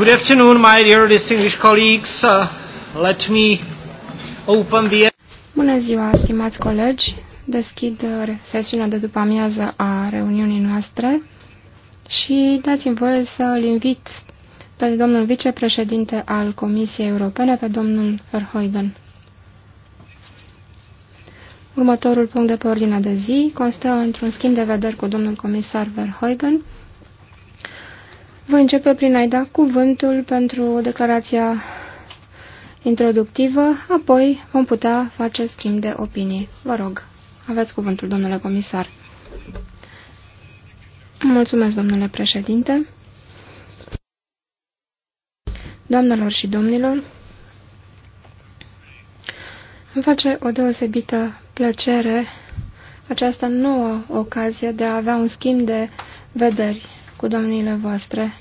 Good afternoon, my dear distinguished colleagues. Uh, let me open the... Bună ziua, stimați colegi. Deschid uh, sesiunea de după amiază a reuniunii noastre și dați-mi voie să îl invit pe domnul vicepreședinte al Comisiei Europene, pe domnul Verheugen. Următorul punct de pe ordinea de zi constă într-un schimb de vederi cu domnul comisar Verheugen, voi începe prin a-i da cuvântul pentru declarația introductivă, apoi vom putea face schimb de opinii. Vă rog, aveți cuvântul, domnule comisar. Mulțumesc, domnule președinte. Doamnelor și domnilor, îmi face o deosebită plăcere această nouă ocazie de a avea un schimb de vederi cu domniile voastre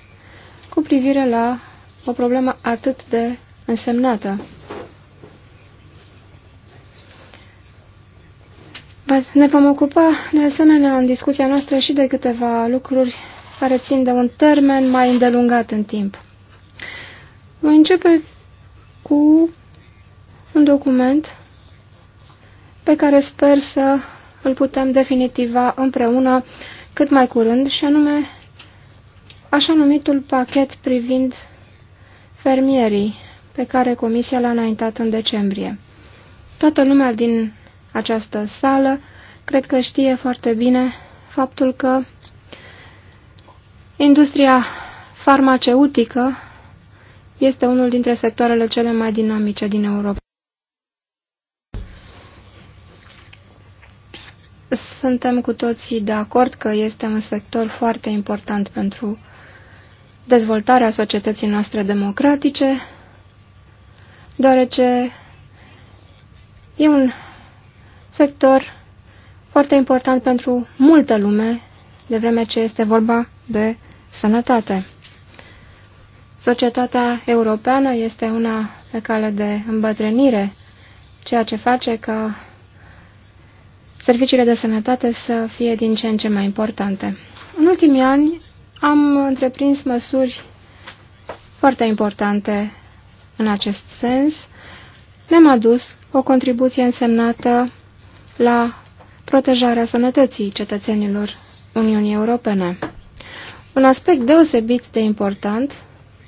cu privire la o problemă atât de însemnată. Ne vom ocupa, de asemenea, în discuția noastră și de câteva lucruri care țin de un termen mai îndelungat în timp. Voi începe cu un document pe care sper să îl putem definitiva împreună cât mai curând, și anume așa numitul pachet privind fermierii, pe care Comisia l-a înaintat în decembrie. Toată lumea din această sală cred că știe foarte bine faptul că industria farmaceutică este unul dintre sectoarele cele mai dinamice din Europa. Suntem cu toții de acord că este un sector foarte important pentru dezvoltarea societății noastre democratice, deoarece e un sector foarte important pentru multă lume, de vreme ce este vorba de sănătate. Societatea europeană este una pe cale de îmbătrânire, ceea ce face ca serviciile de sănătate să fie din ce în ce mai importante. În ultimii ani am întreprins măsuri foarte importante în acest sens. Ne-am adus o contribuție însemnată la protejarea sănătății cetățenilor Uniunii Europene. Un aspect deosebit de important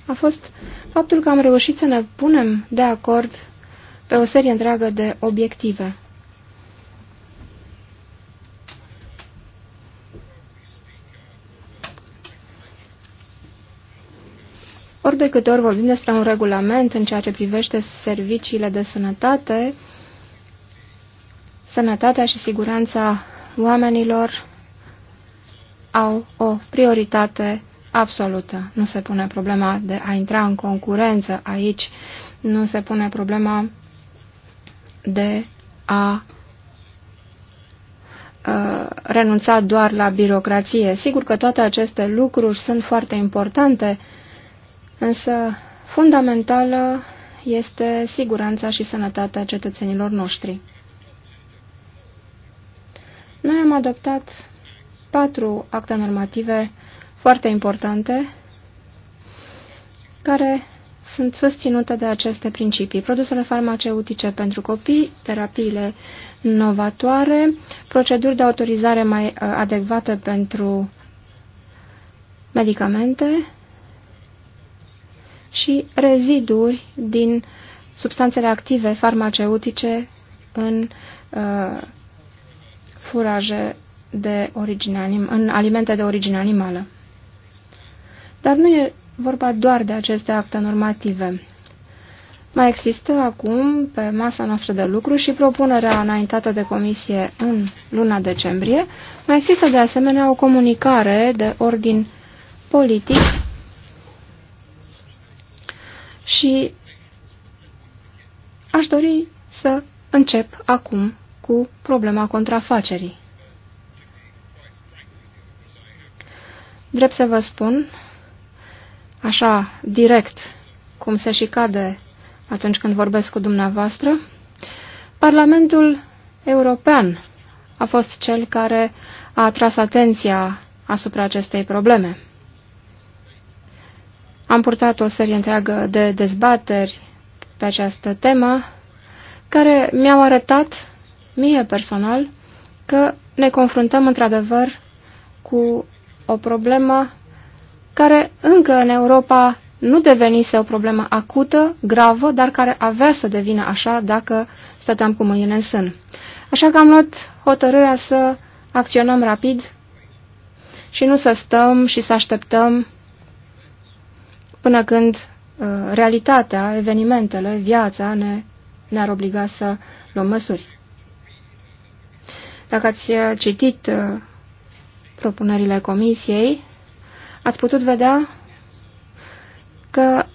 a fost faptul că am reușit să ne punem de acord pe o serie întreagă de obiective. Ori de câte ori vorbim despre un regulament în ceea ce privește serviciile de sănătate, sănătatea și siguranța oamenilor au o prioritate absolută. Nu se pune problema de a intra în concurență aici, nu se pune problema de a renunța doar la birocrație. Sigur că toate aceste lucruri sunt foarte importante, însă fundamentală este siguranța și sănătatea cetățenilor noștri. Noi am adoptat patru acte normative foarte importante care sunt susținute de aceste principii. Produsele farmaceutice pentru copii, terapiile novatoare, proceduri de autorizare mai uh, adecvate pentru medicamente, și reziduri din substanțele active farmaceutice în uh, furaje de origine anim în alimente de origine animală. Dar nu e vorba doar de aceste acte normative. Mai există acum pe masa noastră de lucru și propunerea înaintată de comisie în luna decembrie. Mai există de asemenea o comunicare de ordin politic și aș dori să încep acum cu problema contrafacerii. Drept să vă spun, așa, direct, cum se și cade atunci când vorbesc cu dumneavoastră, Parlamentul European a fost cel care a atras atenția asupra acestei probleme. Am purtat o serie întreagă de dezbateri pe această temă, care mi-au arătat, mie personal, că ne confruntăm într-adevăr cu o problemă care încă în Europa nu devenise o problemă acută, gravă, dar care avea să devină așa dacă stăteam cu mâinile în sân. Așa că am luat hotărârea să acționăm rapid și nu să stăm și să așteptăm până când uh, realitatea, evenimentele, viața ne, ne-ar obliga să luăm măsuri. Dacă ați uh, citit uh, propunerile comisiei, ați putut vedea că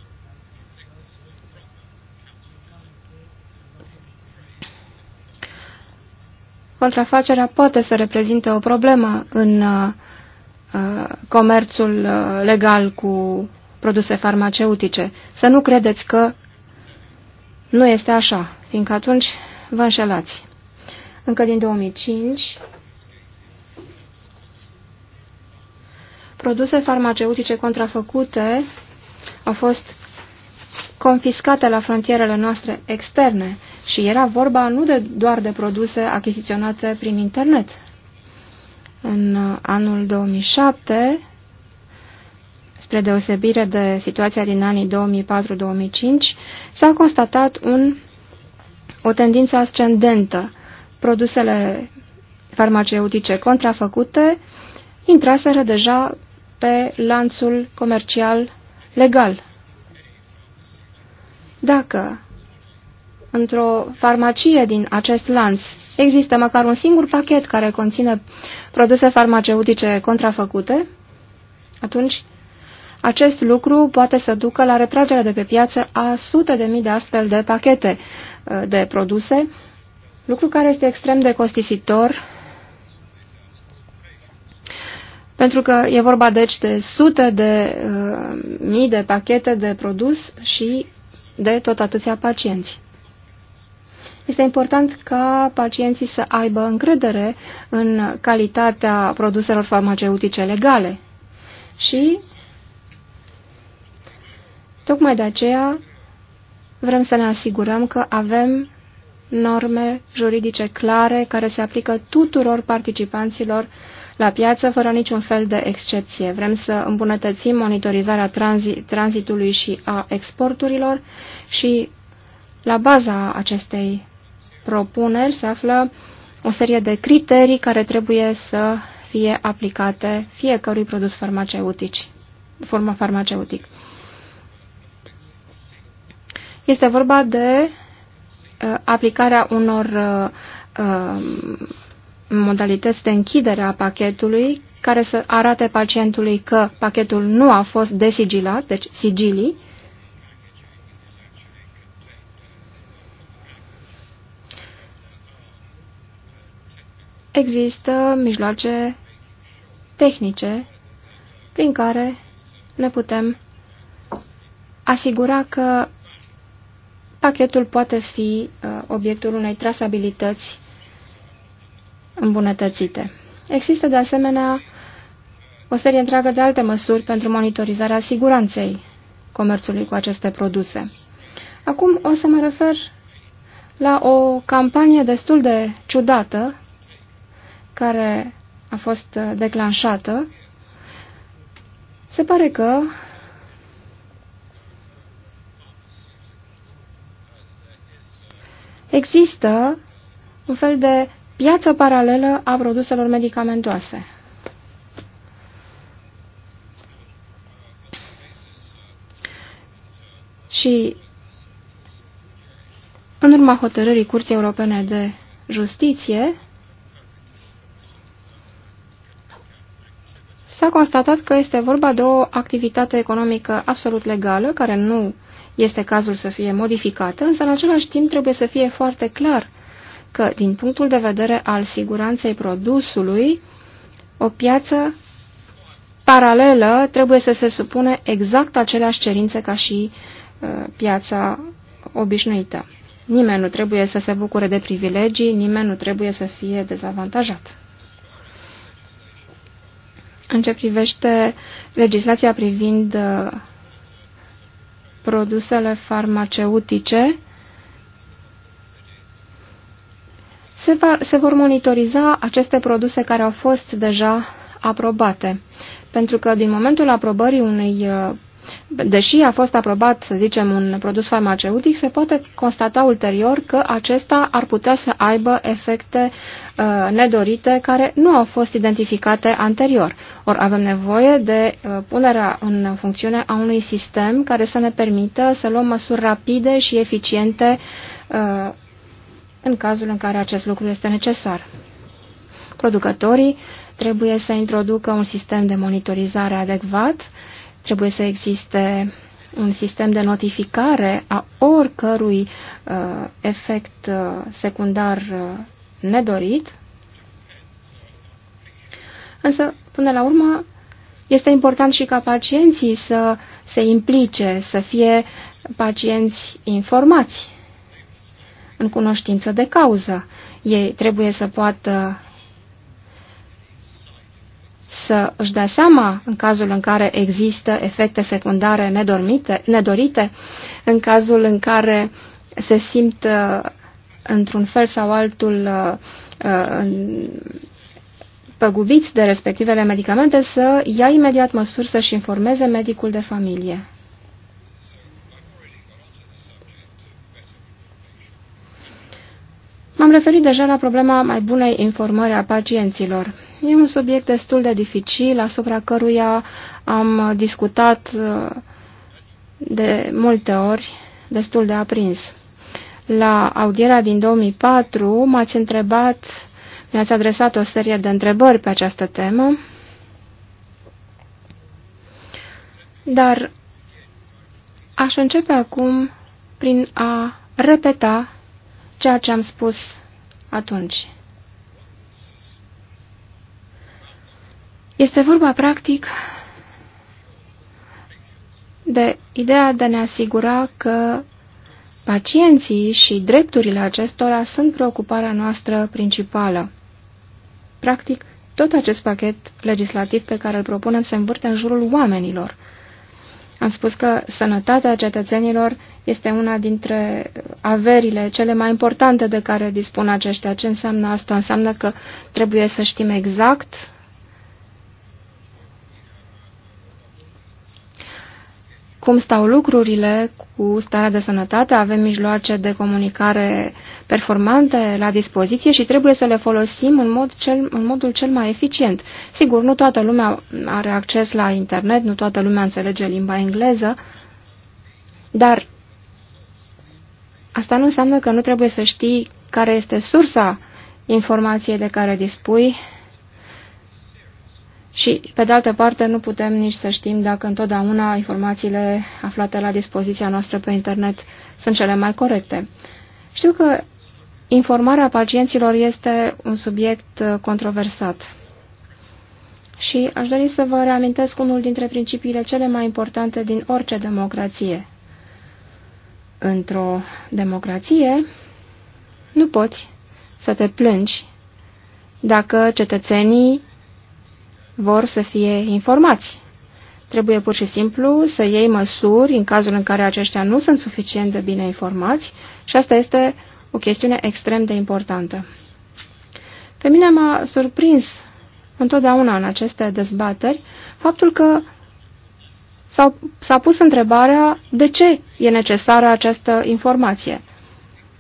contrafacerea poate să reprezinte o problemă în uh, uh comerțul uh, legal cu produse farmaceutice. Să nu credeți că nu este așa, fiindcă atunci vă înșelați. Încă din 2005, produse farmaceutice contrafăcute au fost confiscate la frontierele noastre externe și era vorba nu de, doar de produse achiziționate prin internet. În anul 2007, spre deosebire de situația din anii 2004-2005, s-a constatat un, o tendință ascendentă. Produsele farmaceutice contrafăcute intraseră deja pe lanțul comercial legal. Dacă într-o farmacie din acest lanț există măcar un singur pachet care conține produse farmaceutice contrafăcute, atunci acest lucru poate să ducă la retragerea de pe piață a sute de mii de astfel de pachete uh, de produse, lucru care este extrem de costisitor pentru că e vorba deci de sute de uh, mii de pachete de produs și de tot atâția pacienți. Este important ca pacienții să aibă încredere în calitatea produselor farmaceutice legale și Tocmai de aceea vrem să ne asigurăm că avem norme juridice clare care se aplică tuturor participanților la piață fără niciun fel de excepție. Vrem să îmbunătățim monitorizarea tranzi tranzitului și a exporturilor și la baza acestei propuneri se află o serie de criterii care trebuie să fie aplicate fiecărui produs farmaceutic. Forma farmaceutic. Este vorba de uh, aplicarea unor uh, um, modalități de închidere a pachetului care să arate pacientului că pachetul nu a fost desigilat, deci sigilii, există mijloace tehnice prin care ne putem asigura că pachetul poate fi uh, obiectul unei trasabilități îmbunătățite. Există de asemenea o serie întreagă de alte măsuri pentru monitorizarea siguranței comerțului cu aceste produse. Acum o să mă refer la o campanie destul de ciudată care a fost uh, declanșată. Se pare că Există un fel de piață paralelă a produselor medicamentoase. Și în urma hotărârii Curții Europene de Justiție, s-a constatat că este vorba de o activitate economică absolut legală, care nu este cazul să fie modificată, însă în același timp trebuie să fie foarte clar că, din punctul de vedere al siguranței produsului, o piață paralelă trebuie să se supune exact aceleași cerințe ca și uh, piața obișnuită. Nimeni nu trebuie să se bucure de privilegii, nimeni nu trebuie să fie dezavantajat. În ce privește legislația privind uh, produsele farmaceutice se, va, se vor monitoriza aceste produse care au fost deja aprobate. Pentru că din momentul aprobării unui uh, deși a fost aprobat, să zicem, un produs farmaceutic, se poate constata ulterior că acesta ar putea să aibă efecte uh, nedorite care nu au fost identificate anterior. Ori avem nevoie de uh, punerea în funcțiune a unui sistem care să ne permită să luăm măsuri rapide și eficiente uh, în cazul în care acest lucru este necesar. Producătorii trebuie să introducă un sistem de monitorizare adecvat Trebuie să existe un sistem de notificare a oricărui uh, efect uh, secundar uh, nedorit. Însă, până la urmă, este important și ca pacienții să se implice, să fie pacienți informați, în cunoștință de cauză. Ei trebuie să poată să își dea seama în cazul în care există efecte secundare nedormite, nedorite, în cazul în care se simt uh, într-un fel sau altul uh, uh, păgubiți de respectivele medicamente, să ia imediat măsuri să-și informeze medicul de familie. M-am referit deja la problema mai bunei informări a pacienților. E un subiect destul de dificil, asupra căruia am discutat uh, de multe ori, destul de aprins. La audierea din 2004 m-ați întrebat, mi-ați adresat o serie de întrebări pe această temă, dar aș începe acum prin a repeta ceea ce am spus atunci. Este vorba, practic, de ideea de a ne asigura că pacienții și drepturile acestora sunt preocuparea noastră principală. Practic, tot acest pachet legislativ pe care îl propunem se învârte în jurul oamenilor. Am spus că sănătatea cetățenilor este una dintre averile cele mai importante de care dispun aceștia. Ce înseamnă asta? Înseamnă că trebuie să știm exact cum stau lucrurile cu starea de sănătate, avem mijloace de comunicare performante la dispoziție și trebuie să le folosim în, mod cel, în modul cel mai eficient. Sigur, nu toată lumea are acces la internet, nu toată lumea înțelege limba engleză, dar asta nu înseamnă că nu trebuie să știi care este sursa informației de care dispui și, pe de altă parte, nu putem nici să știm dacă întotdeauna informațiile aflate la dispoziția noastră pe internet sunt cele mai corecte. Știu că informarea pacienților este un subiect uh, controversat. Și aș dori să vă reamintesc unul dintre principiile cele mai importante din orice democrație. Într-o democrație nu poți să te plângi dacă cetățenii vor să fie informați. Trebuie pur și simplu să iei măsuri în cazul în care aceștia nu sunt suficient de bine informați și asta este o chestiune extrem de importantă. Pe mine m-a surprins întotdeauna în aceste dezbateri faptul că s-a pus întrebarea de ce e necesară această informație.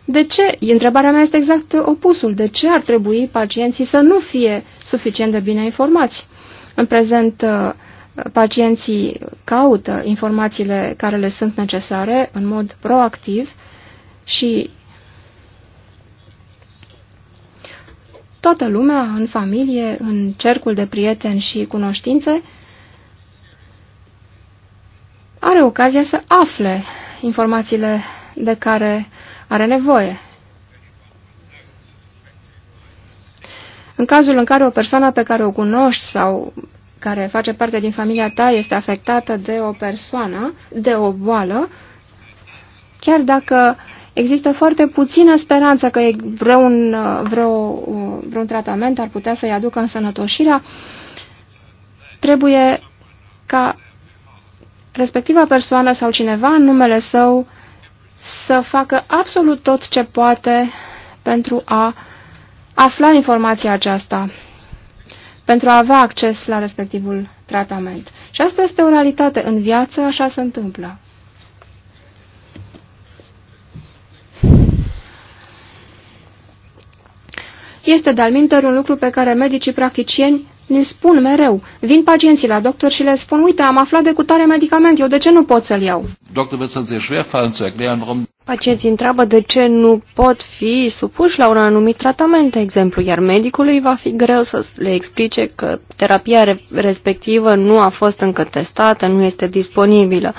De ce? Întrebarea mea este exact opusul. De ce ar trebui pacienții să nu fie suficient de bine informați? În prezent, uh, pacienții caută informațiile care le sunt necesare în mod proactiv și toată lumea, în familie, în cercul de prieteni și cunoștințe, are ocazia să afle informațiile de care are nevoie. În cazul în care o persoană pe care o cunoști sau care face parte din familia ta este afectată de o persoană, de o boală, chiar dacă există foarte puțină speranță că vreun, vreo, vreun tratament ar putea să-i aducă însănătoșirea, trebuie ca respectiva persoană sau cineva în numele său să facă absolut tot ce poate pentru a uh, afla informația aceasta pentru a avea acces la respectivul tratament. Și asta este o realitate. În viață așa se întâmplă. Este de-al un lucru pe care medicii practicieni le spun mereu. Vin pacienții la doctor și le spun, uite, am aflat de cutare medicament, eu de ce nu pot să-l iau? Pacienții întreabă de ce nu pot fi supuși la un anumit tratament, de exemplu, iar medicului va fi greu să le explice că terapia respectivă nu a fost încă testată, nu este disponibilă.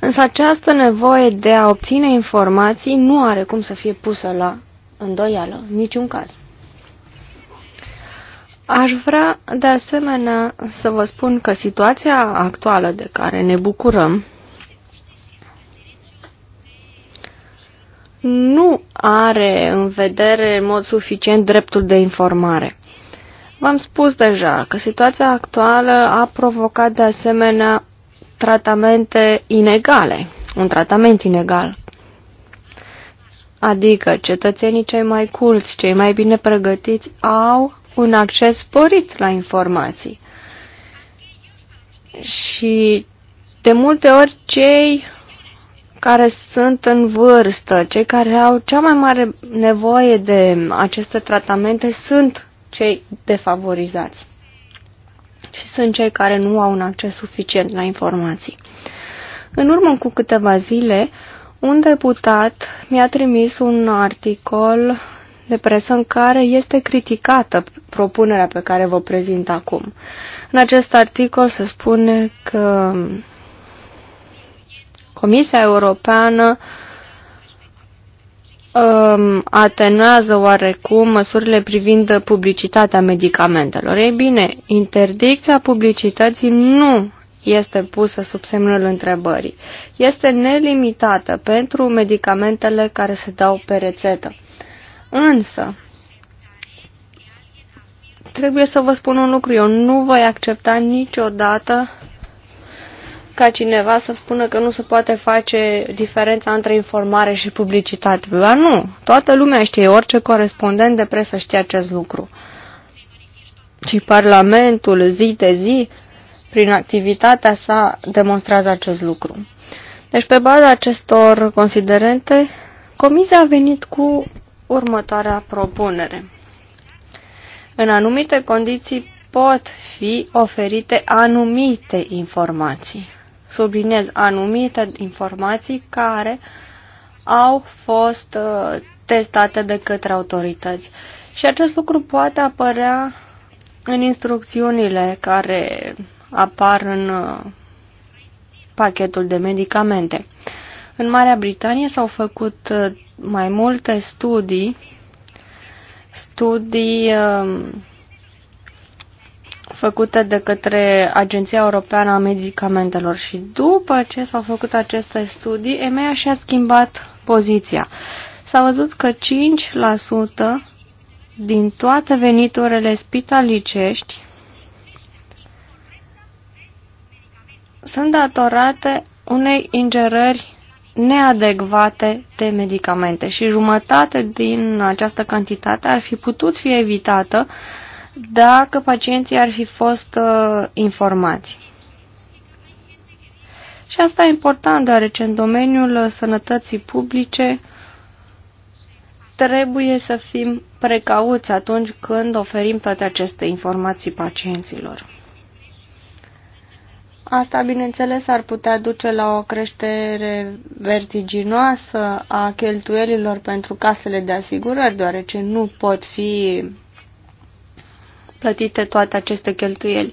Însă această nevoie de a obține informații nu are cum să fie pusă la îndoială, niciun caz. Aș vrea de asemenea să vă spun că situația actuală de care ne bucurăm nu are în vedere în mod suficient dreptul de informare. V-am spus deja că situația actuală a provocat de asemenea tratamente inegale, un tratament inegal. Adică cetățenii cei mai culți, cei mai bine pregătiți au un acces sporit la informații. Și de multe ori cei care sunt în vârstă, cei care au cea mai mare nevoie de aceste tratamente sunt cei defavorizați și sunt cei care nu au un acces suficient la informații. În urmă cu câteva zile, un deputat mi-a trimis un articol de presă în care este criticată propunerea pe care vă prezint acum. În acest articol se spune că Comisia Europeană um, atenuează oarecum măsurile privind publicitatea medicamentelor. Ei bine, interdicția publicității nu este pusă sub semnul întrebării. Este nelimitată pentru medicamentele care se dau pe rețetă. Însă, trebuie să vă spun un lucru. Eu nu voi accepta niciodată ca cineva să spună că nu se poate face diferența între informare și publicitate. Dar nu, toată lumea știe, orice corespondent de presă știe acest lucru. Și Parlamentul, zi de zi, prin activitatea sa, demonstrează acest lucru. Deci, pe baza acestor considerente, Comisia a venit cu următoarea propunere. În anumite condiții pot fi oferite anumite informații. Subliniez anumite informații care au fost uh, testate de către autorități. Și acest lucru poate apărea în instrucțiunile care apar în uh, pachetul de medicamente. În Marea Britanie s-au făcut uh, mai multe studii, studii um, făcute de către Agenția Europeană a Medicamentelor și după ce s-au făcut aceste studii, EMEA și-a schimbat poziția. S-a văzut că 5% din toate veniturile spitalicești sunt datorate unei ingerări neadecvate de medicamente și jumătate din această cantitate ar fi putut fi evitată dacă pacienții ar fi fost uh, informați. Și asta e important, deoarece în domeniul uh, sănătății publice trebuie să fim precauți atunci când oferim toate aceste informații pacienților. Asta, bineînțeles, ar putea duce la o creștere vertiginoasă a cheltuielilor pentru casele de asigurări, deoarece nu pot fi plătite toate aceste cheltuieli.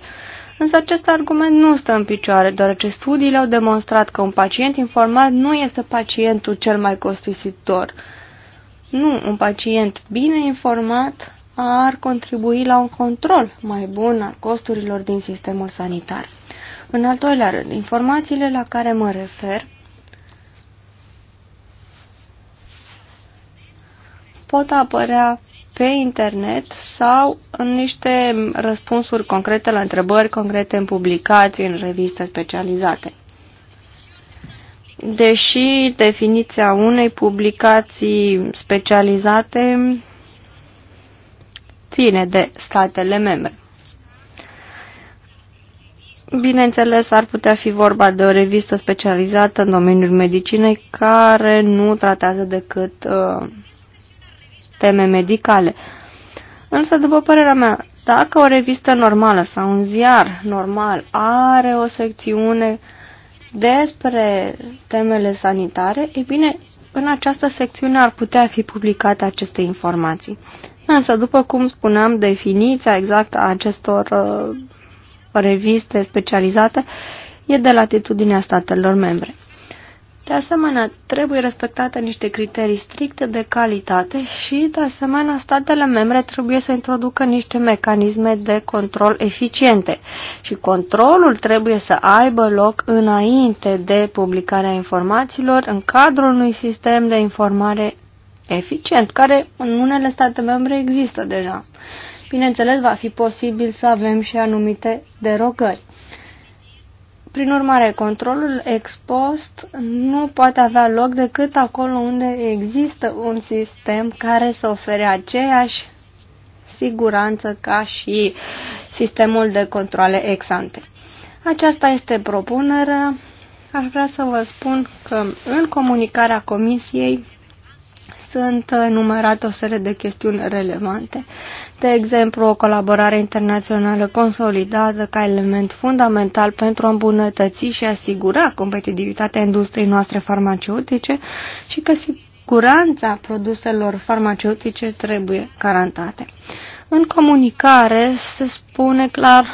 Însă acest argument nu stă în picioare, deoarece studiile au demonstrat că un pacient informat nu este pacientul cel mai costisitor. Nu, un pacient bine informat ar contribui la un control mai bun al costurilor din sistemul sanitar. În al doilea rând, informațiile la care mă refer pot apărea pe internet sau în niște răspunsuri concrete la întrebări concrete în publicații, în reviste specializate. Deși definiția unei publicații specializate ține de statele membre. Bineînțeles, ar putea fi vorba de o revistă specializată în domeniul medicinei care nu tratează decât uh, teme medicale. Însă, după părerea mea, dacă o revistă normală sau un ziar normal are o secțiune despre temele sanitare, e bine, în această secțiune ar putea fi publicate aceste informații. Însă, după cum spuneam, definiția exactă a acestor uh, reviste specializate e de latitudinea statelor membre. De asemenea, trebuie respectate niște criterii stricte de calitate și, de asemenea, statele membre trebuie să introducă niște mecanisme de control eficiente și controlul trebuie să aibă loc înainte de publicarea informațiilor în cadrul unui sistem de informare eficient, care în unele state membre există deja bineînțeles, va fi posibil să avem și anumite derogări. Prin urmare, controlul ex post nu poate avea loc decât acolo unde există un sistem care să ofere aceeași siguranță ca și sistemul de controle ex ante. Aceasta este propunerea. Aș vrea să vă spun că în comunicarea comisiei sunt numerate o serie de chestiuni relevante de exemplu, o colaborare internațională consolidată ca element fundamental pentru a îmbunătăți și asigura competitivitatea industriei noastre farmaceutice și că siguranța produselor farmaceutice trebuie garantate. În comunicare se spune clar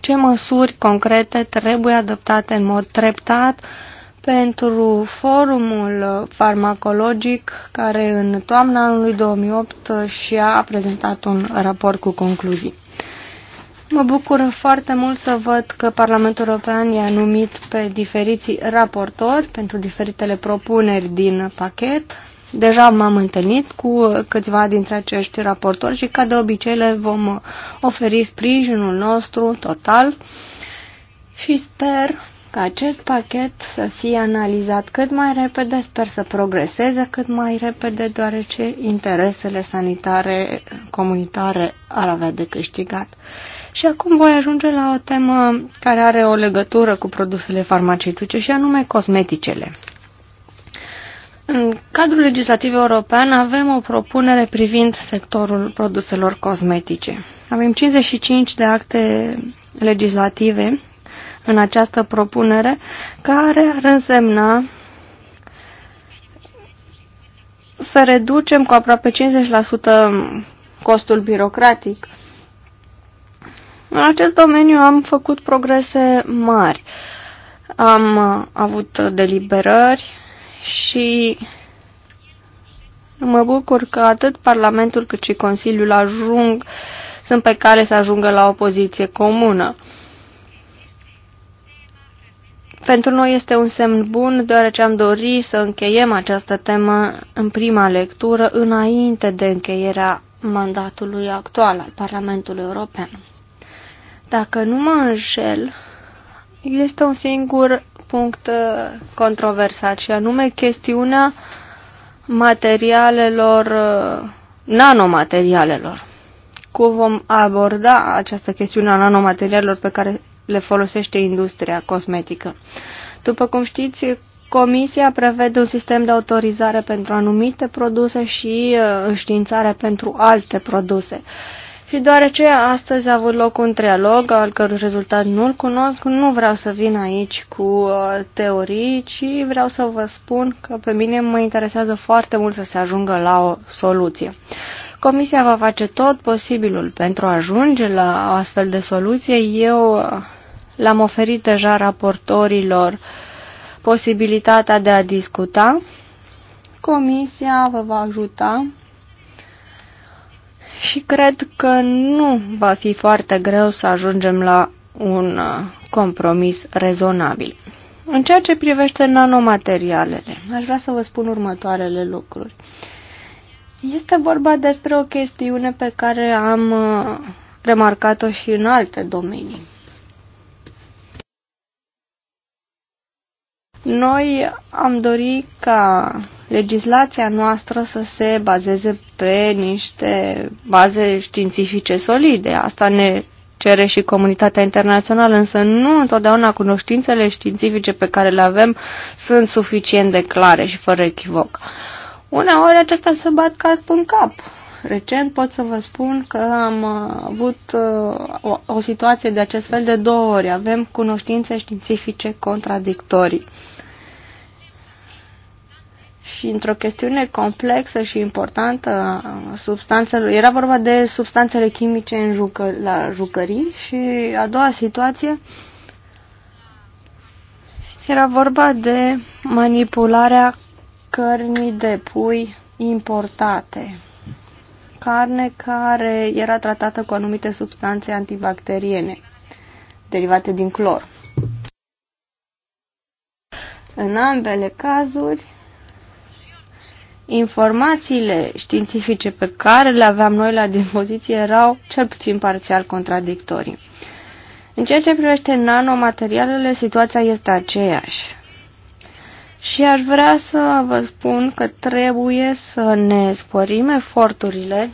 ce măsuri concrete trebuie adoptate în mod treptat pentru forumul farmacologic care în toamna anului 2008 și-a prezentat un raport cu concluzii. Mă bucur foarte mult să văd că Parlamentul European i-a numit pe diferiți raportori pentru diferitele propuneri din pachet. Deja m-am întâlnit cu câțiva dintre acești raportori și ca de obicei le vom oferi sprijinul nostru total și sper ca acest pachet să fie analizat cât mai repede, sper să progreseze cât mai repede, deoarece interesele sanitare comunitare ar avea de câștigat. Și acum voi ajunge la o temă care are o legătură cu produsele farmaceutice și anume cosmeticele. În cadrul legislativ european avem o propunere privind sectorul produselor cosmetice. Avem 55 de acte legislative în această propunere, care ar însemna să reducem cu aproape 50% costul birocratic. În acest domeniu am făcut progrese mari. Am uh, avut deliberări și mă bucur că atât Parlamentul cât și Consiliul ajung, sunt pe cale să ajungă la o poziție comună. Pentru noi este un semn bun, deoarece am dorit să încheiem această temă în prima lectură, înainte de încheierea mandatului actual al Parlamentului European. Dacă nu mă înșel, este un singur punct uh, controversat și anume chestiunea materialelor, uh, nanomaterialelor. Cum vom aborda această chestiune a nanomaterialelor pe care le folosește industria cosmetică. După cum știți, Comisia prevede un sistem de autorizare pentru anumite produse și uh, înștiințare pentru alte produse. Și deoarece astăzi a avut loc un trialog al cărui rezultat nu-l cunosc, nu vreau să vin aici cu uh, teorii, ci vreau să vă spun că pe mine mă interesează foarte mult să se ajungă la o soluție. Comisia va face tot posibilul pentru a ajunge la o astfel de soluție. Eu uh, L-am oferit deja raportorilor posibilitatea de a discuta. Comisia vă va ajuta și cred că nu va fi foarte greu să ajungem la un uh, compromis rezonabil. În ceea ce privește nanomaterialele, aș vrea să vă spun următoarele lucruri. Este vorba despre o chestiune pe care am uh, remarcat-o și în alte domenii. Noi am dorit ca legislația noastră să se bazeze pe niște baze științifice solide. Asta ne cere și comunitatea internațională, însă nu întotdeauna cunoștințele științifice pe care le avem sunt suficient de clare și fără echivoc. Uneori acestea se bat cap în cap recent pot să vă spun că am avut uh, o, o situație de acest fel de două ori. Avem cunoștințe științifice contradictorii. Și într-o chestiune complexă și importantă Substanțele substanțelor, era vorba de substanțele chimice în jucă, la jucării și a doua situație era vorba de manipularea cărnii de pui importate carne care era tratată cu anumite substanțe antibacteriene derivate din clor. În ambele cazuri, informațiile științifice pe care le aveam noi la dispoziție erau cel puțin parțial contradictorii. În ceea ce privește nanomaterialele, situația este aceeași. Și aș vrea să vă spun că trebuie să ne sporim eforturile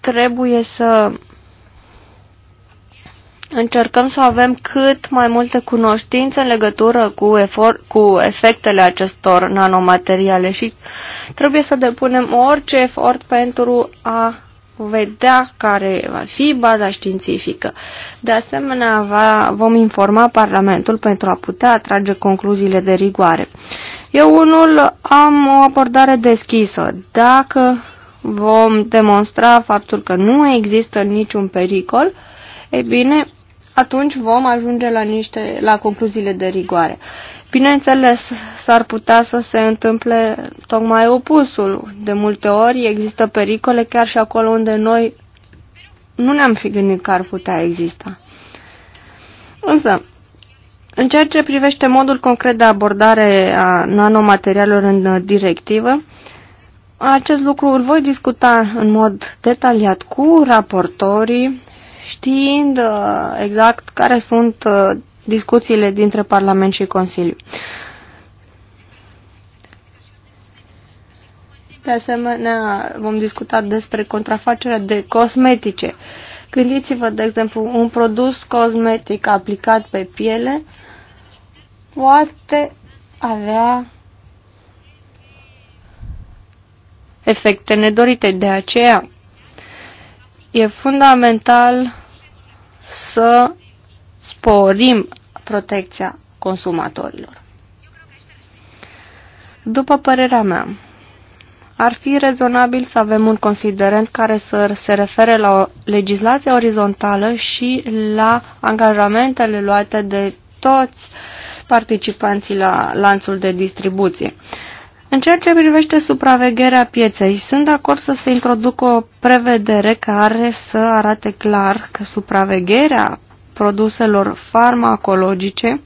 trebuie să încercăm să avem cât mai multe cunoștințe în legătură cu, efort, cu efectele acestor nanomateriale și trebuie să depunem orice efort pentru a vedea care va fi baza științifică. De asemenea, va, vom informa Parlamentul pentru a putea atrage concluziile de rigoare. Eu unul am o abordare deschisă. Dacă vom demonstra faptul că nu există niciun pericol, e bine, atunci vom ajunge la, niște, la concluziile de rigoare. Bineînțeles, s-ar putea să se întâmple tocmai opusul. De multe ori există pericole chiar și acolo unde noi nu ne-am fi gândit că ar putea exista. Însă, în ceea ce privește modul concret de abordare a nanomaterialelor în directivă, acest lucru îl voi discuta în mod detaliat cu raportorii, știind uh, exact care sunt uh, discuțiile dintre Parlament și Consiliu. De asemenea, vom discuta despre contrafacerea de cosmetice. Gândiți-vă, de exemplu, un produs cosmetic aplicat pe piele poate avea efecte nedorite. De aceea, e fundamental să sporim protecția consumatorilor. După părerea mea, ar fi rezonabil să avem un considerent care să se refere la o legislație orizontală și la angajamentele luate de toți participanții la lanțul de distribuție. În ceea ce privește supravegherea pieței, sunt de acord să se introducă o prevedere care să arate clar că supravegherea produselor farmacologice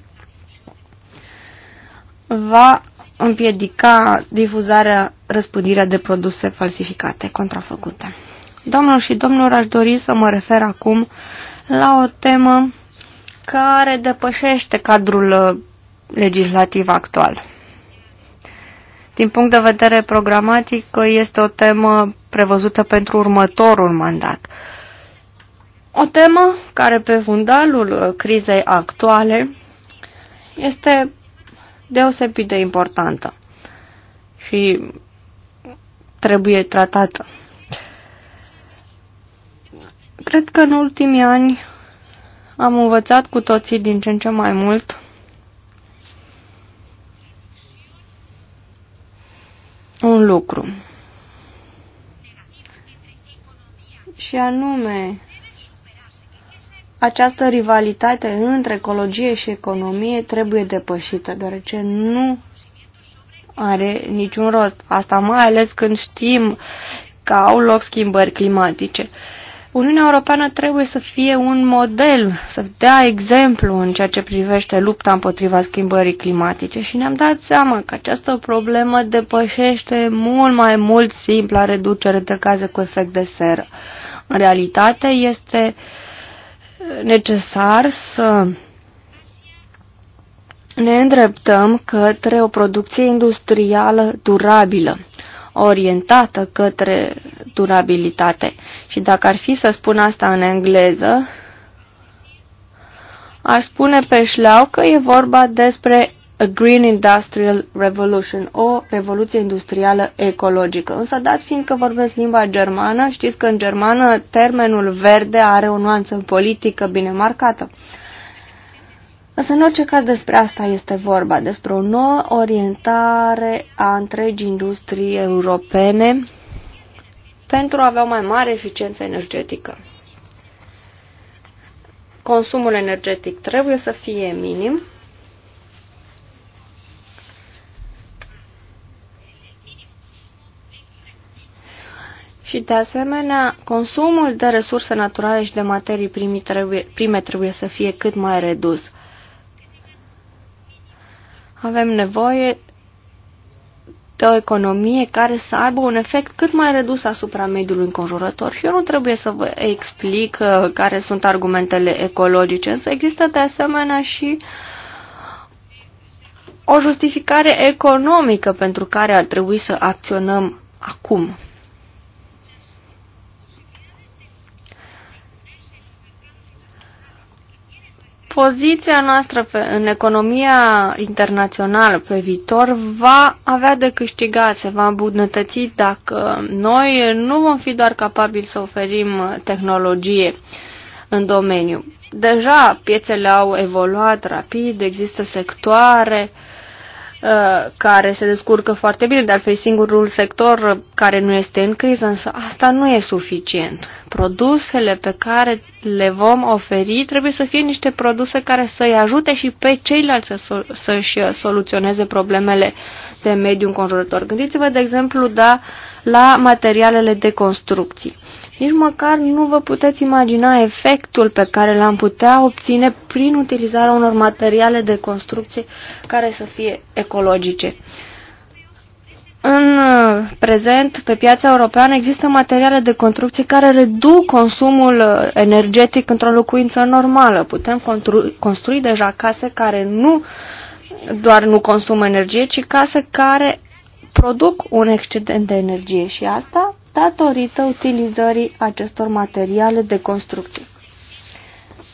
va împiedica difuzarea, răspândirea de produse falsificate, contrafăcute. Domnul și domnilor, aș dori să mă refer acum la o temă care depășește cadrul uh, legislativ actual. Din punct de vedere programatic, uh, este o temă prevăzută pentru următorul mandat. O temă care pe fundalul uh, crizei actuale este deosebit de importantă și trebuie tratată. Cred că în ultimii ani am învățat cu toții din ce în ce mai mult un lucru. Și anume această rivalitate între ecologie și economie trebuie depășită, deoarece nu are niciun rost. Asta mai ales când știm că au loc schimbări climatice. Uniunea Europeană trebuie să fie un model, să dea exemplu în ceea ce privește lupta împotriva schimbării climatice și ne-am dat seama că această problemă depășește mult mai mult simpla reducere de gaze cu efect de seră. În realitate este uh, necesar să ne îndreptăm către o producție industrială durabilă, orientată către durabilitate. Și dacă ar fi să spun asta în engleză, ar spune pe șleau că e vorba despre a Green Industrial Revolution, o revoluție industrială ecologică. Însă, dat fiind că vorbesc limba germană, știți că în germană termenul verde are o nuanță politică bine marcată. Însă, în orice caz, despre asta este vorba, despre o nouă orientare a întregii industrii europene pentru a avea o mai mare eficiență energetică. Consumul energetic trebuie să fie minim, Și de asemenea, consumul de resurse naturale și de materii prime trebuie, prime trebuie să fie cât mai redus. Avem nevoie de o economie care să aibă un efect cât mai redus asupra mediului înconjurător. Și eu nu trebuie să vă explic uh, care sunt argumentele ecologice, însă există de asemenea și o justificare economică pentru care ar trebui să acționăm acum. Poziția noastră pe, în economia internațională pe viitor va avea de câștigat, se va îmbunătăți dacă noi nu vom fi doar capabili să oferim tehnologie în domeniu. Deja piețele au evoluat rapid, există sectoare uh, Uh, care se descurcă foarte bine, de altfel singurul sector care nu este în criză, însă asta nu e suficient. Produsele pe care le vom oferi trebuie să fie niște produse care să-i ajute și pe ceilalți să, să-și soluționeze problemele de mediu înconjurător. Gândiți-vă, de exemplu, da, la materialele de construcții. Uh, nici măcar nu vă puteți imagina efectul pe care l-am putea obține prin utilizarea unor materiale de construcție care să fie ecologice. În uh, prezent, pe piața europeană există materiale de construcție care reduc consumul uh, energetic într-o locuință normală. Putem construi deja case care nu doar nu consumă energie, ci case care produc un excedent de energie și asta datorită utilizării acestor materiale de construcție.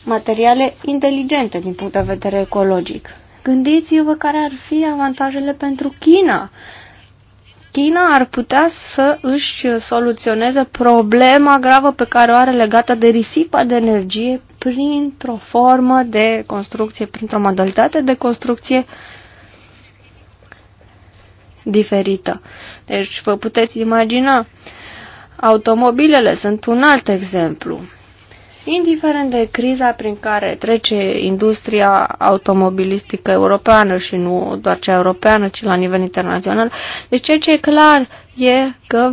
Materiale inteligente din punct de vedere ecologic. Gândiți-vă care ar fi avantajele pentru China. China ar putea să își soluționeze problema gravă pe care o are legată de risipa de energie printr-o formă de construcție, printr-o modalitate de construcție diferită. Deci vă puteți imagina Automobilele sunt un alt exemplu. Indiferent de criza prin care trece industria automobilistică europeană și nu doar cea europeană, ci la nivel internațional, deci ceea ce e clar e că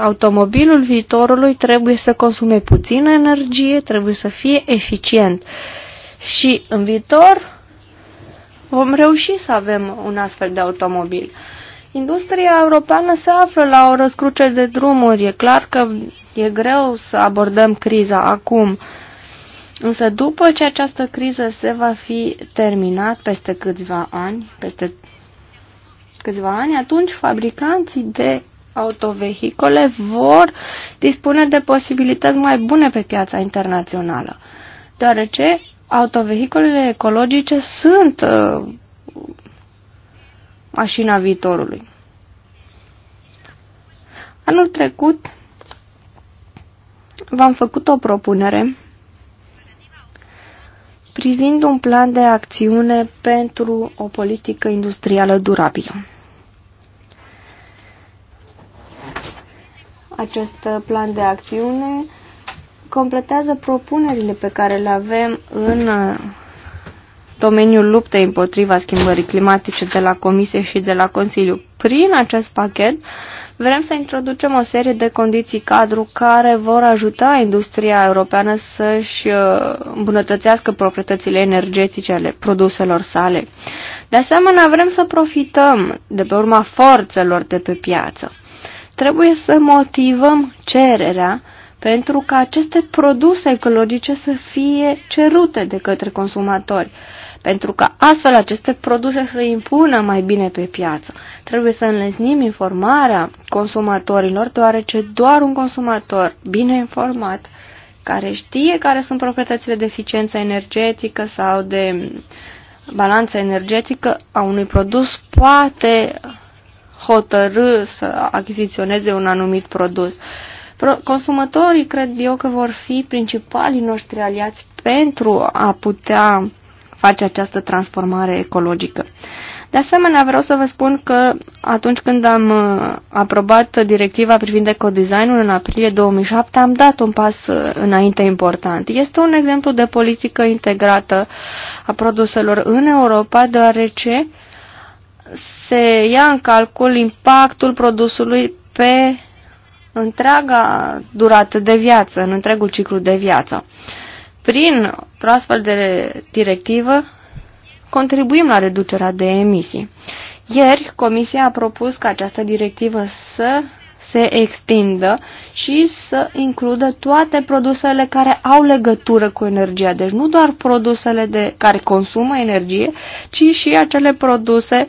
automobilul viitorului trebuie să consume puțină energie, trebuie să fie eficient. Și în viitor vom reuși să avem un astfel de automobil. Industria europeană se află la o răscruce de drumuri. E clar că e greu să abordăm criza acum. Însă după ce această criză se va fi terminat peste câțiva ani, peste câțiva ani, atunci fabricanții de autovehicole vor dispune de posibilități mai bune pe piața internațională, deoarece autovehicolele ecologice sunt uh, mașina viitorului. Anul trecut v-am făcut o propunere privind un plan de acțiune pentru o politică industrială durabilă. Acest plan de acțiune completează propunerile pe care le avem în domeniul luptei împotriva schimbării climatice de la Comisie și de la Consiliu. Prin acest pachet vrem să introducem o serie de condiții cadru care vor ajuta industria europeană să-și uh, îmbunătățească proprietățile energetice ale produselor sale. De asemenea, vrem să profităm de pe urma forțelor de pe piață. Trebuie să motivăm cererea pentru ca aceste produse ecologice să fie cerute de către consumatori pentru că astfel aceste produse să impună mai bine pe piață. Trebuie să înlesnim informarea consumatorilor, deoarece doar un consumator bine informat, care știe care sunt proprietățile de eficiență energetică sau de balanță energetică a unui produs, poate hotărâ să achiziționeze un anumit produs. Consumatorii cred eu că vor fi principalii noștri aliați pentru a putea face această transformare ecologică. De asemenea, vreau să vă spun că atunci când am uh, aprobat directiva privind ecodesignul în aprilie 2007, am dat un pas uh, înainte important. Este un exemplu de politică integrată a produselor în Europa, deoarece se ia în calcul impactul produsului pe întreaga durată de viață, în întregul ciclu de viață. Prin o astfel de directivă contribuim la reducerea de emisii. Ieri, Comisia a propus ca această directivă să se extindă și să includă toate produsele care au legătură cu energia. Deci nu doar produsele de, care consumă energie, ci și acele produse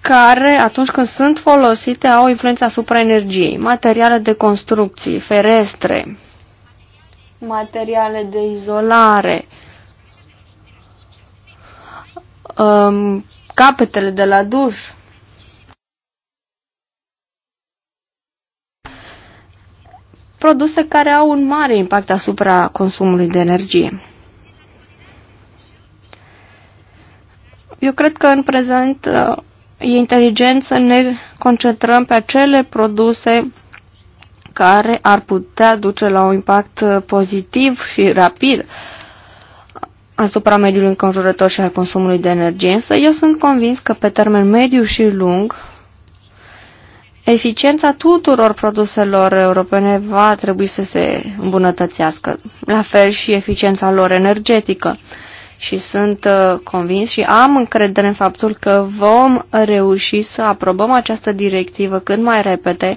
care, atunci când sunt folosite, au influență asupra energiei. Materiale de construcții, ferestre, materiale de izolare, um, capetele de la duș. Produse care au un mare impact asupra consumului de energie. Eu cred că în prezent uh, e inteligent să ne concentrăm pe acele produse care ar putea duce la un impact uh, pozitiv și rapid asupra mediului înconjurător și al consumului de energie, însă eu sunt convins că pe termen mediu și lung, eficiența tuturor produselor europene va trebui să se îmbunătățească, la fel și eficiența lor energetică. Și sunt uh, convins și am încredere în faptul că vom reuși să aprobăm această directivă cât mai repede,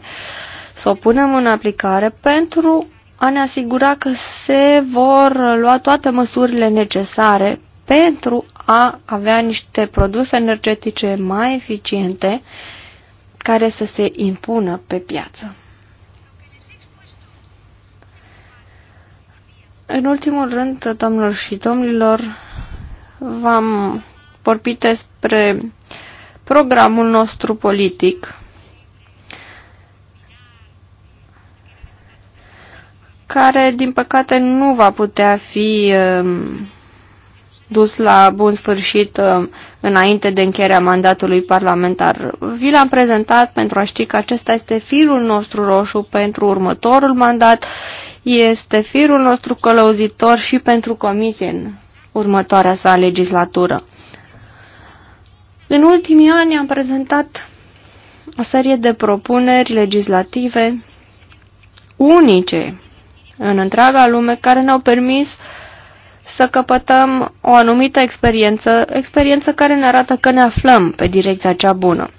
să o punem în aplicare pentru a ne asigura că se vor lua toate măsurile necesare pentru a avea niște produse energetice mai eficiente care să se impună pe piață. În ultimul rând, domnilor și domnilor, v-am vorbit despre programul nostru politic care, din păcate, nu va putea fi um, dus la bun sfârșit um, înainte de încheierea mandatului parlamentar. Vi l-am prezentat pentru a ști că acesta este firul nostru roșu pentru următorul mandat, este firul nostru călăuzitor și pentru comisie în următoarea sa legislatură. În ultimii ani am prezentat o serie de propuneri legislative unice în întreaga lume care ne-au permis să căpătăm o anumită experiență, experiență care ne arată că ne aflăm pe direcția cea bună.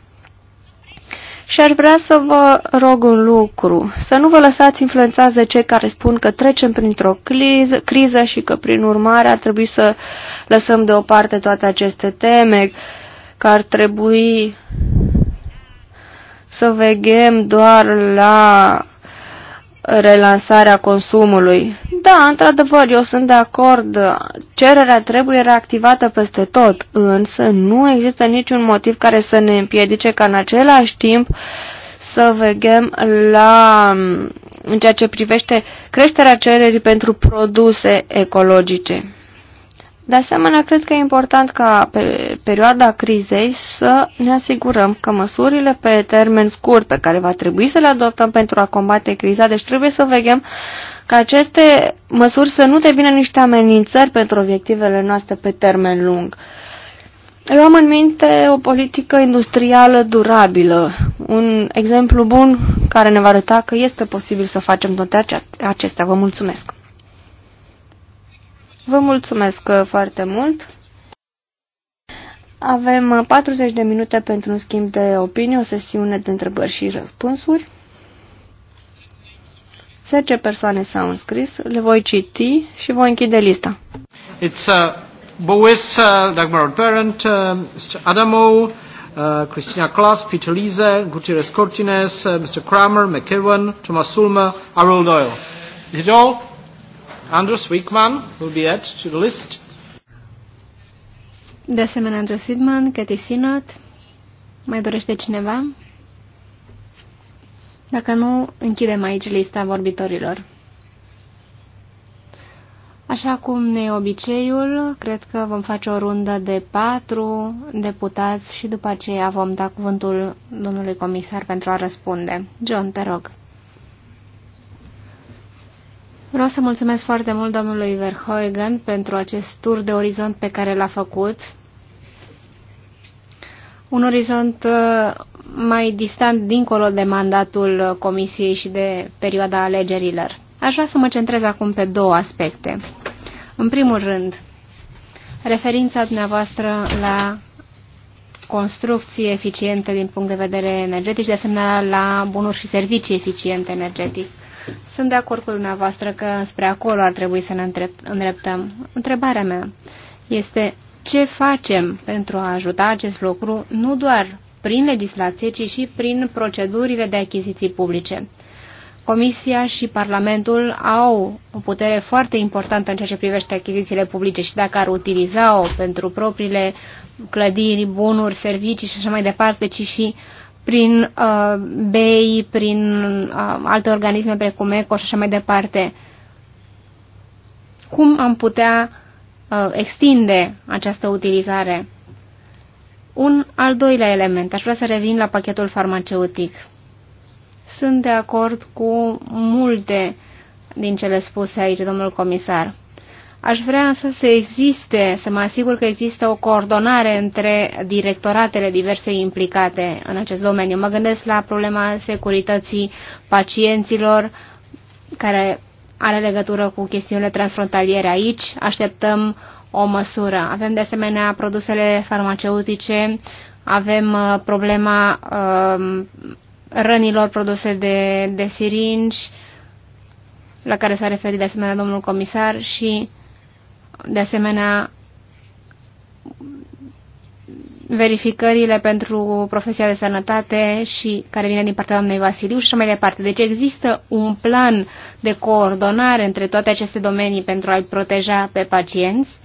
Și aș vrea să vă rog un lucru, să nu vă lăsați influențați de cei care spun că trecem printr-o criză, criză și că prin urmare ar trebui să lăsăm deoparte toate aceste teme, că ar trebui să veghem doar la relansarea consumului. Da, într-adevăr, eu sunt de acord, cererea trebuie reactivată peste tot, însă nu există niciun motiv care să ne împiedice ca în același timp să vegem la, în ceea ce privește creșterea cererii pentru produse ecologice. De asemenea, cred că e important ca pe perioada crizei să ne asigurăm că măsurile pe termen scurt pe care va trebui să le adoptăm pentru a combate criza, deci trebuie să vegem ca aceste măsuri să nu devină niște amenințări pentru obiectivele noastre pe termen lung. Eu am în minte o politică industrială durabilă, un exemplu bun care ne va arăta că este posibil să facem toate acestea. Vă mulțumesc! Vă mulțumesc uh, foarte mult. Avem 40 uh, de minute pentru un schimb de opinie, o sesiune de întrebări și răspunsuri. 10 persoane s-au înscris, le voi citi și voi închide lista. It's uh, Bois, uh, Dagmar Parent, uh, Mr. Adamo, Uh, Christina Klaas, Peter Lise, Gutierrez Cortines, uh, Mr. Kramer, McEwan, Thomas Sulmer, Harold Doyle. Is it all? Andrus Wickman will be added to the list. De asemenea, Andrus Wickman, Cathy Sinot. Mai dorește cineva? Dacă nu, închidem aici lista vorbitorilor. Așa cum ne obiceiul, cred că vom face o rundă de patru deputați și după aceea vom da cuvântul domnului comisar pentru a răspunde. John, te rog. Vreau să mulțumesc foarte mult domnului Verhoeven pentru acest tur de orizont pe care l-a făcut. Un orizont uh, mai distant dincolo de mandatul Comisiei și de perioada alegerilor. Aș vrea să mă centrez acum pe două aspecte. În primul rând, referința dumneavoastră la construcții eficiente din punct de vedere energetic și de asemenea la bunuri și servicii eficiente energetic. Sunt de acord cu dumneavoastră că spre acolo ar trebui să ne îndreptăm. Întrebarea mea este ce facem pentru a ajuta acest lucru nu doar prin legislație, ci și prin procedurile de achiziții publice. Comisia și Parlamentul au o putere foarte importantă în ceea ce privește achizițiile publice și dacă ar utiliza-o pentru propriile clădiri, bunuri, servicii și așa mai departe, ci și uh, prin uh, BEI, prin uh, alte organisme precum ECO și așa mai departe. Cum am putea uh, extinde această utilizare? Un al doilea element, aș vrea să revin la pachetul farmaceutic. Sunt de acord cu multe din cele spuse aici, domnul comisar. Aș vrea însă să existe, să mă asigur că există o coordonare între directoratele diverse implicate în acest domeniu. Mă gândesc la problema securității pacienților, care are legătură cu chestiunile transfrontaliere aici. Așteptăm o măsură. Avem de asemenea produsele farmaceutice, avem uh, problema um, rănilor produse de, de siringi, la care s-a referit de asemenea domnul comisar și de asemenea verificările pentru profesia de sănătate și care vine din partea doamnei Vasiliu și așa mai departe. Deci există un plan de coordonare între toate aceste domenii pentru a-i proteja pe pacienți.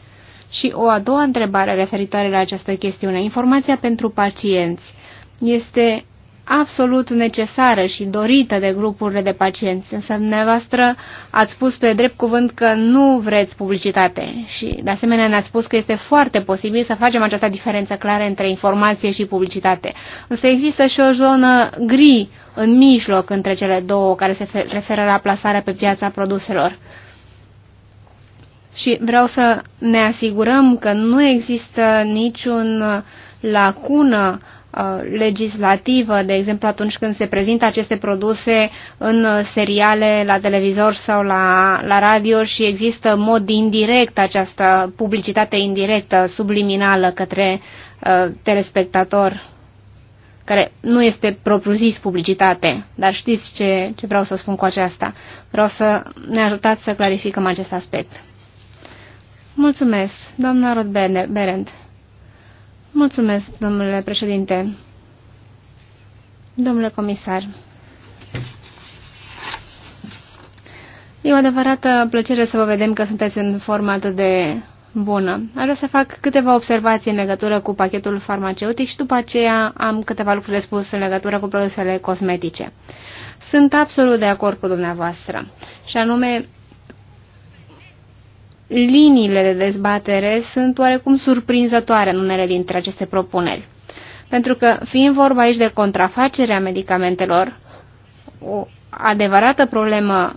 Și o a doua întrebare referitoare la această chestiune, informația pentru pacienți, este absolut necesară și dorită de grupurile de pacienți. Însă dumneavoastră ați spus pe drept cuvânt că nu vreți publicitate și de asemenea ne-ați spus că este foarte posibil să facem această diferență clară între informație și publicitate. Însă există și o zonă gri în mijloc între cele două care se referă la plasarea pe piața produselor. Și vreau să ne asigurăm că nu există niciun lacună Uh, legislativă, de exemplu atunci când se prezintă aceste produse în seriale la televizor sau la, la radio și există mod indirect această publicitate indirectă, subliminală către uh, telespectator, care nu este propriu-zis publicitate, dar știți ce, ce vreau să spun cu aceasta. Vreau să ne ajutați să clarificăm acest aspect. Mulțumesc, doamna Rod Berend. Mulțumesc, domnule președinte. Domnule comisar. E o adevărată plăcere să vă vedem că sunteți în formă atât de bună. Aș vrea să fac câteva observații în legătură cu pachetul farmaceutic și după aceea am câteva lucruri de spus în legătură cu produsele cosmetice. Sunt absolut de acord cu dumneavoastră. Și anume, liniile de dezbatere sunt oarecum surprinzătoare în unele dintre aceste propuneri. Pentru că, fiind vorba aici de contrafacerea medicamentelor, o adevărată problemă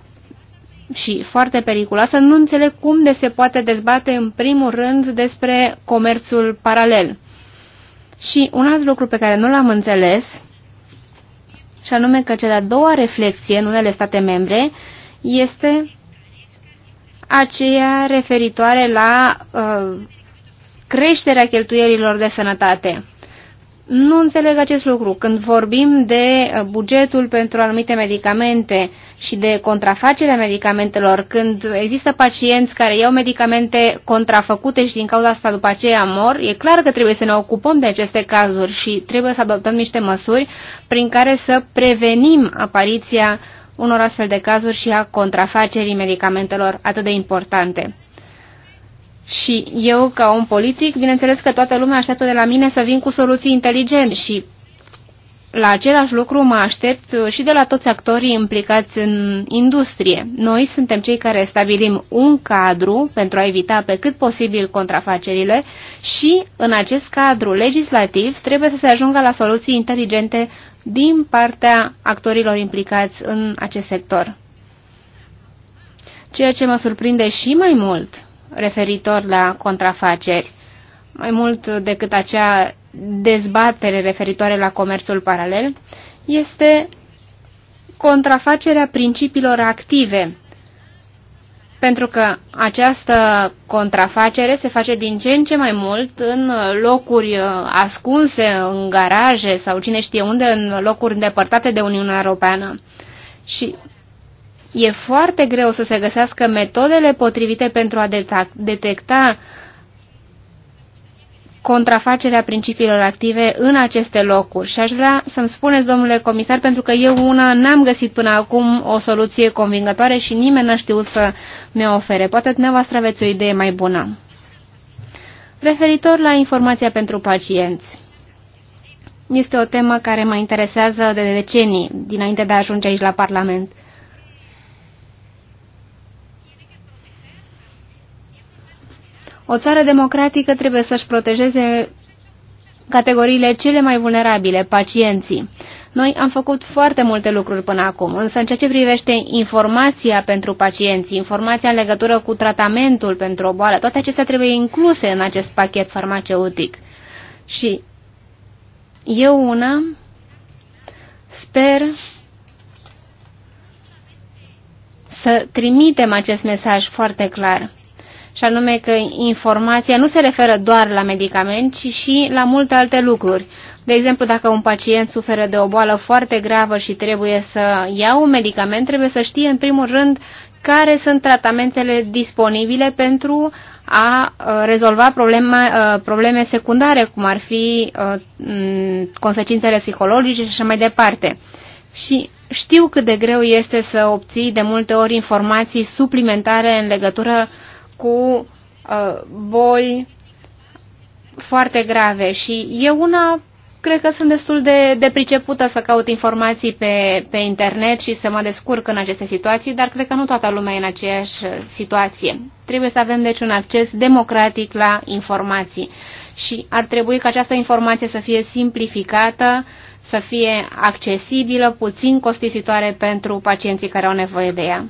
și foarte periculoasă, nu înțeleg cum de se poate dezbate în primul rând despre comerțul paralel. Și un alt lucru pe care nu l-am înțeles, și anume că cea de-a doua reflexie în unele state membre, este aceea referitoare la uh, creșterea cheltuielilor de sănătate. Nu înțeleg acest lucru. Când vorbim de uh, bugetul pentru anumite medicamente și de contrafacerea medicamentelor, când există pacienți care iau medicamente contrafăcute și din cauza asta după aceea mor, e clar că trebuie să ne ocupăm de aceste cazuri și trebuie să adoptăm niște măsuri prin care să prevenim apariția uh, unor astfel de cazuri și a contrafacerii medicamentelor atât de importante. Și eu, ca om politic, bineînțeles că toată lumea așteaptă de la mine să vin cu soluții inteligente și la același lucru mă aștept uh, și de la toți actorii implicați în industrie. Noi suntem cei care stabilim un cadru pentru a evita pe cât posibil contrafacerile și în acest cadru legislativ trebuie să se ajungă la soluții inteligente din partea actorilor implicați în acest sector. Ceea ce mă surprinde și mai mult referitor la contrafaceri mai mult decât acea dezbatere referitoare la comerțul paralel, este contrafacerea principiilor active, pentru că această contrafacere se face din ce în ce mai mult în locuri uh, ascunse, în garaje sau cine știe unde, în locuri îndepărtate de Uniunea Europeană. Și e foarte greu să se găsească metodele potrivite pentru a detecta contrafacerea principiilor active în aceste locuri. Și aș vrea să-mi spuneți, domnule comisar, pentru că eu una n-am găsit până acum o soluție convingătoare și nimeni n-a știut să mi-o ofere. Poate dumneavoastră aveți o idee mai bună. Referitor la informația pentru pacienți. Este o temă care mă interesează de decenii, dinainte de a ajunge aici la Parlament. O țară democratică trebuie să-și protejeze categoriile cele mai vulnerabile, pacienții. Noi am făcut foarte multe lucruri până acum, însă în ceea ce privește informația pentru pacienți, informația în legătură cu tratamentul pentru o boală, toate acestea trebuie incluse în acest pachet farmaceutic. Și eu una sper să trimitem acest mesaj foarte clar și anume că informația nu se referă doar la medicament, ci și la multe alte lucruri. De exemplu, dacă un pacient suferă de o boală foarte gravă și trebuie să ia un medicament, trebuie să știe în primul rând care sunt tratamentele disponibile pentru a uh, rezolva probleme, uh, probleme secundare, cum ar fi uh, consecințele psihologice și așa mai departe. Și știu cât de greu este să obții de multe ori informații suplimentare în legătură cu uh, boli foarte grave și eu una cred că sunt destul de, de pricepută să caut informații pe, pe internet și să mă descurc în aceste situații, dar cred că nu toată lumea e în aceeași situație. Trebuie să avem deci un acces democratic la informații și ar trebui ca această informație să fie simplificată, să fie accesibilă, puțin costisitoare pentru pacienții care au nevoie de ea.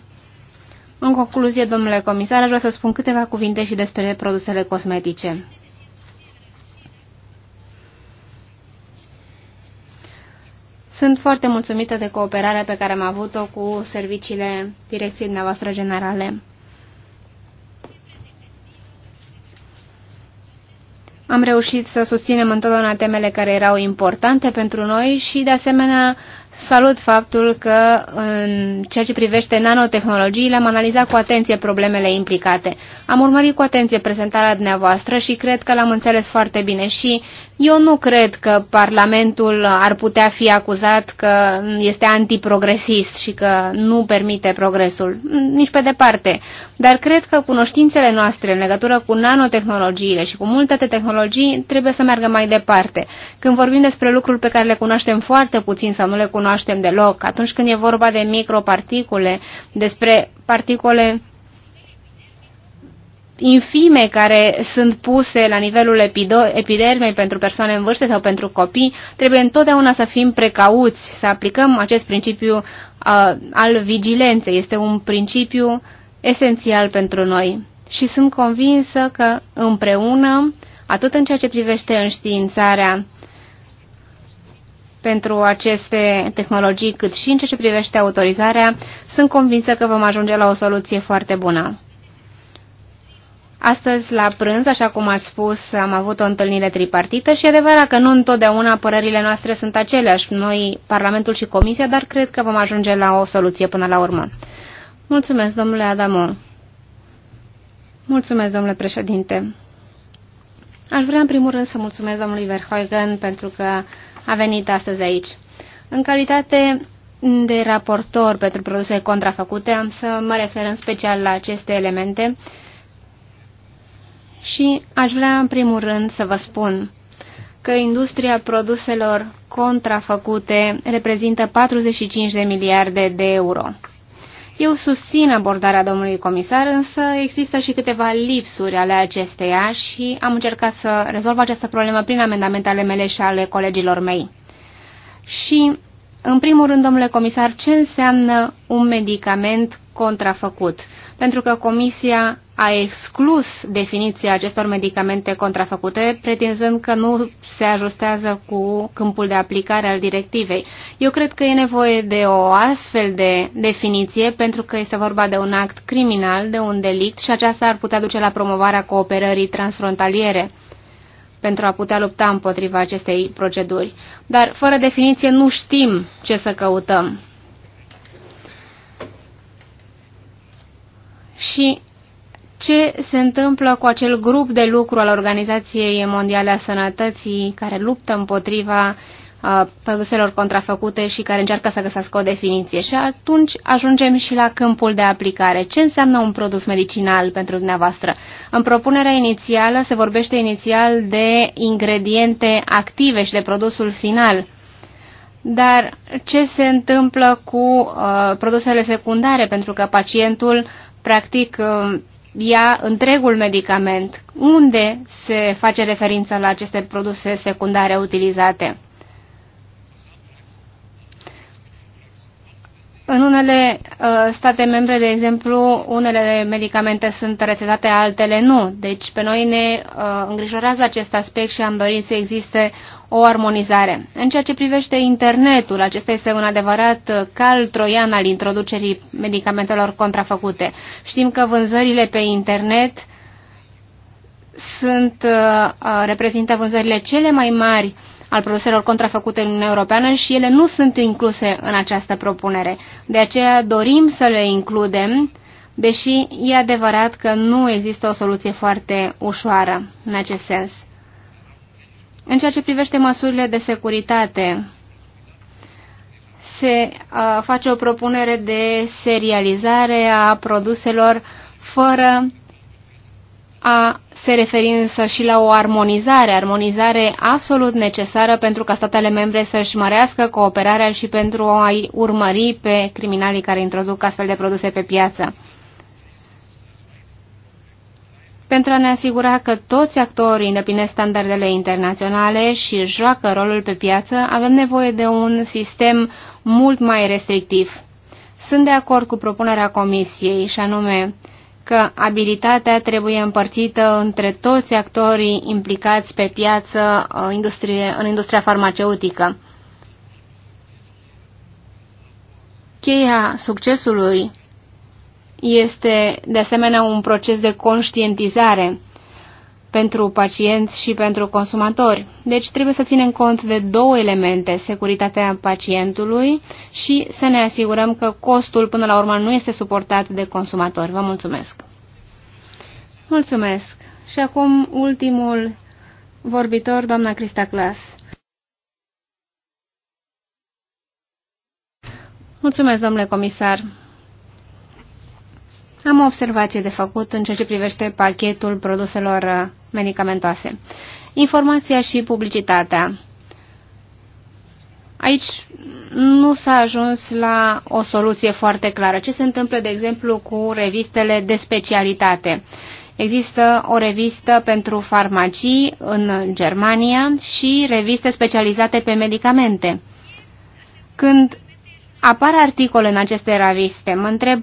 În concluzie, domnule comisar, aș vrea să spun câteva cuvinte și despre produsele cosmetice. Sunt foarte mulțumită de cooperarea pe care am avut-o cu serviciile direcției dumneavoastră generale. Am reușit să susținem întotdeauna temele care erau importante pentru noi și, de asemenea, Salut faptul că în ceea ce privește nanotehnologiile am analizat cu atenție problemele implicate. Am urmărit cu atenție prezentarea dumneavoastră și cred că l-am înțeles foarte bine și eu nu cred că Parlamentul ar putea fi acuzat că este antiprogresist și că nu permite progresul, nici pe departe, dar cred că cunoștințele noastre în legătură cu nanotehnologiile și cu multe alte tehnologii trebuie să meargă mai departe. Când vorbim despre lucruri pe care le cunoaștem foarte puțin sau nu le cunoaștem deloc, atunci când e vorba de microparticule, despre particole infime care sunt puse la nivelul epidermei pentru persoane în vârstă sau pentru copii, trebuie întotdeauna să fim precauți, să aplicăm acest principiu uh, al vigilenței. Este un principiu esențial pentru noi. Și sunt convinsă că împreună, atât în ceea ce privește înștiințarea pentru aceste tehnologii, cât și în ceea ce privește autorizarea, sunt convinsă că vom ajunge la o soluție foarte bună. Astăzi, la prânz, așa cum ați spus, am avut o întâlnire tripartită și e adevărat că nu întotdeauna părerile noastre sunt aceleași, noi, Parlamentul și Comisia, dar cred că vom ajunge la o soluție până la urmă. Mulțumesc, domnule Adamo. Mulțumesc, domnule președinte. Aș vrea, în primul rând, să mulțumesc domnului Verhoeven pentru că a venit astăzi aici. În calitate de raportor pentru produse contrafăcute, am să mă refer în special la aceste elemente, și aș vrea în primul rând să vă spun că industria produselor contrafăcute reprezintă 45 de miliarde de euro. Eu susțin abordarea domnului comisar, însă există și câteva lipsuri ale acesteia și am încercat să rezolv această problemă prin amendamente ale mele și ale colegilor mei. Și, în primul rând, domnule comisar, ce înseamnă un medicament contrafăcut? Pentru că comisia a exclus definiția acestor medicamente contrafăcute, pretinzând că nu se ajustează cu câmpul de aplicare al directivei. Eu cred că e nevoie de o astfel de definiție, pentru că este vorba de un act criminal, de un delict și aceasta ar putea duce la promovarea cooperării transfrontaliere pentru a putea lupta împotriva acestei proceduri. Dar fără definiție nu știm ce să căutăm. Și ce se întâmplă cu acel grup de lucru al Organizației Mondiale a Sănătății care luptă împotriva uh, produselor contrafăcute și care încearcă să găsească o definiție. Și atunci ajungem și la câmpul de aplicare. Ce înseamnă un produs medicinal pentru dumneavoastră? În propunerea inițială se vorbește inițial de ingrediente active și de produsul final. Dar ce se întâmplă cu uh, produsele secundare? Pentru că pacientul, practic, uh, ia întregul medicament, unde se face referință la aceste produse secundare utilizate? În unele uh, state membre, de exemplu, unele medicamente sunt rețetate, altele nu. Deci pe noi ne uh, îngrijorează acest aspect și am dorit să existe o armonizare. În ceea ce privește internetul, acesta este un adevărat cal troian al introducerii medicamentelor contrafăcute. Știm că vânzările pe internet sunt, uh, uh, reprezintă vânzările cele mai mari al produselor contrafăcute în Uniunea Europeană și ele nu sunt incluse în această propunere. De aceea dorim să le includem, deși e adevărat că nu există o soluție foarte ușoară în acest sens. În ceea ce privește măsurile de securitate, se uh, face o propunere de serializare a produselor fără a se referi însă și la o armonizare, armonizare absolut necesară pentru ca statele membre să-și mărească cooperarea și pentru a-i urmări pe criminalii care introduc astfel de produse pe piață pentru a ne asigura că toți actorii îndeplinesc standardele internaționale și joacă rolul pe piață, avem nevoie de un sistem mult mai restrictiv. Sunt de acord cu propunerea Comisiei, și anume că abilitatea trebuie împărțită între toți actorii implicați pe piață uh, industrie, în industria farmaceutică. Cheia succesului este de asemenea un proces de conștientizare pentru pacienți și pentru consumatori. Deci trebuie să ținem cont de două elemente, securitatea pacientului și să ne asigurăm că costul până la urmă nu este suportat de consumatori. Vă mulțumesc! Mulțumesc! Și acum ultimul vorbitor, doamna Crista Clas. Mulțumesc, domnule comisar! Am o observație de făcut în ceea ce privește pachetul produselor uh, medicamentoase. Informația și publicitatea. Aici nu s-a ajuns la o soluție foarte clară. Ce se întâmplă, de exemplu, cu revistele de specialitate? Există o revistă pentru farmacii în Germania și reviste specializate pe medicamente. Când apar articole în aceste reviste, mă întreb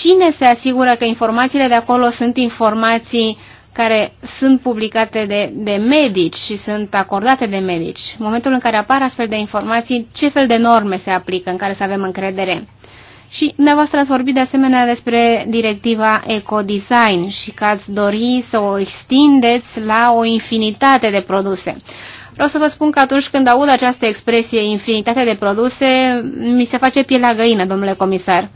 Cine se asigură că informațiile de acolo sunt informații care sunt publicate de, de medici și sunt acordate de medici? În momentul în care apar astfel de informații, ce fel de norme se aplică în care să avem încredere? Și dumneavoastră ați vorbit de asemenea despre directiva ecodesign și că ați dori să o extindeți la o infinitate de produse. Vreau să vă spun că atunci când aud această expresie infinitate de produse, mi se face pielea găină, domnule comisar.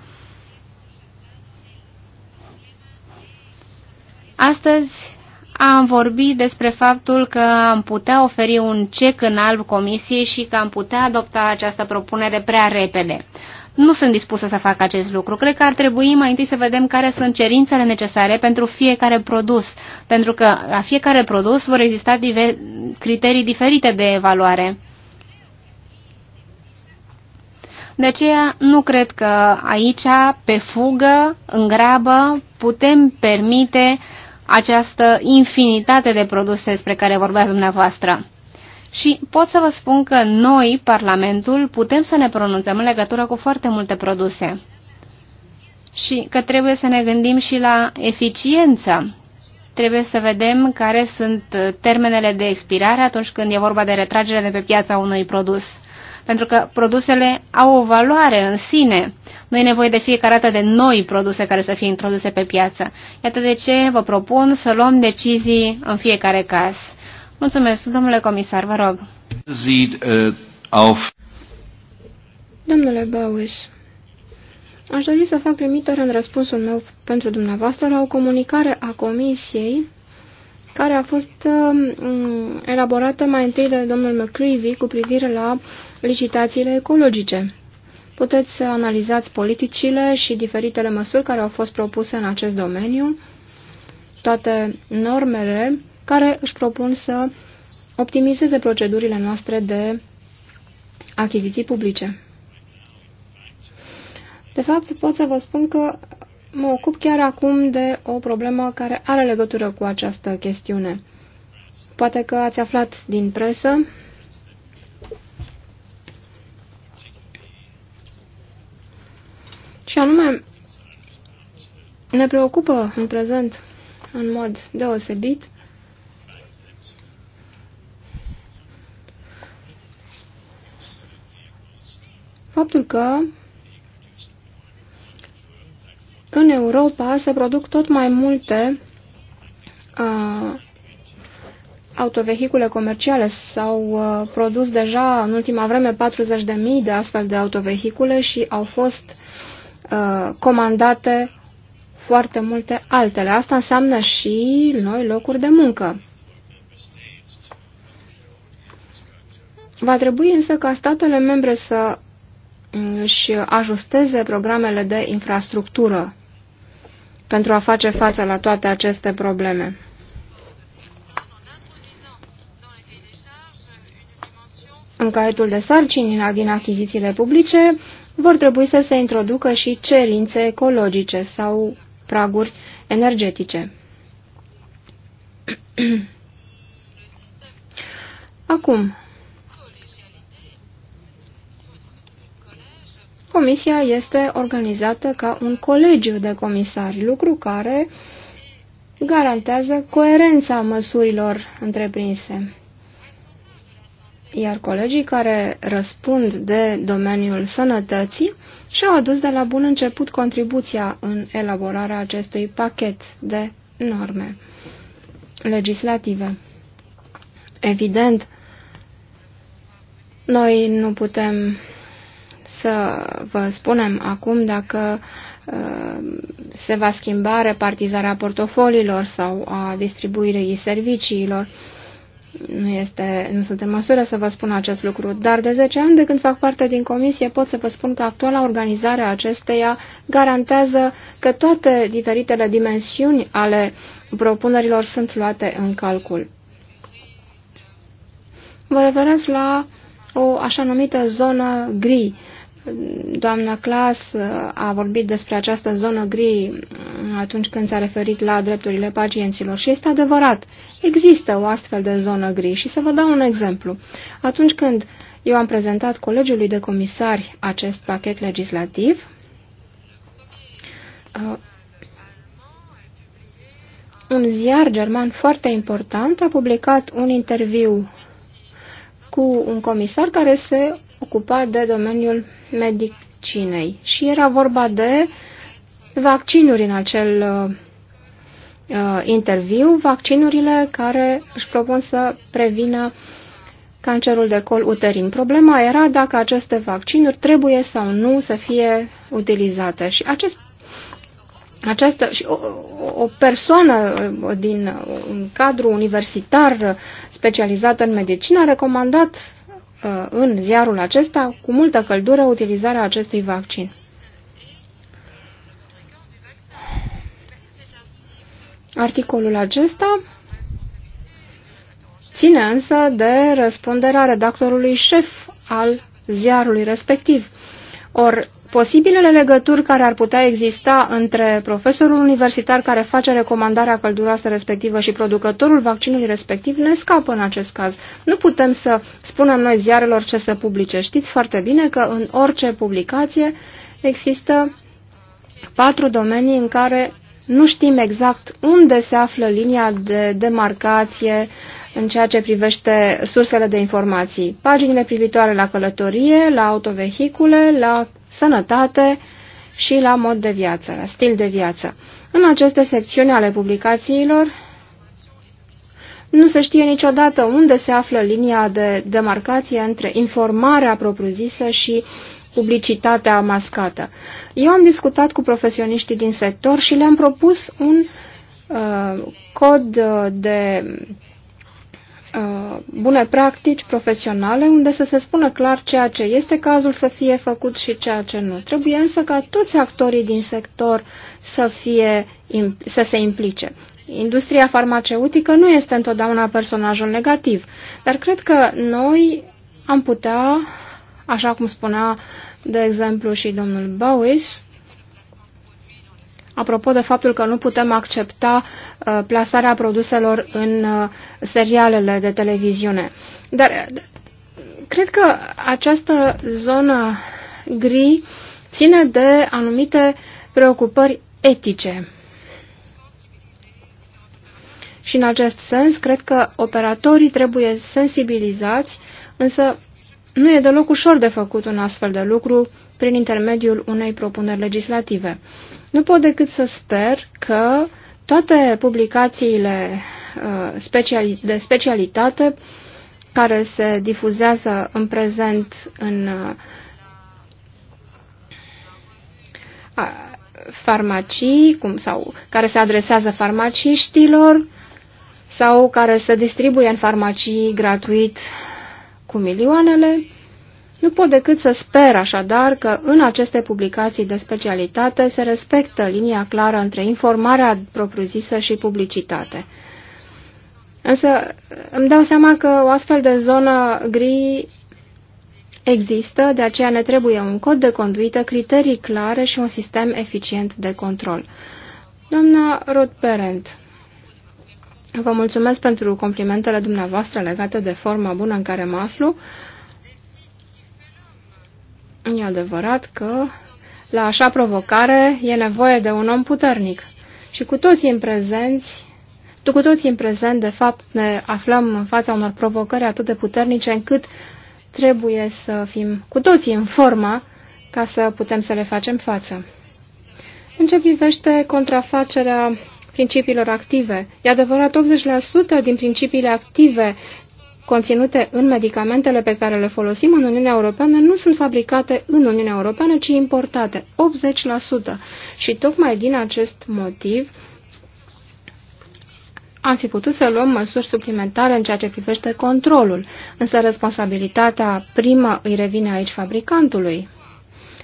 Astăzi am vorbit despre faptul că am putea oferi un cec în alb comisiei și că am putea adopta această propunere prea repede. Nu sunt dispusă să fac acest lucru. Cred că ar trebui mai întâi să vedem care sunt cerințele necesare pentru fiecare produs, pentru că la fiecare produs vor exista dive criterii diferite de evaluare. De aceea nu cred că aici, pe fugă, în grabă, putem permite uh, această infinitate de produse despre care vorbea dumneavoastră. Și pot să vă spun că noi, Parlamentul, putem să ne pronunțăm în legătură cu foarte multe produse și că trebuie să ne gândim și la eficiență. Trebuie să vedem care sunt termenele de expirare atunci când e vorba de retragere de pe piața unui produs. Pentru că produsele au o valoare în sine nu e nevoie de fiecare dată de noi produse care să fie introduse pe piață. Iată de ce vă propun să luăm decizii în fiecare caz. Mulțumesc, domnule comisar, vă rog. Uh, domnule Bauis, aș dori să fac trimitere în răspunsul meu pentru dumneavoastră la o comunicare a Comisiei care a fost um, elaborată mai întâi de domnul McCreevy cu privire la licitațiile ecologice puteți să analizați politicile și diferitele măsuri care au fost propuse în acest domeniu, toate normele care își propun să optimizeze procedurile noastre de achiziții publice. De fapt, pot să vă spun că mă ocup chiar acum de o problemă care are legătură cu această chestiune. Poate că ați aflat din presă Și anume, ne preocupă în prezent, în mod deosebit, faptul că în Europa se produc tot mai multe uh, autovehicule comerciale. S-au uh, produs deja în ultima vreme 40.000 de astfel de autovehicule și au fost Uh, comandate foarte multe altele. Asta înseamnă și noi locuri de muncă. Va trebui însă ca statele membre să își ajusteze programele de infrastructură pentru a face față la toate aceste probleme. În caietul de sarcini din achizițiile publice vor trebui să se introducă și cerințe ecologice sau praguri energetice. Acum, comisia este organizată ca un colegiu de comisari, lucru care garantează coerența măsurilor întreprinse iar colegii care răspund de domeniul sănătății și-au adus de la bun început contribuția în elaborarea acestui pachet de norme legislative. Evident, noi nu putem să vă spunem acum dacă uh, se va schimba repartizarea portofoliilor sau a distribuirii serviciilor nu, este, nu sunt în măsură să vă spun acest lucru, dar de 10 ani de când fac parte din comisie pot să vă spun că actuala organizare a acesteia garantează că toate diferitele dimensiuni ale propunerilor sunt luate în calcul. Vă referesc la o așa numită zonă gri, Doamna Clas a vorbit despre această zonă gri atunci când s-a referit la drepturile pacienților și este adevărat. Există o astfel de zonă gri și să vă dau un exemplu. Atunci când eu am prezentat colegiului de comisari acest pachet legislativ, uh, un ziar german foarte important a publicat un interviu cu un comisar care se ocupa de domeniul medicinei. Și era vorba de vaccinuri în acel uh, interviu, vaccinurile care își propun să prevină cancerul de col uterin. Problema era dacă aceste vaccinuri trebuie sau nu să fie utilizate. Și acest această, și o, o persoană uh, din uh, un cadru universitar specializată în medicină a recomandat Uh, în ziarul acesta cu multă căldură utilizarea acestui vaccin. Articolul acesta ține însă de răspunderea redactorului șef al ziarului respectiv. Or, Posibilele legături care ar putea exista între profesorul universitar care face recomandarea călduroasă respectivă și producătorul vaccinului respectiv ne scapă în acest caz. Nu putem să spunem noi ziarelor ce să publice. Știți foarte bine că în orice publicație există patru domenii în care nu știm exact unde se află linia de demarcație în ceea ce privește sursele de informații. Paginile privitoare la călătorie, la autovehicule, la sănătate și la mod de viață, la stil de viață. În aceste secțiuni ale publicațiilor nu se știe niciodată unde se află linia de demarcație între informarea propriu-zisă și publicitatea mascată. Eu am discutat cu profesioniștii din sector și le-am propus un uh, cod de Uh, bune practici profesionale unde să se spună clar ceea ce este cazul să fie făcut și ceea ce nu. Trebuie însă ca toți actorii din sector să, fie, să se implice. Industria farmaceutică nu este întotdeauna personajul negativ, dar cred că noi am putea, așa cum spunea de exemplu și domnul Bowis, apropo de faptul că nu putem accepta uh, plasarea produselor în uh, serialele de televiziune. Dar uh, cred că această zonă gri ține de anumite preocupări etice. Și în acest sens, cred că operatorii trebuie sensibilizați, însă nu e deloc ușor de făcut un astfel de lucru prin intermediul unei propuneri legislative. Nu pot decât să sper că toate publicațiile uh, de specialitate care se difuzează în prezent în uh, farmacii cum, sau care se adresează farmaciștilor sau care se distribuie în farmacii gratuit cu milioanele, nu pot decât să sper așadar că în aceste publicații de specialitate se respectă linia clară între informarea propriu-zisă și publicitate. Însă îmi dau seama că o astfel de zonă gri există, de aceea ne trebuie un cod de conduită, criterii clare și un sistem eficient de control. Doamna Rodperent, vă mulțumesc pentru complimentele dumneavoastră legate de forma bună în care mă aflu. E adevărat că la așa provocare e nevoie de un om puternic. Și cu toții în prezenți, tu cu toții în prezent, de fapt, ne aflăm în fața unor provocări atât de puternice încât trebuie să fim cu toții în forma ca să putem să le facem față. În ce privește contrafacerea principiilor active, e adevărat 80% din principiile active conținute în medicamentele pe care le folosim în Uniunea Europeană nu sunt fabricate în Uniunea Europeană, ci importate, 80%. Și tocmai din acest motiv am fi putut să luăm măsuri suplimentare în ceea ce privește controlul, însă responsabilitatea prima îi revine aici fabricantului.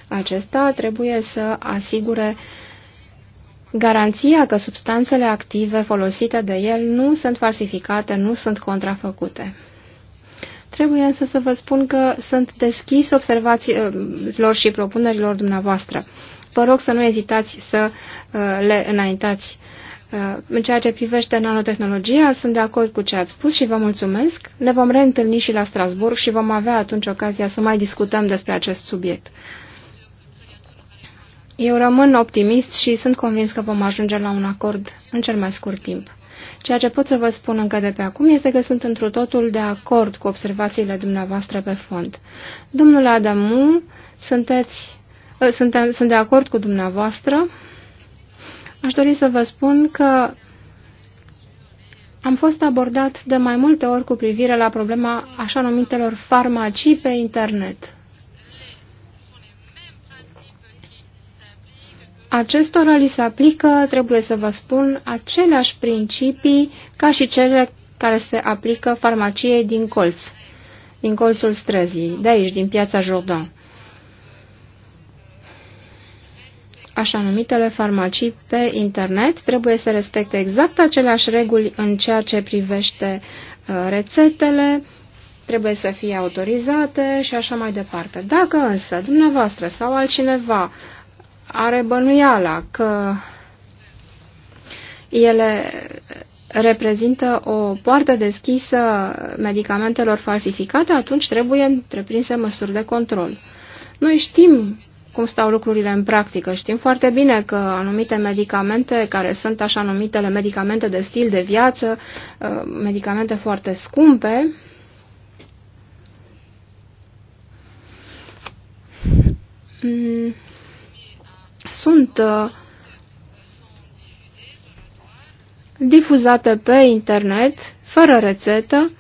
Acesta trebuie să asigure garanția că substanțele active folosite de el nu sunt falsificate, nu sunt contrafăcute. Trebuie însă să vă spun că sunt deschis observațiilor și propunerilor dumneavoastră. Vă rog să nu ezitați să uh, le înaintați. Uh, în ceea ce privește nanotehnologia, sunt de acord cu ce ați spus și vă mulțumesc. Ne vom reîntâlni și la Strasburg și vom avea atunci ocazia să mai discutăm despre acest subiect. Eu rămân optimist și sunt convins că vom ajunge la un acord în cel mai scurt timp. Ceea ce pot să vă spun încă de pe acum este că sunt întru totul de acord cu observațiile dumneavoastră pe fond. Domnule Adamu, sunteți, ă, suntem, sunt de acord cu dumneavoastră. Aș dori să vă spun că am fost abordat de mai multe ori cu privire la problema așa numitelor farmacii pe internet. Acestora li se aplică, trebuie să vă spun, aceleași principii ca și cele care se aplică farmaciei din colț, din colțul străzii, de aici, din piața Jordan. Așa numitele farmacii pe internet trebuie să respecte exact aceleași reguli în ceea ce privește uh, rețetele, trebuie să fie autorizate și așa mai departe. Dacă însă dumneavoastră sau altcineva are bănuiala că ele reprezintă o poartă deschisă medicamentelor falsificate, atunci trebuie întreprinse măsuri de control. Noi știm cum stau lucrurile în practică. Știm foarte bine că anumite medicamente, care sunt așa numitele medicamente de stil de viață, uh, medicamente foarte scumpe, mm, sunt uh, difuzate pe internet, fără rețetă,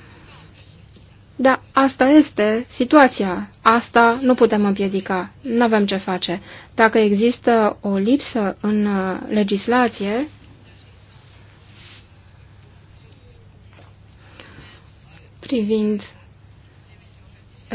dar asta este situația. Asta nu putem împiedica. Nu avem ce face. Dacă există o lipsă în uh, legislație, privind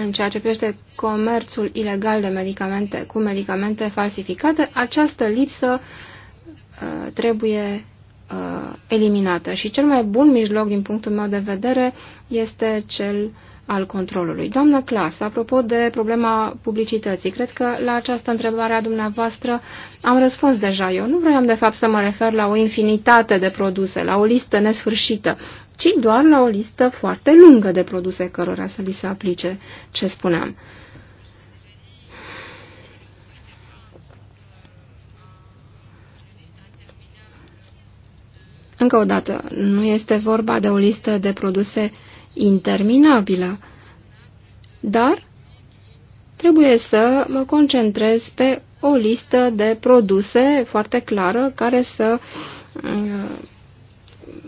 în ceea ce privește comerțul ilegal de medicamente cu medicamente falsificate, această lipsă uh, trebuie uh, eliminată. Și cel mai bun mijloc, din punctul meu de vedere, este cel uh, al controlului. Doamnă Clas, apropo de problema publicității, cred că la această întrebare a dumneavoastră am răspuns deja eu. Nu vroiam de fapt să mă refer la o infinitate de produse, la o listă nesfârșită, ci doar la o listă foarte lungă de produse cărora să li se aplice ce spuneam. Încă o dată, nu este vorba de o listă de produse uh, interminabilă. Dar trebuie să mă concentrez pe o listă de produse foarte clară care să uh,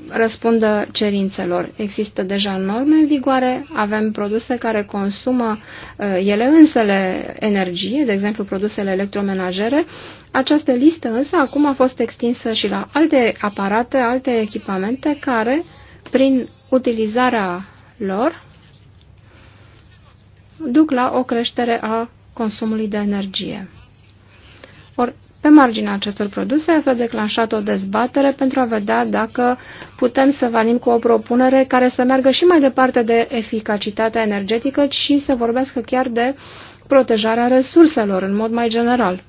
răspundă cerințelor. Există deja norme în vigoare, avem produse care consumă uh, ele însele energie, de exemplu produsele electromenajere. Această listă însă acum a fost extinsă și la alte aparate, alte echipamente care prin utilizarea lor, duc la o creștere a consumului de energie. Or, pe marginea acestor produse s-a declanșat o dezbatere pentru a vedea dacă putem să venim cu o propunere care să meargă și mai departe de eficacitatea energetică și să vorbească chiar de protejarea resurselor în mod mai general.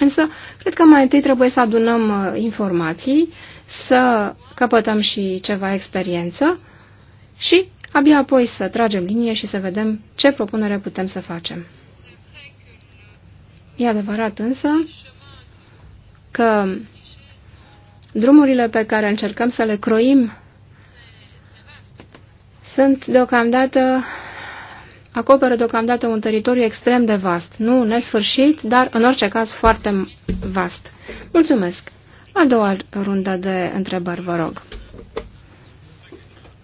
Însă, cred că mai întâi trebuie să adunăm uh, informații, să căpătăm și ceva experiență și abia apoi să tragem linie și să vedem ce propunere putem să facem. E adevărat însă că drumurile pe care încercăm să le croim sunt deocamdată, acoperă deocamdată un teritoriu extrem de vast. Nu nesfârșit, dar în orice caz foarte vast. Mulțumesc! A doua rundă de întrebări, vă rog.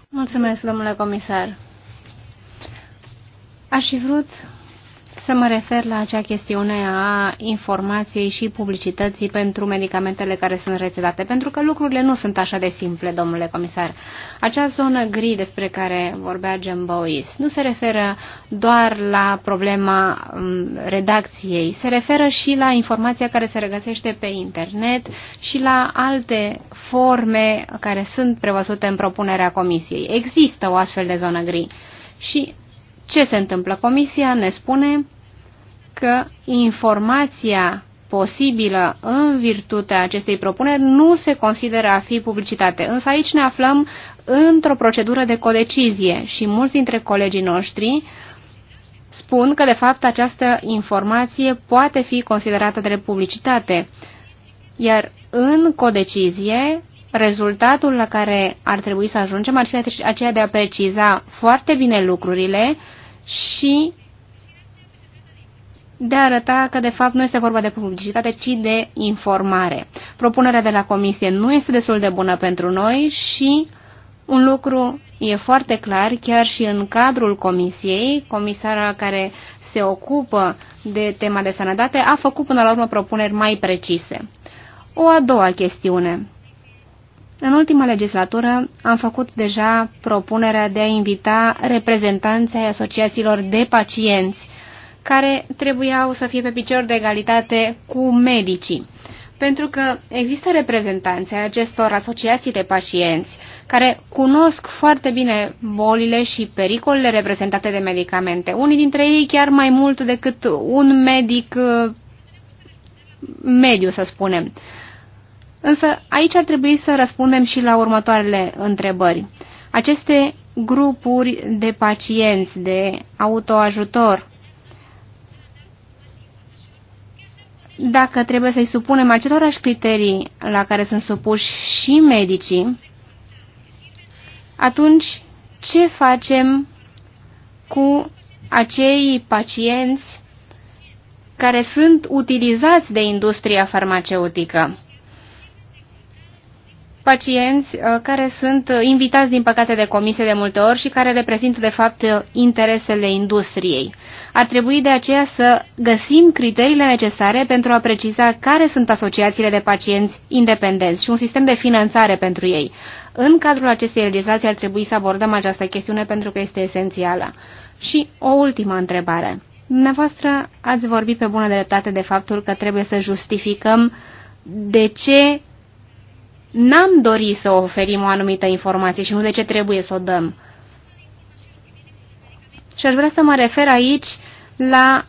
Mulțumesc, domnule comisar. Aș fi vrut să mă refer la acea chestiune a informației și publicității pentru medicamentele care sunt rețetate, pentru că lucrurile nu sunt așa de simple, domnule comisar. Acea zonă gri despre care vorbea Jim Bois nu se referă doar la problema mm, redacției, se referă și la informația care se regăsește pe internet și la alte forme care sunt prevăzute în propunerea comisiei. Există o astfel de zonă gri. Și ce se întâmplă? Comisia ne spune că informația posibilă în virtutea acestei propuneri nu se consideră a fi publicitate. Însă aici ne aflăm într-o procedură de codecizie și mulți dintre colegii noștri spun că, de fapt, această informație poate fi considerată drept publicitate. Iar în codecizie, rezultatul la care ar trebui să ajungem ar fi aceea de a preciza foarte bine lucrurile, și de a arăta că, de fapt, nu este vorba de publicitate, ci de informare. Propunerea de la comisie nu este destul de bună pentru noi și un lucru e foarte clar, chiar și în cadrul comisiei, comisara care se ocupă de tema de sănătate a făcut până la urmă propuneri mai precise. O a doua chestiune. În ultima legislatură am făcut deja propunerea de a invita reprezentanții ai asociațiilor de pacienți, care trebuiau să fie pe picior de egalitate cu medicii. Pentru că există reprezentanții acestor asociații de pacienți care cunosc foarte bine bolile și pericolele reprezentate de medicamente. Unii dintre ei chiar mai mult decât un medic uh, mediu, să spunem. Însă aici ar trebui să răspundem și la următoarele întrebări. Aceste grupuri de pacienți, de autoajutor, dacă trebuie să-i supunem acelorași criterii la care sunt supuși și medicii, atunci ce facem cu acei pacienți care sunt utilizați de industria farmaceutică? pacienți uh, care sunt uh, invitați, din păcate, de comisie de multe ori și care reprezintă, de fapt, uh, interesele industriei. Ar trebui de aceea să găsim criteriile necesare pentru a preciza care sunt asociațiile de pacienți independenți și un sistem de finanțare pentru ei. În cadrul acestei legislații ar trebui să abordăm această chestiune pentru că este esențială. Și o ultimă întrebare. Dumneavoastră ați vorbit pe bună dreptate de faptul că trebuie să justificăm de ce n-am dorit să oferim o anumită informație și nu de ce trebuie să o dăm. Și aș vrea să mă refer aici la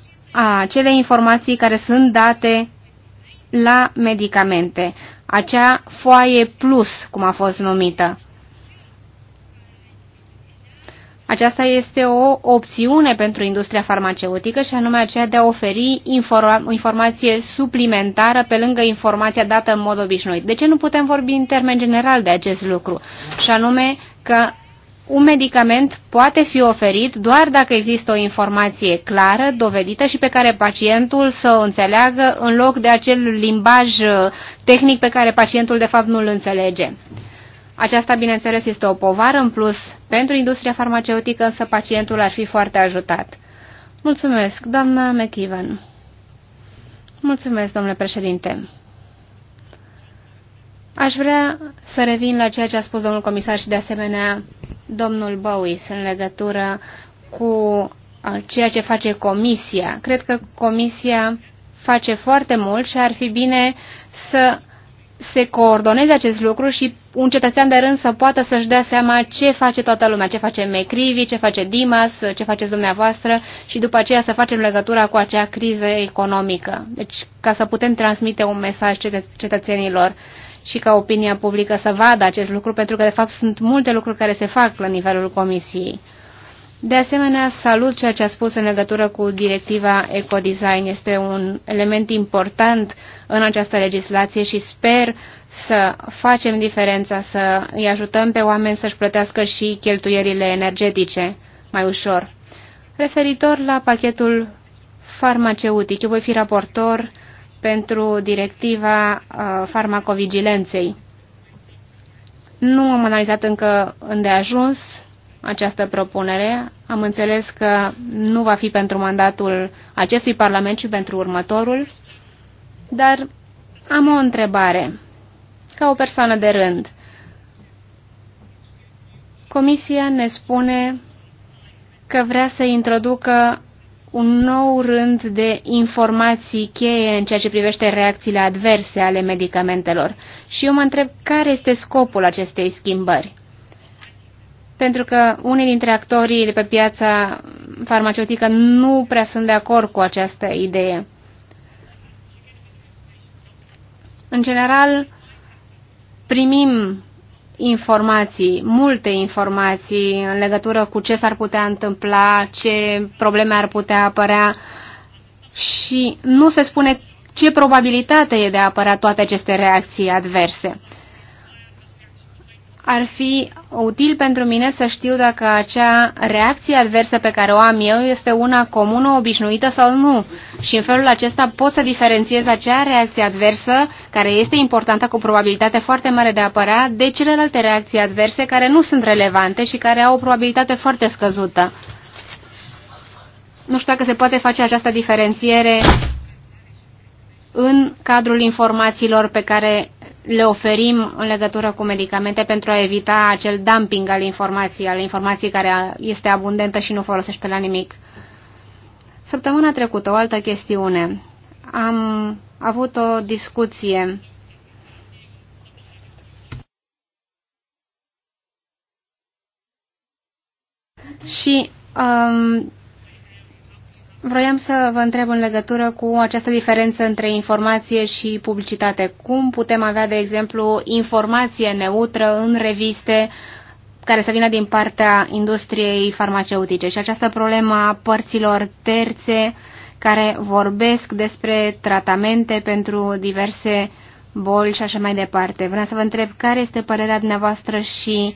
acele informații care sunt date la medicamente, acea foaie plus, cum a fost numită. Aceasta este o opțiune pentru industria farmaceutică și anume aceea de a oferi informa informație suplimentară pe lângă informația dată în mod obișnuit. De ce nu putem vorbi în termen general de acest lucru? Și anume că un medicament poate fi oferit doar dacă există o informație clară, dovedită și pe care pacientul să o înțeleagă în loc de acel limbaj uh, tehnic pe care pacientul de fapt nu-l înțelege. Aceasta, bineînțeles, este o povară în plus pentru industria farmaceutică, însă pacientul ar fi foarte ajutat. Mulțumesc, doamna McEwan. Mulțumesc, domnule președinte. Aș vrea să revin la ceea ce a spus domnul comisar și, de asemenea, domnul Bowis în legătură cu ceea ce face comisia. Cred că comisia face foarte mult și ar fi bine să se coordoneze acest lucru și un cetățean de rând să poată să-și dea seama ce face toată lumea, ce face Mecrivi, ce face Dimas, ce faceți dumneavoastră și după aceea să facem legătura cu acea criză economică. Deci ca să putem transmite un mesaj cetă cetățenilor și ca opinia publică să vadă acest lucru, pentru că de fapt sunt multe lucruri care se fac la nivelul comisiei. De asemenea, salut ceea ce a spus în legătură cu directiva ecodesign. Este un element important în această legislație și sper să facem diferența, să îi ajutăm pe oameni să-și plătească și cheltuierile energetice mai ușor. Referitor la pachetul farmaceutic, eu voi fi raportor pentru directiva uh, farmacovigilenței. Nu am analizat încă îndeajuns această propunere. Am înțeles că nu va fi pentru mandatul acestui Parlament, ci pentru următorul. Dar am o întrebare. Ca o persoană de rând, Comisia ne spune că vrea să introducă un nou rând de informații cheie în ceea ce privește reacțiile adverse ale medicamentelor. Și eu mă întreb care este scopul acestei schimbări pentru că unii dintre actorii de pe piața farmaceutică nu prea sunt de acord cu această idee. În general, primim informații, multe informații în legătură cu ce s-ar putea întâmpla, ce probleme ar putea apărea și nu se spune ce probabilitate e de a apărea toate aceste reacții adverse ar fi util pentru mine să știu dacă acea reacție adversă pe care o am eu este una comună, obișnuită sau nu. Și în felul acesta pot să diferențiez acea reacție adversă, care este importantă cu probabilitate foarte mare de a apărea, de celelalte reacții adverse care nu sunt relevante și care au o probabilitate foarte scăzută. Nu știu dacă se poate face această diferențiere în cadrul informațiilor pe care le oferim în legătură cu medicamente pentru a evita acel dumping al informației, al informației care este abundentă și nu folosește la nimic. Săptămâna trecută, o altă chestiune. Am avut o discuție și um, Vroiam să vă întreb în legătură cu această diferență între informație și publicitate. Cum putem avea, de exemplu, informație neutră în reviste care să vină din partea industriei farmaceutice și această problemă a părților terțe care vorbesc despre tratamente pentru diverse boli și așa mai departe. Vreau să vă întreb care este părerea dumneavoastră și uh,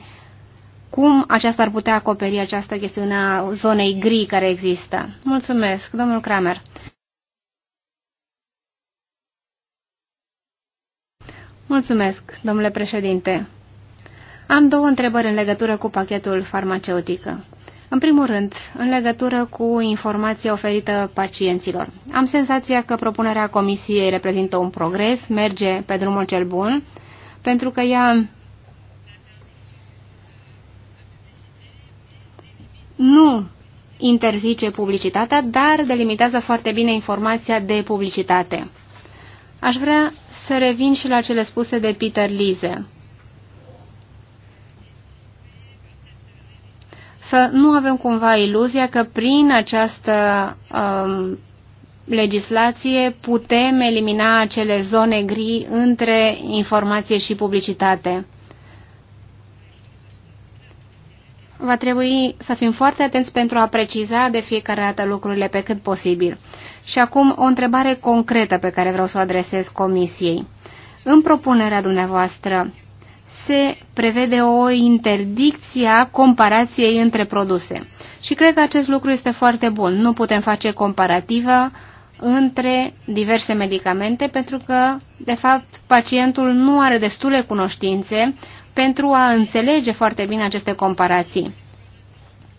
cum aceasta ar putea acoperi această chestiune a zonei gri care există. Mulțumesc, domnul Kramer. Mulțumesc, domnule președinte. Am două întrebări în legătură cu pachetul farmaceutică. În primul rând, în legătură cu informația oferită pacienților. Am senzația că propunerea comisiei reprezintă un progres, merge pe drumul cel bun, pentru că ea nu interzice publicitatea, dar delimitează foarte bine informația de publicitate. Aș vrea să revin și la cele spuse de Peter Lise. Să nu avem cumva iluzia că prin această um, legislație putem elimina acele zone gri între informație și publicitate. va trebui să fim foarte atenți pentru a preciza de fiecare dată lucrurile pe cât posibil. Și acum o întrebare concretă pe care vreau să o adresez Comisiei. În propunerea dumneavoastră se prevede o interdicție a comparației între produse. Și cred că acest lucru este foarte bun. Nu putem face comparativă între diverse medicamente pentru că, de fapt, pacientul nu are destule cunoștințe pentru a înțelege foarte bine aceste comparații.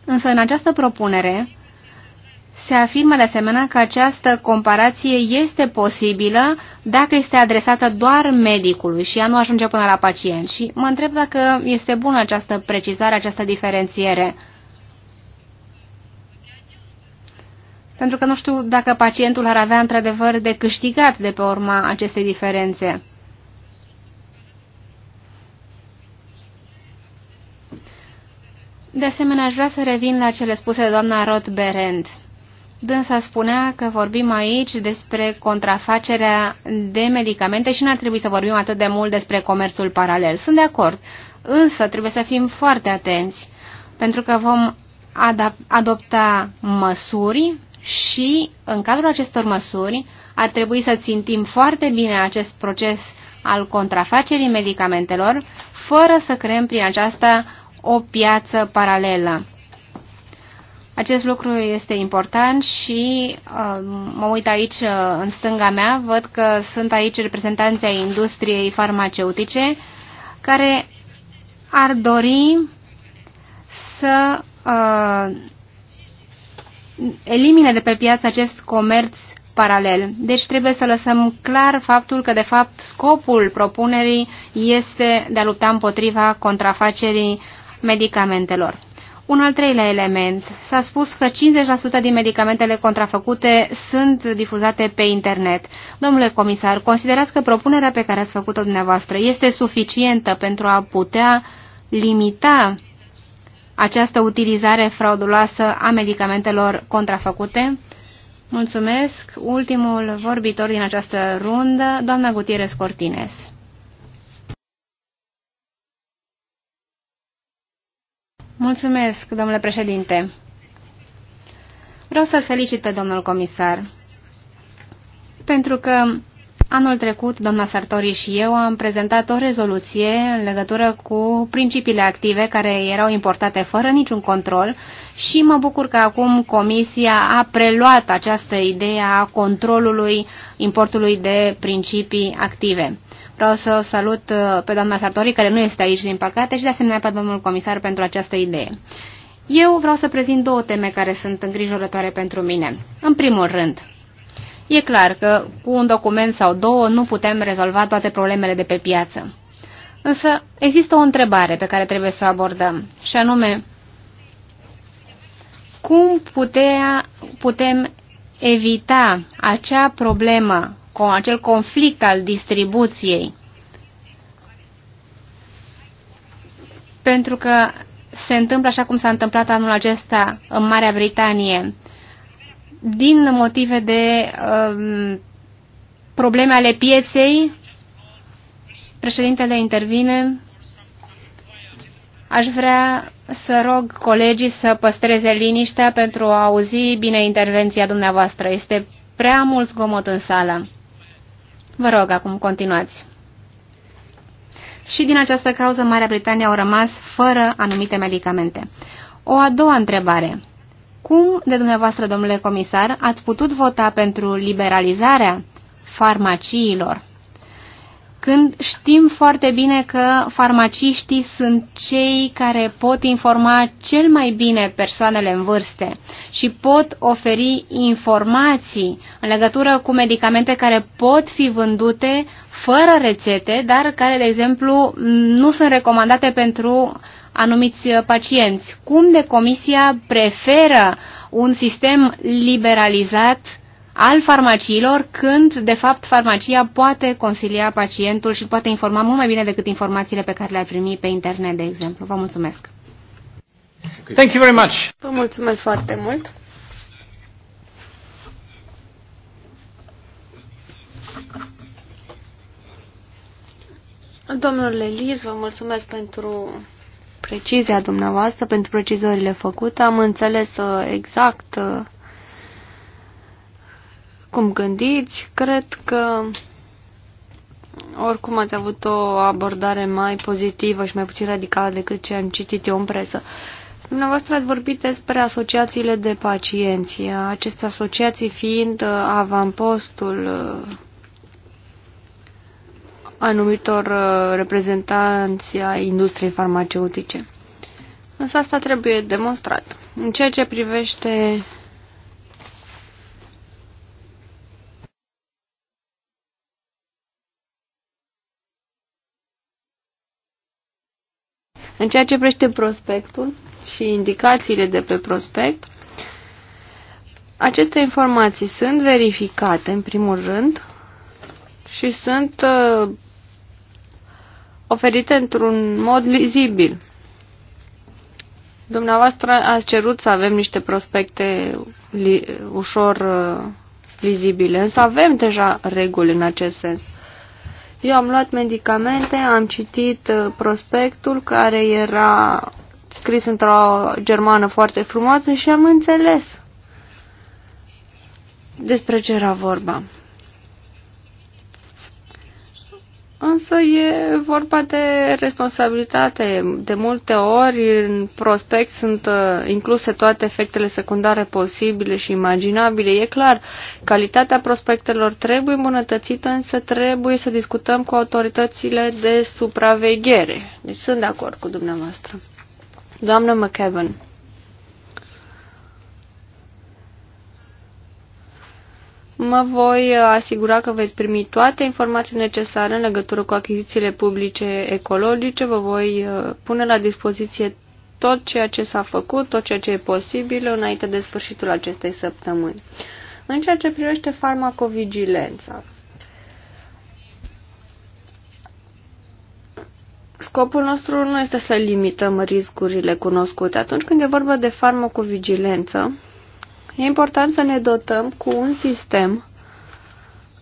Însă în această propunere se afirmă de asemenea că această comparație este posibilă dacă este adresată doar medicului și ea nu ajunge până la pacient. Și mă întreb dacă este bună această precizare, această diferențiere. Pentru că nu știu dacă pacientul ar avea într-adevăr de câștigat de pe urma acestei diferențe. De asemenea, aș vrea să revin la cele spuse de doamna Roth Berend. Dânsa spunea că vorbim aici despre contrafacerea de medicamente și n-ar trebui să vorbim atât de mult despre comerțul paralel. Sunt de acord, însă trebuie să fim foarte atenți, pentru că vom adopta măsuri și, în cadrul acestor măsuri, ar trebui să țintim foarte bine acest proces al contrafacerii medicamentelor, fără să creăm prin aceasta o piață paralelă. Acest lucru este important și uh, mă uit aici uh, în stânga mea, văd că sunt aici reprezentanții ai industriei farmaceutice care ar dori să uh, elimine de pe piață acest comerț paralel. Deci trebuie să lăsăm clar faptul că, de fapt, scopul propunerii este de a lupta împotriva contrafacerii medicamentelor. Un al treilea element. S-a spus că 50% din medicamentele contrafăcute sunt difuzate pe internet. Domnule comisar, considerați că propunerea pe care ați făcut-o dumneavoastră este suficientă pentru a putea limita această utilizare frauduloasă a medicamentelor contrafăcute? Mulțumesc. Ultimul vorbitor din această rundă, doamna Gutierrez Cortines. Mulțumesc, domnule președinte. Vreau să-l felicit pe domnul comisar, pentru că anul trecut doamna Sartori și eu am prezentat o rezoluție în legătură cu principiile active care erau importate fără niciun control și mă bucur că acum Comisia a preluat această idee a controlului importului de principii active. Vreau să o salut uh, pe doamna Sartori, care nu este aici, din păcate, și de asemenea pe domnul comisar pentru această idee. Eu vreau să prezint două teme care sunt îngrijorătoare pentru mine. În primul rând, e clar că cu un document sau două nu putem rezolva toate problemele de pe piață. Însă există o întrebare pe care trebuie să o abordăm, și anume, cum putea, putem evita acea problemă acel conflict al distribuției. Pentru că se întâmplă așa cum s-a întâmplat anul acesta în Marea Britanie, din motive de um, probleme ale pieței, președintele intervine. Aș vrea să rog colegii să păstreze liniștea pentru a auzi bine intervenția dumneavoastră. Este prea mult zgomot în sală. Vă rog, acum continuați. Și din această cauză, Marea Britanie au rămas fără anumite medicamente. O a doua întrebare. Cum de dumneavoastră, domnule comisar, ați putut vota pentru liberalizarea farmaciilor? când știm foarte bine că farmaciștii sunt cei care pot informa cel mai bine persoanele în vârste și pot oferi informații în legătură cu medicamente care pot fi vândute fără rețete, dar care, de exemplu, nu sunt recomandate pentru anumiți pacienți. Cum de comisia preferă un sistem liberalizat al farmaciilor, când, de fapt, farmacia poate consilia pacientul și poate informa mult mai bine decât informațiile pe care le-ar primi pe internet, de exemplu. Vă mulțumesc! Thank you very much. Vă mulțumesc foarte mult! Domnule Liz, vă mulțumesc pentru precizia dumneavoastră, pentru precizările făcute. Am înțeles uh, exact uh, cum gândiți. Cred că oricum ați avut o abordare mai pozitivă și mai puțin radicală decât ce am citit eu în presă. Dumneavoastră ați vorbit despre asociațiile de pacienți, aceste asociații fiind uh, avampostul uh, anumitor uh, reprezentanți a industriei farmaceutice. Însă asta trebuie demonstrat. În ceea ce privește În ceea ce prește prospectul și indicațiile de pe prospect, aceste informații sunt verificate, în primul rând, și sunt uh, oferite într-un mod lizibil. Dumneavoastră ați cerut să avem niște prospecte li ușor uh, vizibile, însă avem deja reguli în acest sens. Eu am luat medicamente, am citit uh, prospectul care era scris într-o germană foarte frumoasă și am înțeles despre ce era vorba. Însă e vorba de responsabilitate. De multe ori în prospect sunt uh, incluse toate efectele secundare posibile și imaginabile. E clar, calitatea prospectelor trebuie îmbunătățită, însă trebuie să discutăm cu autoritățile de supraveghere. Deci sunt de acord cu dumneavoastră. Doamnă McKevin. Mă voi uh, asigura că veți primi toate informațiile necesare în legătură cu achizițiile publice ecologice. Vă voi uh, pune la dispoziție tot ceea ce s-a făcut, tot ceea ce e posibil înainte de sfârșitul acestei săptămâni. În ceea ce privește farmacovigilența, scopul nostru nu este să limităm riscurile cunoscute. Atunci când e vorba de farmacovigilență, E important să ne dotăm cu un sistem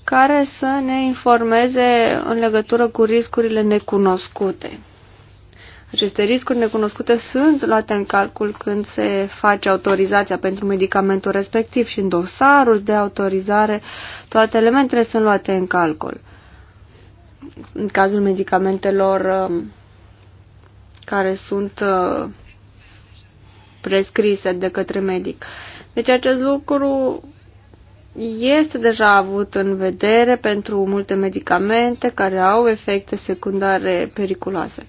care să ne informeze în legătură cu riscurile necunoscute. Aceste riscuri necunoscute sunt luate în calcul când se face autorizația pentru medicamentul respectiv și în dosarul de autorizare toate elementele sunt luate în calcul. În cazul medicamentelor um, care sunt uh, prescrise de către medic. Deci acest lucru este deja avut în vedere pentru multe medicamente care au efecte secundare periculoase.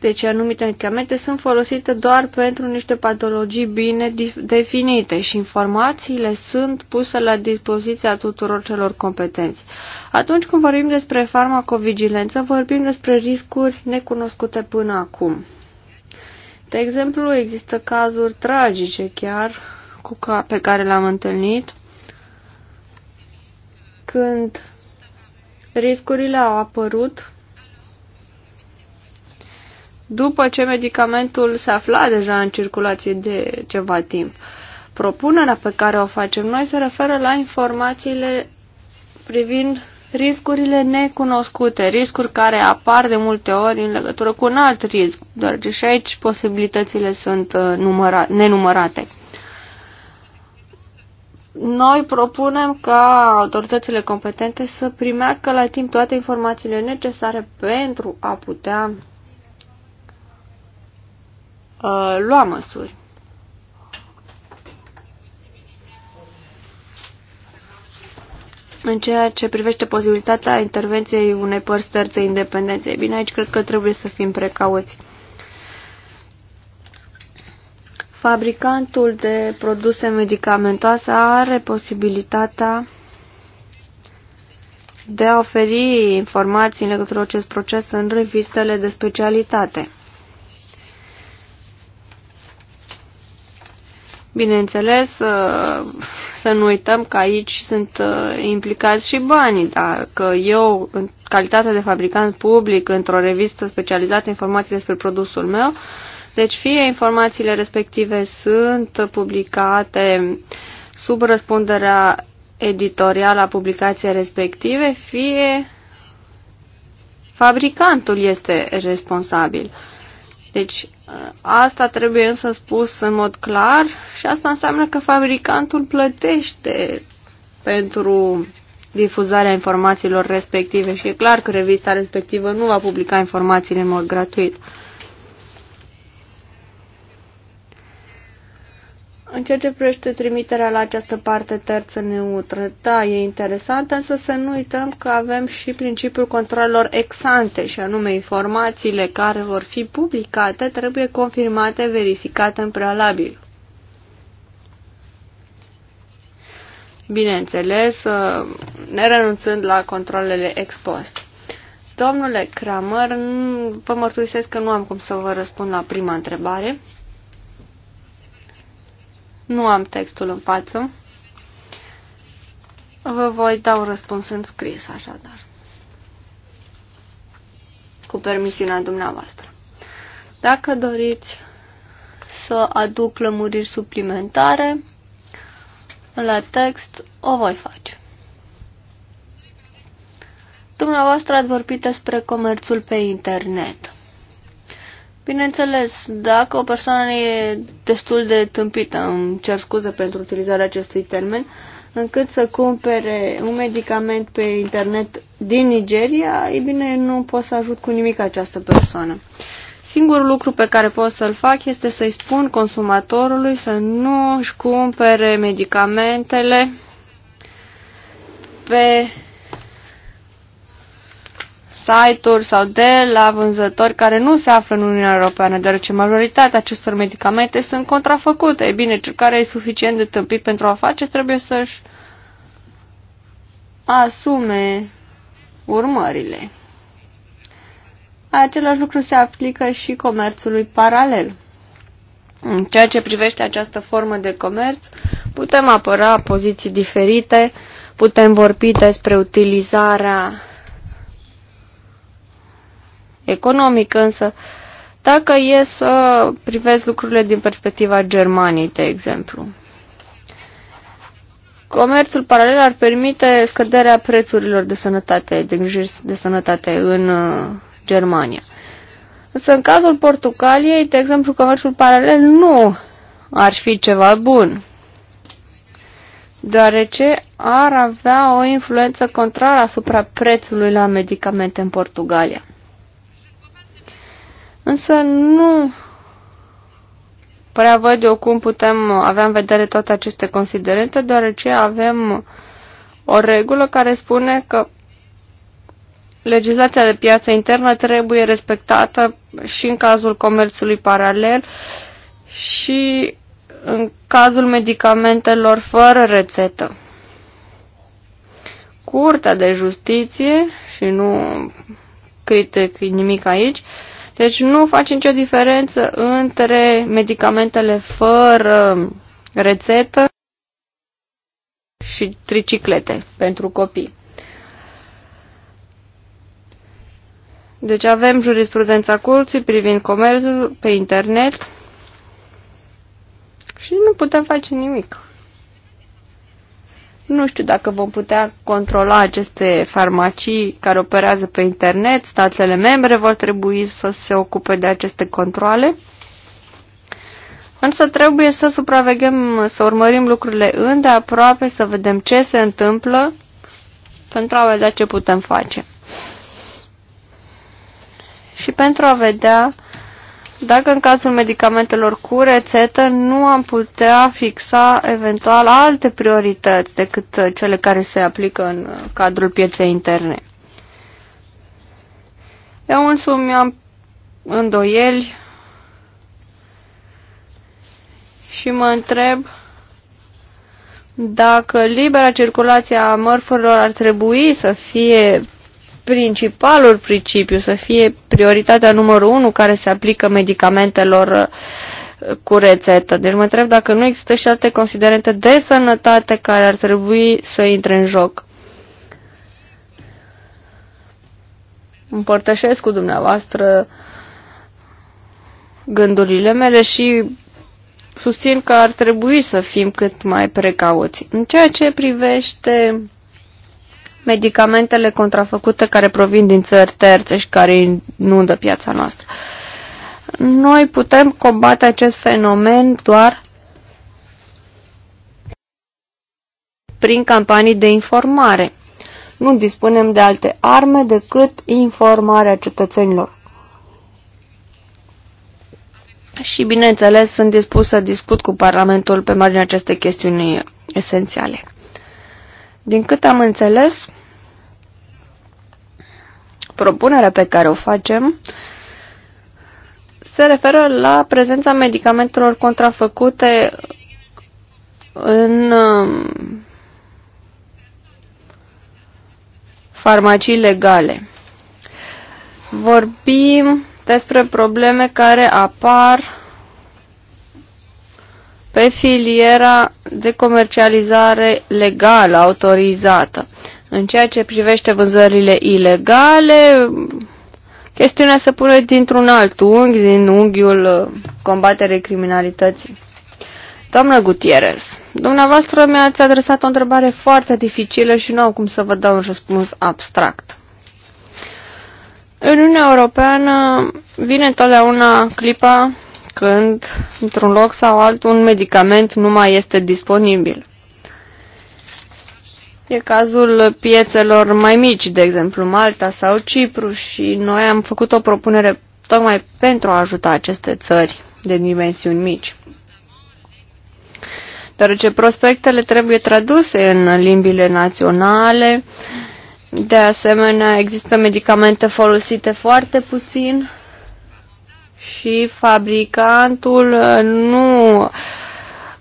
Deci anumite medicamente sunt folosite doar pentru niște patologii bine definite și informațiile sunt puse la dispoziția tuturor celor competenți. Atunci când vorbim despre farmacovigilență, vorbim despre riscuri necunoscute până acum. De exemplu, există cazuri tragice chiar cu ca, pe care le-am întâlnit când riscurile au apărut după ce medicamentul se afla deja în circulație de ceva timp. Propunerea pe care o facem noi se referă la informațiile privind riscurile necunoscute, riscuri care apar de multe ori în legătură cu un alt risc, doar că și aici posibilitățile sunt uh, numărate, nenumărate. Noi propunem ca autoritățile competente să primească la timp toate informațiile necesare pentru a putea uh, lua măsuri. în ceea ce privește posibilitatea intervenției unei părți terțe independențe. Bine, aici cred că trebuie să fim precauți. Fabricantul de produse medicamentoase are posibilitatea de a oferi informații în legătură cu acest proces în revistele de specialitate. Bineînțeles, uh, să nu uităm că aici sunt uh, implicați și banii. Dacă eu, în calitate de fabricant public, într-o revistă specializată informații despre produsul meu, deci fie informațiile respective sunt publicate sub răspunderea editorială a publicației respective, fie fabricantul este responsabil. Deci Asta trebuie însă spus în mod clar și asta înseamnă că fabricantul plătește pentru difuzarea informațiilor respective și e clar că revista respectivă nu va publica informațiile în mod gratuit. În ceea ce privește trimiterea la această parte terță neutră, da, e interesant, însă să nu uităm că avem și principiul controlelor exante, și anume informațiile care vor fi publicate trebuie confirmate, verificate în prealabil. Bineînțeles, ă, ne renunțând la controlele ex post. Domnule Kramer, vă mărturisesc că nu am cum să vă răspund la prima întrebare. Nu am textul în față. Vă voi da un răspuns în scris, așadar. Cu permisiunea dumneavoastră. Dacă doriți să aduc lămuriri suplimentare la text, o voi face. Dumneavoastră ați vorbit despre comerțul pe internet. Bineînțeles, dacă o persoană e destul de tâmpită, îmi cer scuze pentru utilizarea acestui termen, încât să cumpere un medicament pe internet din Nigeria, e bine, nu pot să ajut cu nimic această persoană. Singurul lucru pe care pot să-l fac este să-i spun consumatorului să nu își cumpere medicamentele pe site-uri sau de la vânzători care nu se află în Uniunea Europeană, deoarece majoritatea acestor medicamente sunt contrafăcute. E bine, cel care e suficient de tâmpit pentru a face trebuie să-și asume urmările. Același lucru se aplică și comerțului paralel. În ceea ce privește această formă de comerț, putem apăra poziții diferite, putem vorbi despre utilizarea economic, însă dacă e să privesc lucrurile din perspectiva Germaniei, de exemplu. Comerțul paralel ar permite scăderea prețurilor de sănătate, de îngrijiri de sănătate în uh, Germania. Însă în cazul Portugaliei, de exemplu, comerțul paralel nu ar fi ceva bun, deoarece ar avea o influență contrară asupra prețului la medicamente în Portugalia. Însă nu prea văd eu cum putem avea în vedere toate aceste considerente, deoarece avem o regulă care spune că legislația de piață internă trebuie respectată și în cazul comerțului paralel și în cazul medicamentelor fără rețetă. Curtea de Justiție, și nu critic nimic aici, uh, deci nu face nicio diferență între medicamentele fără rețetă și triciclete pentru copii. Deci avem jurisprudența curții privind comerțul pe internet și nu putem face nimic. Nu știu dacă vom putea controla aceste farmacii care operează pe internet. Statele membre vor trebui să se ocupe de aceste controle. Însă trebuie să supraveghem, să urmărim lucrurile îndeaproape, să vedem ce se întâmplă pentru a vedea ce putem face. Și pentru a vedea dacă în cazul medicamentelor cu rețetă nu am putea fixa eventual alte priorități decât cele care se aplică în cadrul pieței interne. Eu însumi am îndoieli și mă întreb dacă libera circulație a mărfurilor ar trebui să fie principalul principiu să fie prioritatea numărul unu care se aplică medicamentelor uh, cu rețetă. Deci mă întreb dacă nu există și alte considerente de sănătate care ar trebui să intre în joc. Împărtășesc cu dumneavoastră gândurile mele și susțin că ar trebui să fim cât mai precauți. În ceea ce privește medicamentele contrafăcute care provin din țări terțe și care inundă piața noastră. Noi putem combate acest fenomen doar prin campanii de informare. Nu dispunem de alte arme decât informarea cetățenilor. Și, bineînțeles, sunt dispus să discut cu Parlamentul pe marginea acestei chestiuni esențiale. Din cât am înțeles, propunerea pe care o facem se referă la prezența medicamentelor contrafăcute în um, farmacii legale. Vorbim despre probleme care apar pe filiera de comercializare legală autorizată. În ceea ce privește vânzările ilegale, chestiunea se pune dintr-un alt unghi, din unghiul uh, combaterei criminalității. Doamnă Gutierrez, dumneavoastră mi-ați adresat o întrebare foarte dificilă și nu am cum să vă dau un răspuns abstract. În Uniunea Europeană vine întotdeauna clipa când, într-un loc sau altul, un medicament nu mai este disponibil. E cazul piețelor mai mici, de exemplu Malta sau Cipru și noi am făcut o propunere tocmai pentru a ajuta aceste țări de dimensiuni mici. Deoarece prospectele trebuie traduse în limbile naționale, de asemenea există medicamente folosite foarte puțin și fabricantul nu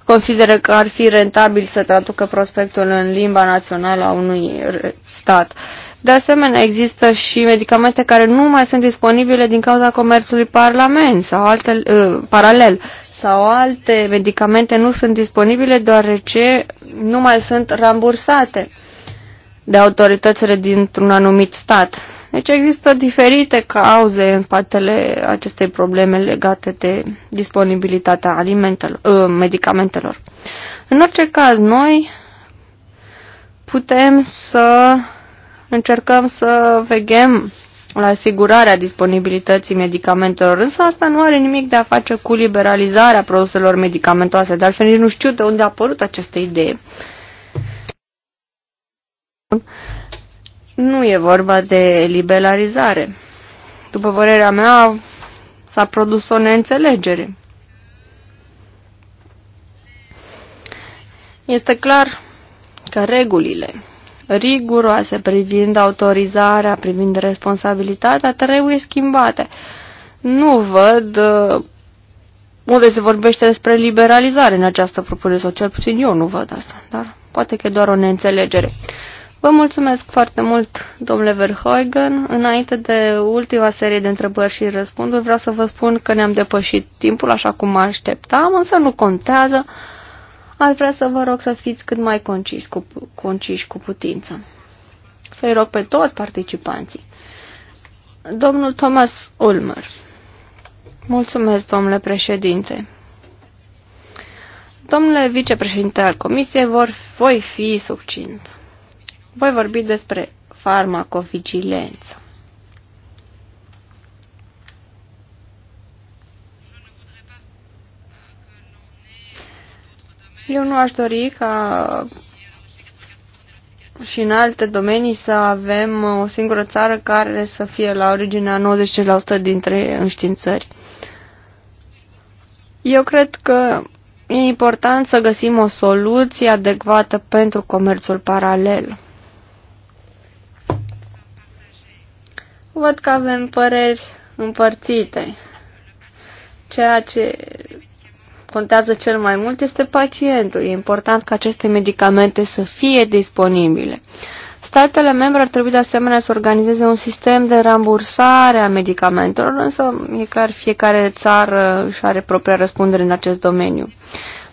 consideră că ar fi rentabil să traducă prospectul în limba națională a unui stat. De asemenea, există și medicamente care nu mai sunt disponibile din cauza comerțului parlament sau alte, uh, paralel sau alte medicamente nu sunt disponibile deoarece nu mai sunt rambursate de autoritățile dintr-un anumit stat. Deci există diferite cauze în spatele acestei probleme legate de disponibilitatea alimentelor, ă, medicamentelor. În orice caz, noi putem să încercăm să veghem la asigurarea disponibilității medicamentelor, însă asta nu are nimic de a face cu liberalizarea produselor medicamentoase, de altfel nici nu știu de unde a apărut această idee nu e vorba de liberalizare. După părerea mea, s-a produs o neînțelegere. Este clar că regulile riguroase privind autorizarea, privind responsabilitatea, trebuie schimbate. Nu văd uh, unde se vorbește despre liberalizare în această propunere, sau cel puțin eu nu văd asta, dar poate că e doar o neînțelegere. Vă mulțumesc foarte mult, domnule Verhoegen. Înainte de ultima serie de întrebări și răspunduri, vreau să vă spun că ne-am depășit timpul așa cum mă așteptam, însă nu contează. Ar vrea să vă rog să fiți cât mai conciși cu, conciși cu putință. Să-i rog pe toți participanții. Domnul Thomas Ulmer. Mulțumesc, domnule președinte. Domnule vicepreședinte al comisiei, vor, voi fi succint voi vorbi despre farmacovigilență. Eu nu aș dori ca și în alte domenii să avem o singură țară care să fie la originea 90% dintre înștiințări. Eu cred că e important să găsim o soluție adecvată pentru comerțul paralel. văd că avem păreri împărțite. Ceea ce contează cel mai mult este pacientul. E important ca aceste medicamente să fie disponibile. Statele membre ar trebui de asemenea să organizeze un sistem de rambursare a medicamentelor, însă e clar fiecare țară își are propria răspundere în acest domeniu.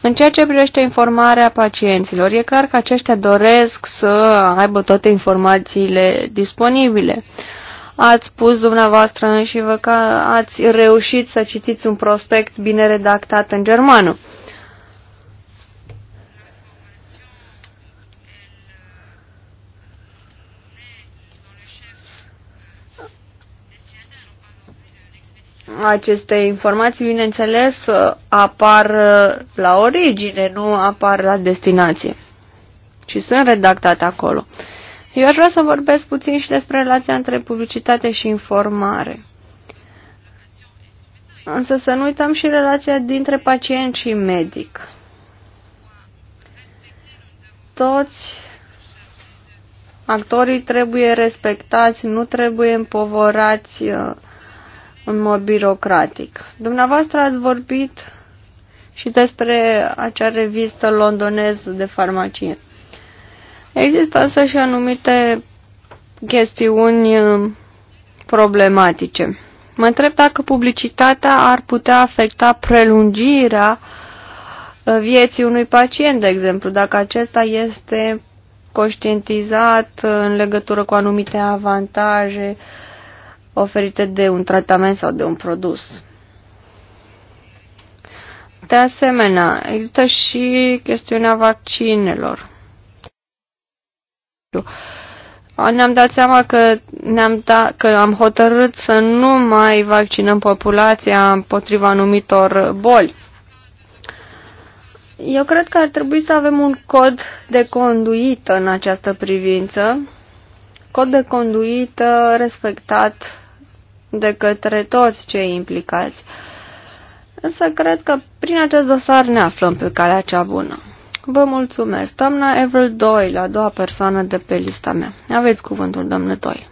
În ceea ce privește informarea pacienților, e clar că aceștia doresc să aibă toate informațiile disponibile ați spus dumneavoastră și vă că ați reușit să citiți un prospect bine redactat în germană. aceste informații, bineînțeles, apar la origine, nu apar la destinație. Și sunt redactate acolo. Eu aș vrea să vorbesc puțin și despre relația între publicitate și informare. Însă să nu uităm și relația dintre pacient și medic. Toți actorii trebuie respectați, nu trebuie împovorați uh, în mod birocratic. Dumneavoastră ați vorbit și despre acea revistă londoneză de farmacie. Există însă și anumite chestiuni uh, problematice. Mă întreb dacă publicitatea ar putea afecta prelungirea uh, vieții unui pacient, de exemplu, dacă acesta este conștientizat uh, în legătură cu anumite avantaje oferite de un tratament sau de un produs. De asemenea, există și chestiunea vaccinelor. Ne-am dat seama că, ne-am da, că am hotărât să nu mai vaccinăm populația împotriva anumitor boli. Eu cred că ar trebui să avem un cod de conduită în această privință, cod de conduită respectat de către toți cei implicați. Însă cred că prin acest dosar ne aflăm pe calea cea bună. Vă mulțumesc. Doamna Avril Doyle, a doua persoană de pe lista mea. Aveți cuvântul, doamne Doyle.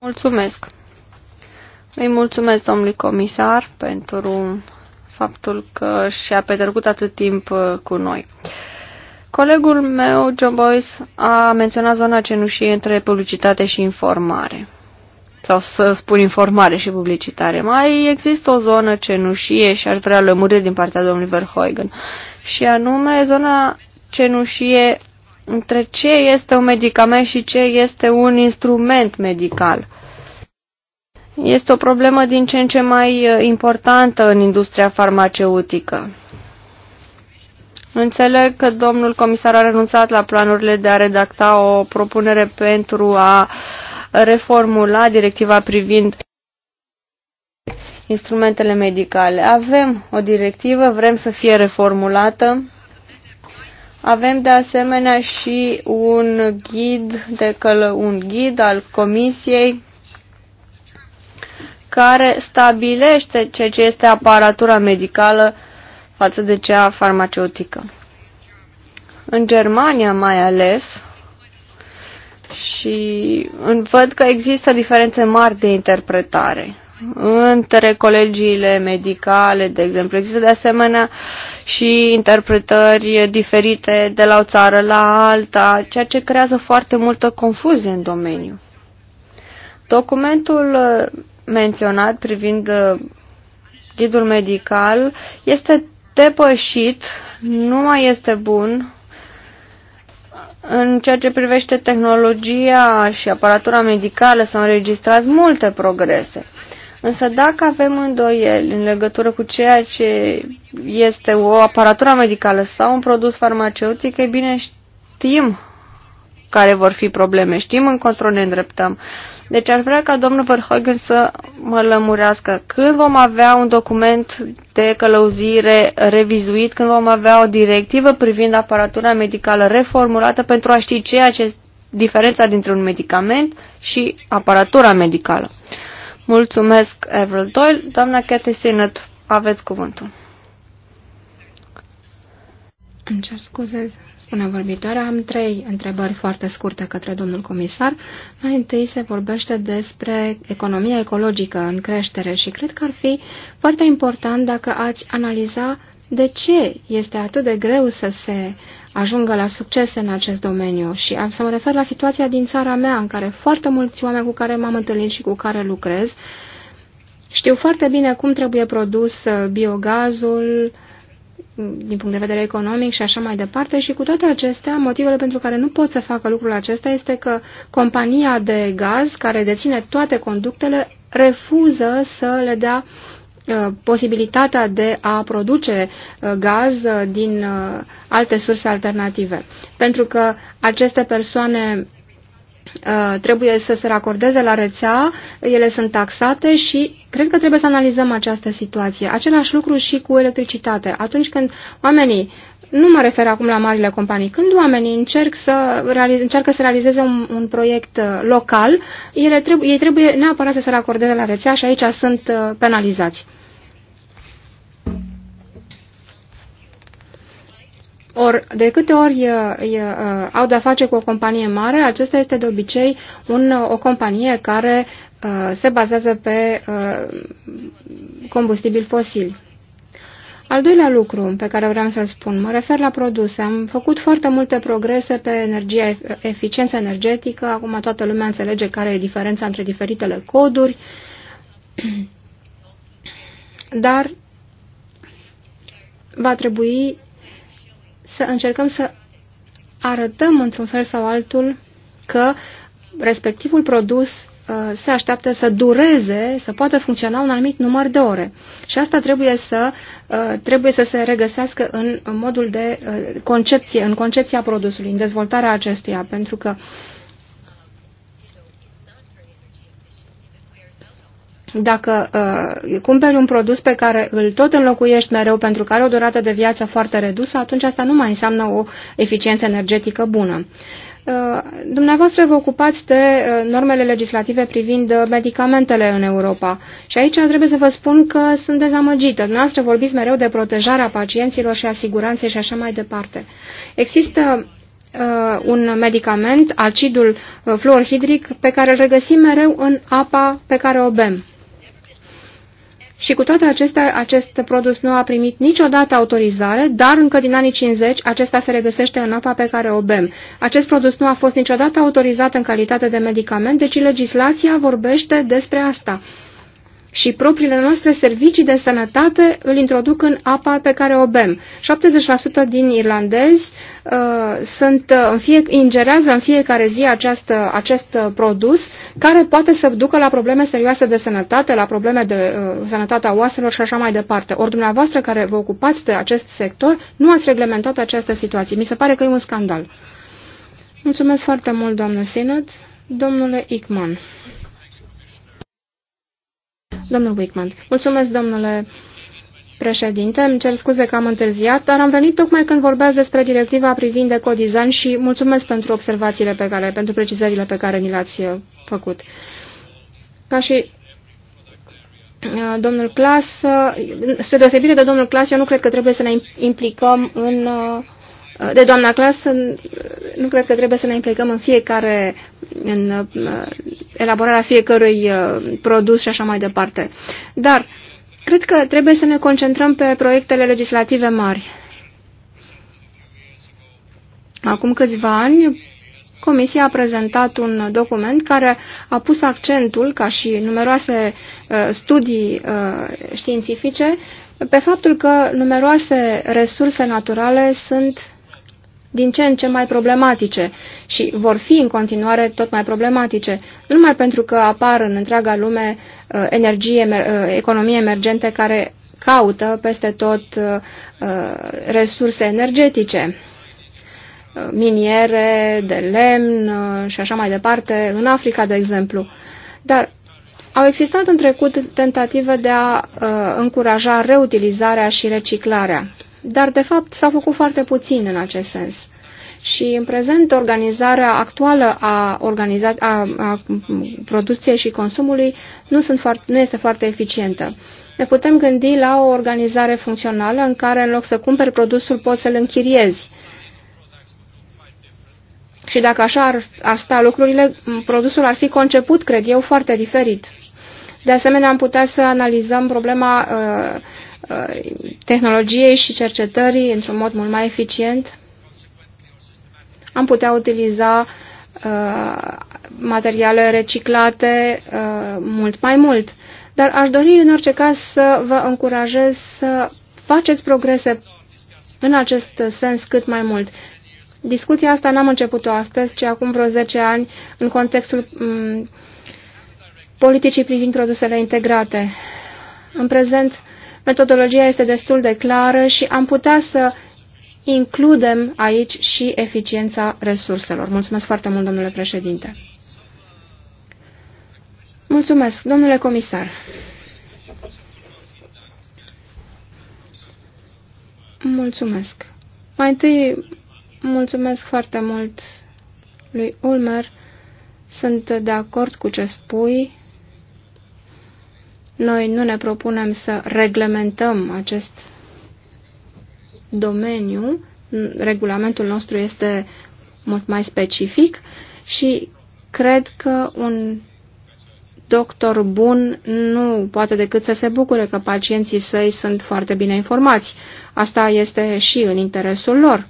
Mulțumesc. Îi mulțumesc domnului comisar pentru faptul că și-a petrecut atât timp uh, cu noi. Colegul meu, John Boyce, a menționat zona cenușie între publicitate și informare sau să spun informare și publicitare. Mai există o zonă cenușie și ar vrea lămurire din partea domnului Verhoeven și anume zona cenușie între ce este un medicament și ce este un instrument medical. Este o problemă din ce în ce mai uh, importantă în industria farmaceutică. Înțeleg că domnul comisar a renunțat la planurile de a redacta o propunere pentru a uh, reformula directiva privind instrumentele medicale. Avem o directivă, vrem să fie reformulată. Avem de asemenea și un ghid, de călă, un ghid al comisiei care stabilește ceea ce este aparatura medicală față de cea farmaceutică. În Germania mai ales, și văd că există diferențe mari de interpretare între colegiile medicale, de exemplu. Există de asemenea și interpretări diferite de la o țară la alta, ceea ce creează foarte multă confuzie în domeniu. Documentul uh, menționat privind uh, ghidul medical este depășit, nu mai este bun în ceea ce privește tehnologia și aparatura medicală s-au înregistrat multe progrese. Însă dacă avem îndoieli în legătură cu ceea ce este o aparatură medicală sau un produs farmaceutic, e bine știm care vor fi probleme, știm încotro ne îndreptăm. Deci ar vrea ca domnul Verhoeven să mă lămurească. Când vom avea un document de călăuzire revizuit, când vom avea o directivă privind aparatura medicală reformulată pentru a ști ce acest diferența dintre un medicament și aparatura medicală. Mulțumesc, Avril Doyle. Doamna Cathy Sinnott, aveți cuvântul. Încerc cer scuze, spune vorbitoarea, am trei întrebări foarte scurte către domnul comisar. Mai întâi se vorbește despre economia ecologică în creștere și cred că ar fi foarte important dacă ați analiza de ce este atât de greu să se ajungă la succes în acest domeniu și am să mă refer la situația din țara mea în care foarte mulți oameni cu care m-am întâlnit și cu care lucrez știu foarte bine cum trebuie produs uh, biogazul, uh, din punct de vedere economic și așa mai departe și cu toate acestea, motivele pentru care nu pot să facă lucrul acesta este că compania de gaz care deține toate conductele refuză să le dea uh, posibilitatea de a produce uh, gaz uh, din alte surse alternative. Pentru că aceste persoane Uh, trebuie să se racordeze la rețea, ele sunt taxate și cred că trebuie să analizăm această situație. Același lucru și cu electricitate. Atunci când oamenii, nu mă refer acum la marile companii, când oamenii încerc să realize, încearcă să realizeze un, un proiect uh, local, ele trebuie, ei trebuie neapărat să se racordeze la rețea și aici sunt uh, penalizați. Or, de câte ori au de-a face cu o companie mare, acesta este de obicei un, o companie care se bazează pe combustibil fosil. Al doilea lucru pe care vreau să-l spun, mă refer la produse. Am făcut foarte multe progrese pe energia, eficiența energetică, acum toată lumea înțelege care e diferența între diferitele coduri, dar va trebui să încercăm să arătăm într-un fel sau altul că respectivul produs uh, se așteaptă să dureze, să poată funcționa un anumit număr de ore. Și asta trebuie să, uh, trebuie să se regăsească în modul de uh, concepție, în concepția produsului, în dezvoltarea acestuia, pentru că uh, dacă uh, cumperi un produs pe care îl tot înlocuiești mereu pentru că are o durată de viață foarte redusă, atunci asta nu mai înseamnă o eficiență energetică bună. Uh, dumneavoastră vă ocupați de uh, normele legislative privind uh, medicamentele în Europa și aici trebuie să vă spun că sunt dezamăgită. Dumneavoastră vorbiți mereu de protejarea pacienților și asiguranței și așa mai departe. Există uh, un medicament, acidul uh, fluorhidric, pe care îl regăsim mereu în apa pe care o bem. Și cu toate acestea, acest produs nu a primit niciodată autorizare, dar încă din anii 50 acesta se regăsește în apa pe care o bem. Acest produs nu a fost niciodată autorizat în calitate de medicament, deci legislația vorbește despre asta și propriile noastre servicii de sănătate îl introduc în apa pe care o bem. 70% din irlandezi uh, sunt, uh, în fie, ingerează în fiecare zi uh, acest uh, produs care poate să ducă la probleme serioase de sănătate, la probleme de uh, sănătate a oaselor și așa mai departe. Ori dumneavoastră care vă ocupați de acest sector nu ați reglementat această situație. Mi se pare că e un scandal. Mulțumesc foarte mult, doamnă Sinăț. Domnule Ickman. Domnul Wickman. Mulțumesc, domnule președinte. Îmi cer scuze că am întârziat, dar am venit tocmai când vorbeați despre directiva privind ecodesign și mulțumesc pentru observațiile pe care, pentru precizările pe care ni le-ați uh, făcut. Ca și uh, domnul Clas, uh, spre deosebire de domnul Clas, eu nu cred că trebuie să ne implicăm în uh, de doamna clasă, nu cred că trebuie să ne implicăm în fiecare, în uh, elaborarea fiecărui uh, produs și așa mai departe. Dar cred că trebuie să ne concentrăm pe proiectele legislative mari. Acum câțiva ani, Comisia a prezentat un document care a pus accentul, ca și numeroase uh, studii științifice, pe faptul că numeroase resurse naturale sunt din ce în ce mai problematice și vor fi în continuare tot mai problematice, nu numai pentru că apar în întreaga lume uh, energie, uh, economii emergente care caută peste tot uh, resurse energetice, miniere, de lemn și așa mai departe, în Africa, de exemplu. Dar au existat în trecut tentative de a uh, încuraja reutilizarea și reciclarea dar de fapt s-a făcut foarte puțin în acest sens. Și în prezent, organizarea actuală a, organiza a, a producției și consumului nu, sunt foarte, nu este foarte eficientă. Ne putem gândi la o organizare funcțională în care, în loc să cumperi produsul, poți să-l închiriezi. Și dacă așa ar, ar sta lucrurile, produsul ar fi conceput, cred eu, foarte diferit. De asemenea, am putea să analizăm problema uh, Uh, tehnologiei și cercetării într-un mod mult mai eficient. Am putea utiliza uh, materiale reciclate uh, mult mai mult. Dar aș dori în orice caz să vă încurajez să faceți progrese în acest sens cât mai mult. Discuția asta n-am început-o astăzi, ci acum vreo 10 ani, în contextul um, politicii privind produsele integrate. În prezent, Metodologia este destul de clară și am putea să includem aici și eficiența resurselor. Mulțumesc foarte mult, domnule președinte. Mulțumesc, domnule comisar. Mulțumesc. Mai întâi, mulțumesc foarte mult lui Ulmer. Sunt de acord cu ce spui. Noi nu ne propunem să reglementăm acest domeniu. Regulamentul nostru este mult mai specific și cred că un doctor bun nu poate decât să se bucure că pacienții săi sunt foarte bine informați. Asta este și în interesul lor.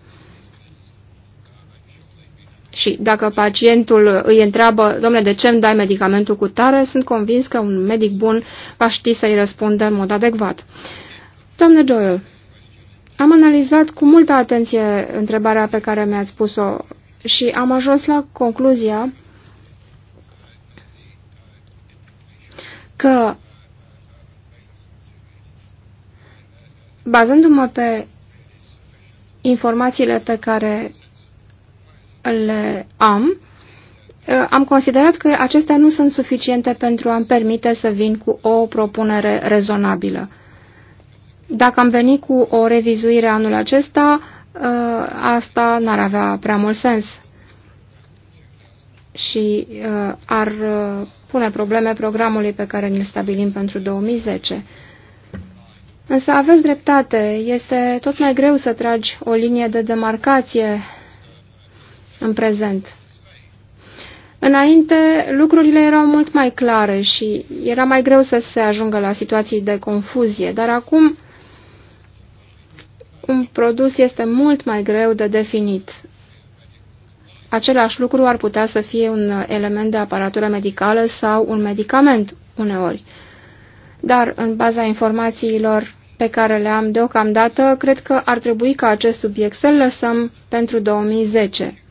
Și dacă pacientul îi întreabă, domnule, de ce îmi dai medicamentul cu tare, sunt convins că un medic bun va ști să-i răspundă în mod adecvat. Doamne Doyle, am analizat cu multă atenție întrebarea pe care mi-ați pus-o și am ajuns la concluzia că bazându-mă pe informațiile pe care le am, uh, am considerat că acestea nu sunt suficiente pentru a-mi permite să vin cu o propunere rezonabilă. Dacă am venit cu o revizuire anul acesta, uh, asta n-ar avea prea mult sens și uh, ar pune probleme programului pe care ne-l stabilim pentru 2010. Însă aveți dreptate, este tot mai greu să tragi o linie de demarcație în prezent. Înainte, lucrurile erau mult mai clare și era mai greu să se ajungă la situații de confuzie, dar acum un produs este mult mai greu de definit. Același lucru ar putea să fie un element de aparatură medicală sau un medicament uneori. Dar în baza informațiilor pe care le am deocamdată, cred că ar trebui ca acest subiect să-l lăsăm pentru 2010.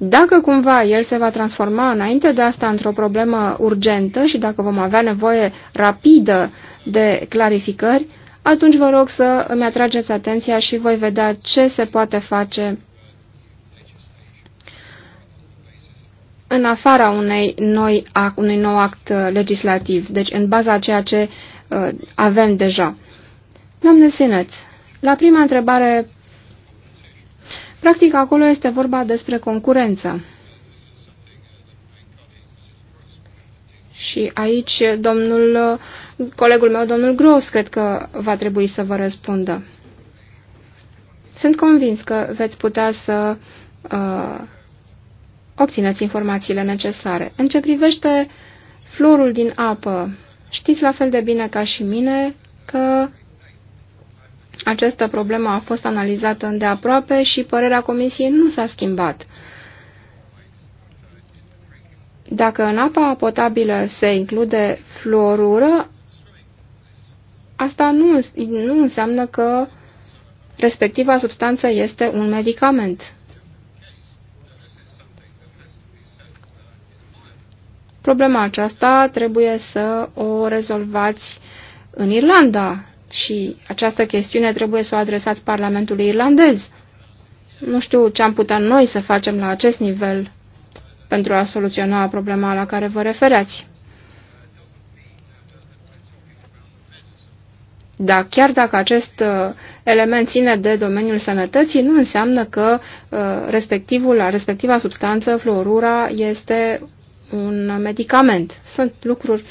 Dacă cumva el se va transforma înainte de asta într-o problemă urgentă și dacă vom avea nevoie rapidă de clarificări, atunci vă rog să îmi atrageți atenția și voi vedea ce se poate face în afara unei noi, unui nou act uh, legislativ, deci în baza a ceea ce uh, avem deja. Doamne Sineț, la prima întrebare Practic, acolo este vorba despre concurență. Și aici domnul, colegul meu, domnul Gros, cred că va trebui să vă răspundă. Sunt convins că veți putea să uh, obțineți informațiile necesare. În ce privește florul din apă, știți la fel de bine ca și mine că această problemă a fost analizată îndeaproape și părerea comisiei nu s-a schimbat. Dacă în apa potabilă se include fluorură, asta nu, nu înseamnă că respectiva substanță este un medicament. Problema aceasta trebuie să o rezolvați în Irlanda, și această chestiune trebuie să o adresați Parlamentului irlandez. Nu știu ce am putea noi să facem la acest nivel pentru a soluționa problema la care vă referați. Da, chiar dacă acest uh, element ține de domeniul sănătății, nu înseamnă că uh, respectivul, respectiva substanță, fluorura, este un medicament. Sunt lucruri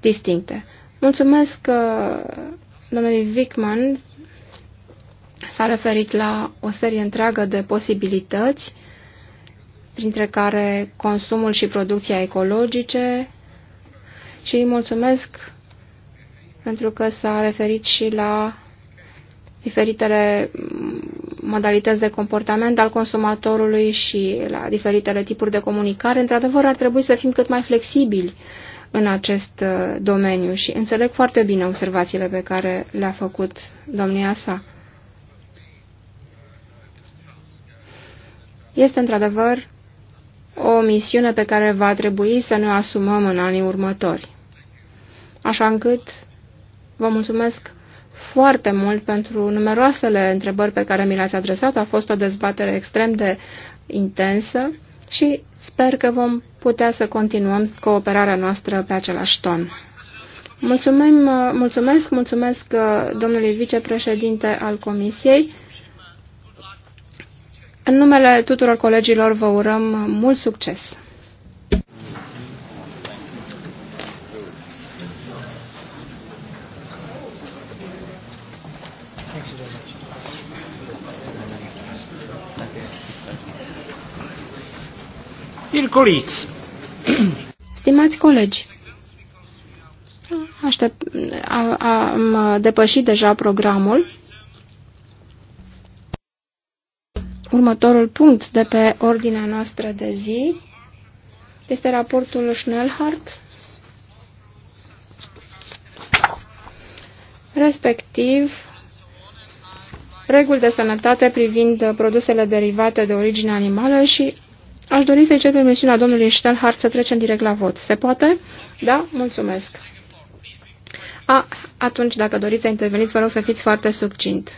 distincte. Mulțumesc uh, domnului Wickman s-a referit la o serie întreagă de posibilități, printre care consumul și producția ecologice și îi mulțumesc pentru că s-a referit și la diferitele modalități de comportament al consumatorului și la diferitele tipuri de comunicare. Într-adevăr, ar trebui să fim cât mai flexibili în acest uh, domeniu și înțeleg foarte bine observațiile pe care le-a făcut domnia sa. Este într-adevăr o misiune pe care va trebui să ne o asumăm în anii următori. Așa încât vă mulțumesc foarte mult pentru numeroasele întrebări pe care mi le-ați adresat. A fost o dezbatere extrem de intensă și sper că vom putea să continuăm cooperarea noastră pe același ton. Mulțumim, uh, mulțumesc, mulțumesc uh, domnului vicepreședinte al Comisiei. În numele tuturor colegilor vă urăm mult succes! Dear Stimați colegi, aștept, a, am depășit deja programul. Următorul punct de pe ordinea noastră de zi este raportul Schnellhardt, respectiv reguli de sănătate privind produsele derivate de origine animală și Aș dori să-i cer permisiunea domnului Steinhardt să trecem direct la vot. Se poate? Da? Mulțumesc. A, atunci, dacă doriți să interveniți, vă rog să fiți foarte succint.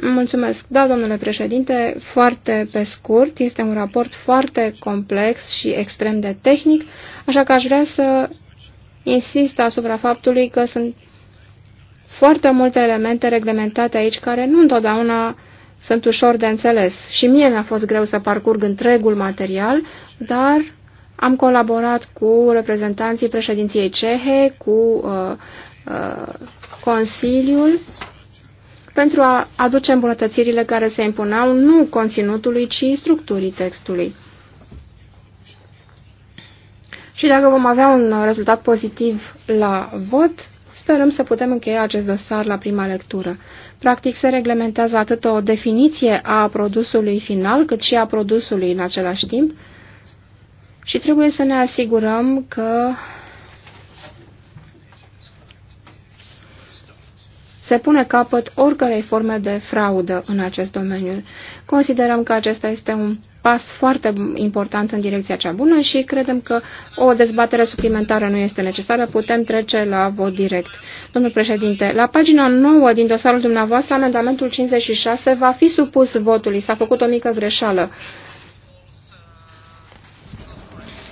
Mulțumesc. Da, domnule președinte, foarte pe scurt. Este un raport foarte complex și extrem de tehnic, așa că aș vrea să insist asupra faptului că sunt foarte multe elemente reglementate aici care nu întotdeauna sunt ușor de înțeles. Și mie mi-a fost greu să parcurg întregul material, dar am colaborat cu reprezentanții președinției cehe, cu uh, uh, Consiliul, pentru a aduce îmbunătățirile care se impuneau nu conținutului, ci structurii textului. Și dacă vom avea un rezultat pozitiv la vot, sperăm să putem încheia acest dosar la prima lectură. Practic se reglementează atât o definiție a produsului final, cât și a produsului în același timp și trebuie să ne asigurăm că se pune capăt oricărei forme de fraudă în acest domeniu. Considerăm că acesta este un pas foarte important în direcția cea bună și credem că o dezbatere suplimentară nu este necesară, putem trece la vot direct. Domnul președinte, la pagina 9 din dosarul dumneavoastră, amendamentul 56 va fi supus votului. S-a făcut o mică greșeală.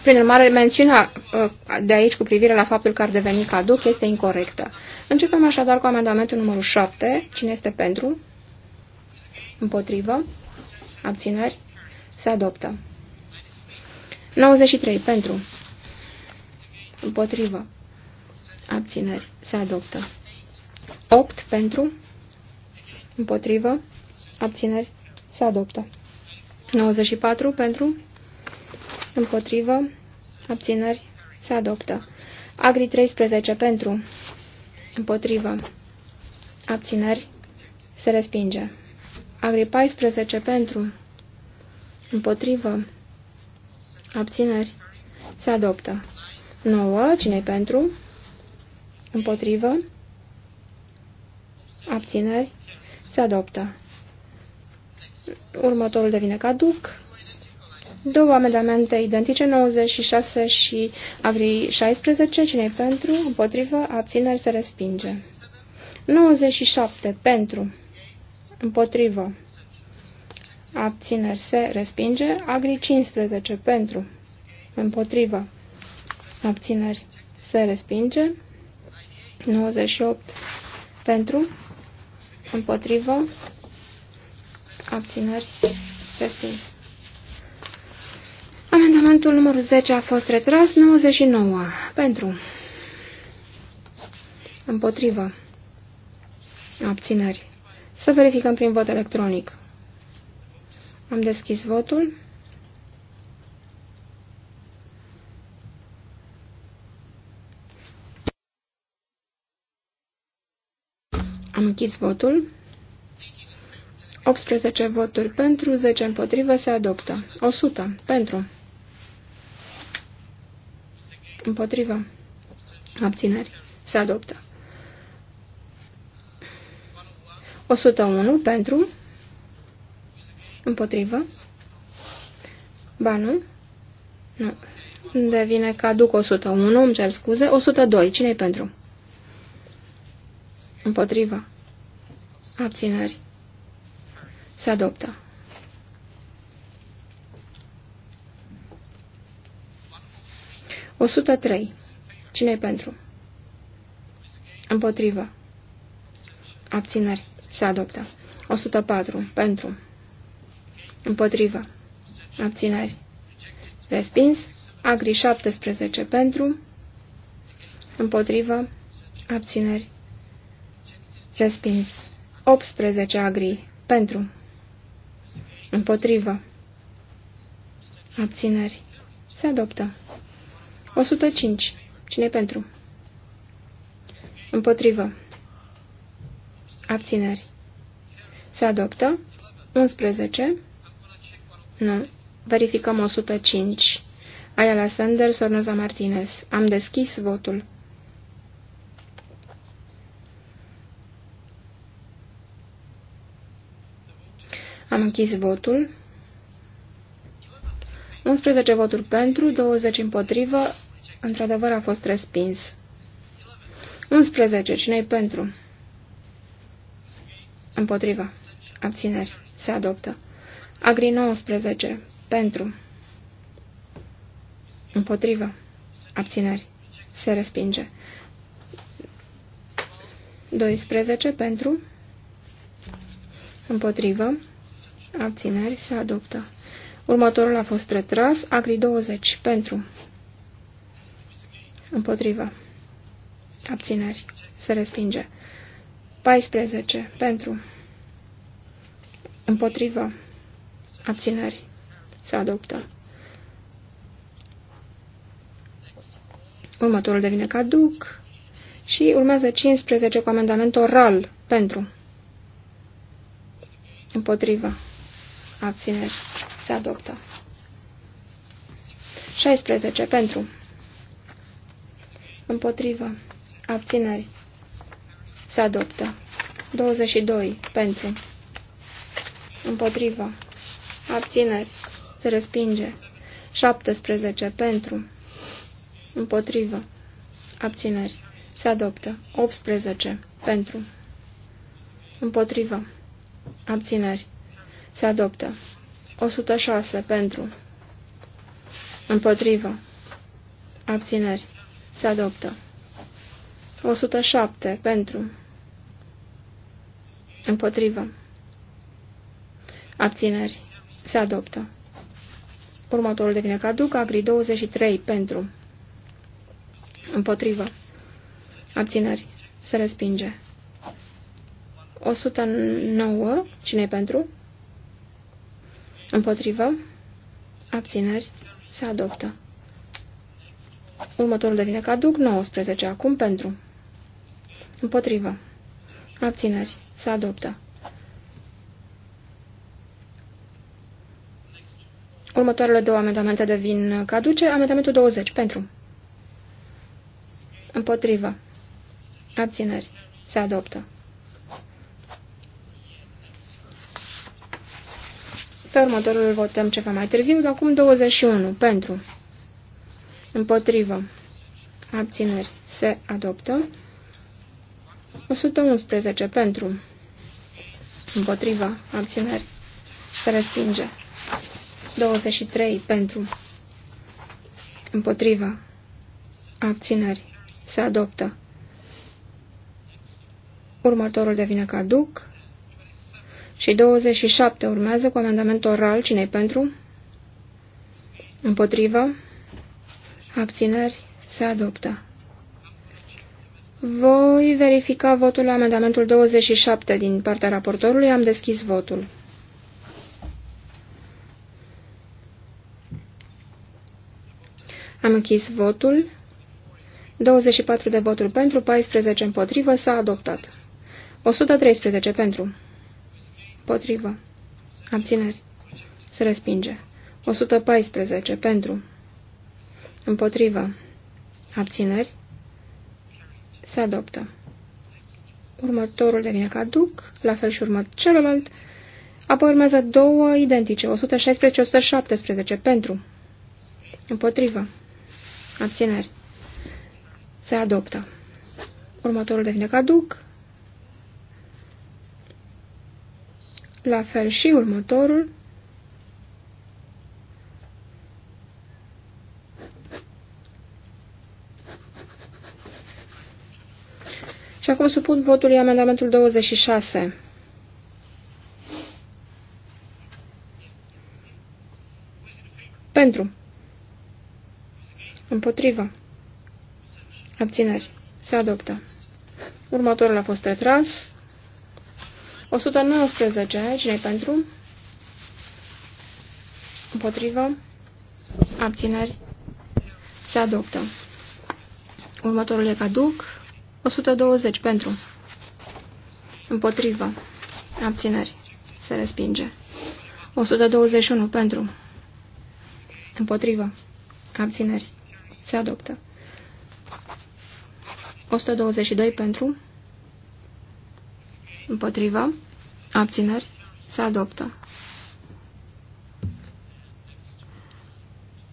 Prin urmare, mențiunea uh, de aici cu privire la faptul că ar deveni caduc este incorrectă. Începem așadar cu amendamentul numărul 7. Cine este pentru? Împotrivă? Abțineri? Se adoptă. 93. Pentru. Împotrivă. Abțineri. Se adoptă. 8. Pentru. Împotrivă. Abțineri. Se adoptă. 94. Pentru. Împotrivă. Abțineri. Se adoptă. Agri 13 pentru. Împotrivă. Abțineri. Se respinge. Agri 14 pentru. Împotrivă. Abțineri. Se adoptă. 9. cine pentru? Împotrivă. Abțineri. Se adoptă. Următorul devine caduc. Două amendamente identice, 96 și avrii 16. cine pentru? Împotrivă. Abțineri se respinge. 97. Pentru. Împotrivă. Abțineri se respinge. Agri 15. Pentru. Împotrivă. Abțineri se respinge. 98. Pentru. Împotrivă. Abțineri respins. Amendamentul numărul 10 a fost retras. 99. Pentru. Împotrivă. Abțineri. Să verificăm prin vot electronic. Am deschis votul. Am închis votul. 18 voturi pentru, 10 împotrivă, se adoptă. 100 pentru. Împotrivă. Abțineri. Se adoptă. 101 pentru. Împotrivă. Ba nu. Nu. Devine caduc 101, îmi cer scuze. 102. Cine-i pentru? Împotrivă. Abțineri. Se adoptă. 103. cine e pentru? Împotrivă. Abțineri. Se adoptă. 104. Pentru. Împotrivă. Abțineri. Respins. Agri 17. Pentru. Împotrivă. Abțineri. Respins. 18. Agri. Pentru. Împotrivă. Abțineri. Se adoptă. 105. cine pentru? Împotrivă. Abțineri. Se adoptă. 11. Nu. Verificăm 105. Ayala Sanders, Sornoza Martinez. Am deschis votul. Am închis votul. 11 voturi pentru, 20 împotrivă, Într-adevăr a fost respins. 11. Cine-i pentru? Împotriva. Abțineri. Se adoptă. Agri 19. Pentru. Împotriva. Abțineri. Se respinge. 12. Pentru. Împotrivă. Abțineri. Se adoptă. Următorul a fost retras. Agri 20. Pentru. Împotrivă. Abțineri. Se respinge. 14. Pentru. Împotrivă. Abțineri. Se adoptă. Următorul devine caduc și urmează 15 cu amendament oral pentru. Împotrivă. Abțineri. Se adoptă. 16. Pentru. Împotrivă. Abțineri. Se adoptă. 22. Pentru. Împotrivă. Abțineri. Se respinge. 17. Pentru. Împotrivă. Abțineri. Se adoptă. 18. Pentru. Împotrivă. Abțineri. Se adoptă. 106. Pentru. Împotrivă. Abțineri. Se adoptă. 107. Pentru. Împotrivă. Abțineri. Se adoptă. Următorul devine caduc. Agri 23. Pentru. Împotrivă. Abțineri. Se respinge. 109. cine pentru? Împotrivă. Abțineri. Se adoptă. Următorul devine caduc. 19 acum pentru. Împotrivă. Abțineri. Se adoptă. Următoarele două amendamente devin caduce. Amendamentul 20. Pentru. Împotrivă. Abțineri. Se adoptă. Pe următorul votăm ceva mai târziu, dar acum 21. Pentru. Împotrivă. Abțineri. Se adoptă. 111 pentru. Împotrivă. Abțineri. Se respinge. 23 pentru. Împotrivă. Abțineri. Se adoptă. Următorul devine caduc. Și 27 urmează cu amendament oral. cine pentru? Împotrivă abțineri, se adoptă. Voi verifica votul la amendamentul 27 din partea raportorului. Am deschis votul. Am închis votul. 24 de voturi pentru, 14 împotrivă, s-a adoptat. 113 pentru. Potrivă. Abțineri. Se respinge. 114 pentru. Împotrivă. Abțineri. Se adoptă. Următorul devine caduc, la fel și urmă celălalt. Apoi urmează două identice, 116-117, pentru. Împotrivă. Abțineri. Se adoptă. Următorul devine caduc. La fel și următorul. vă supun votului amendamentul 26. Pentru. Împotrivă. Abțineri. Se adoptă. Următorul a fost retras. 119. cine pentru? Împotrivă. Abțineri. Se adoptă. Următorul e caduc. 120 pentru. Împotrivă. Abțineri. Se respinge. 121 pentru. Împotrivă. Abțineri. Se adoptă. 122 pentru. Împotrivă. Abțineri. Se adoptă.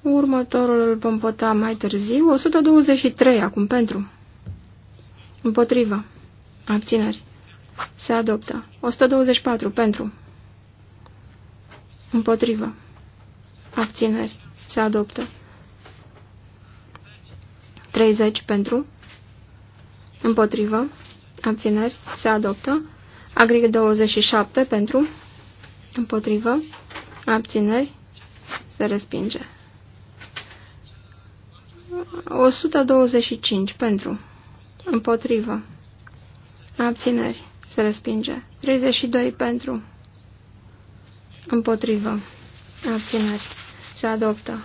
Următorul îl vom vota mai târziu. 123 acum pentru. Împotrivă. Abțineri. Se adoptă. 124. Pentru. Împotrivă. Abțineri. Se adoptă. 30. Pentru. Împotrivă. Abțineri. Se adoptă. Agri 27. Pentru. Împotrivă. Abțineri. Se respinge. 125. Pentru. Împotrivă. Abțineri. Se respinge. 32 pentru. Împotrivă. Abțineri. Se adoptă.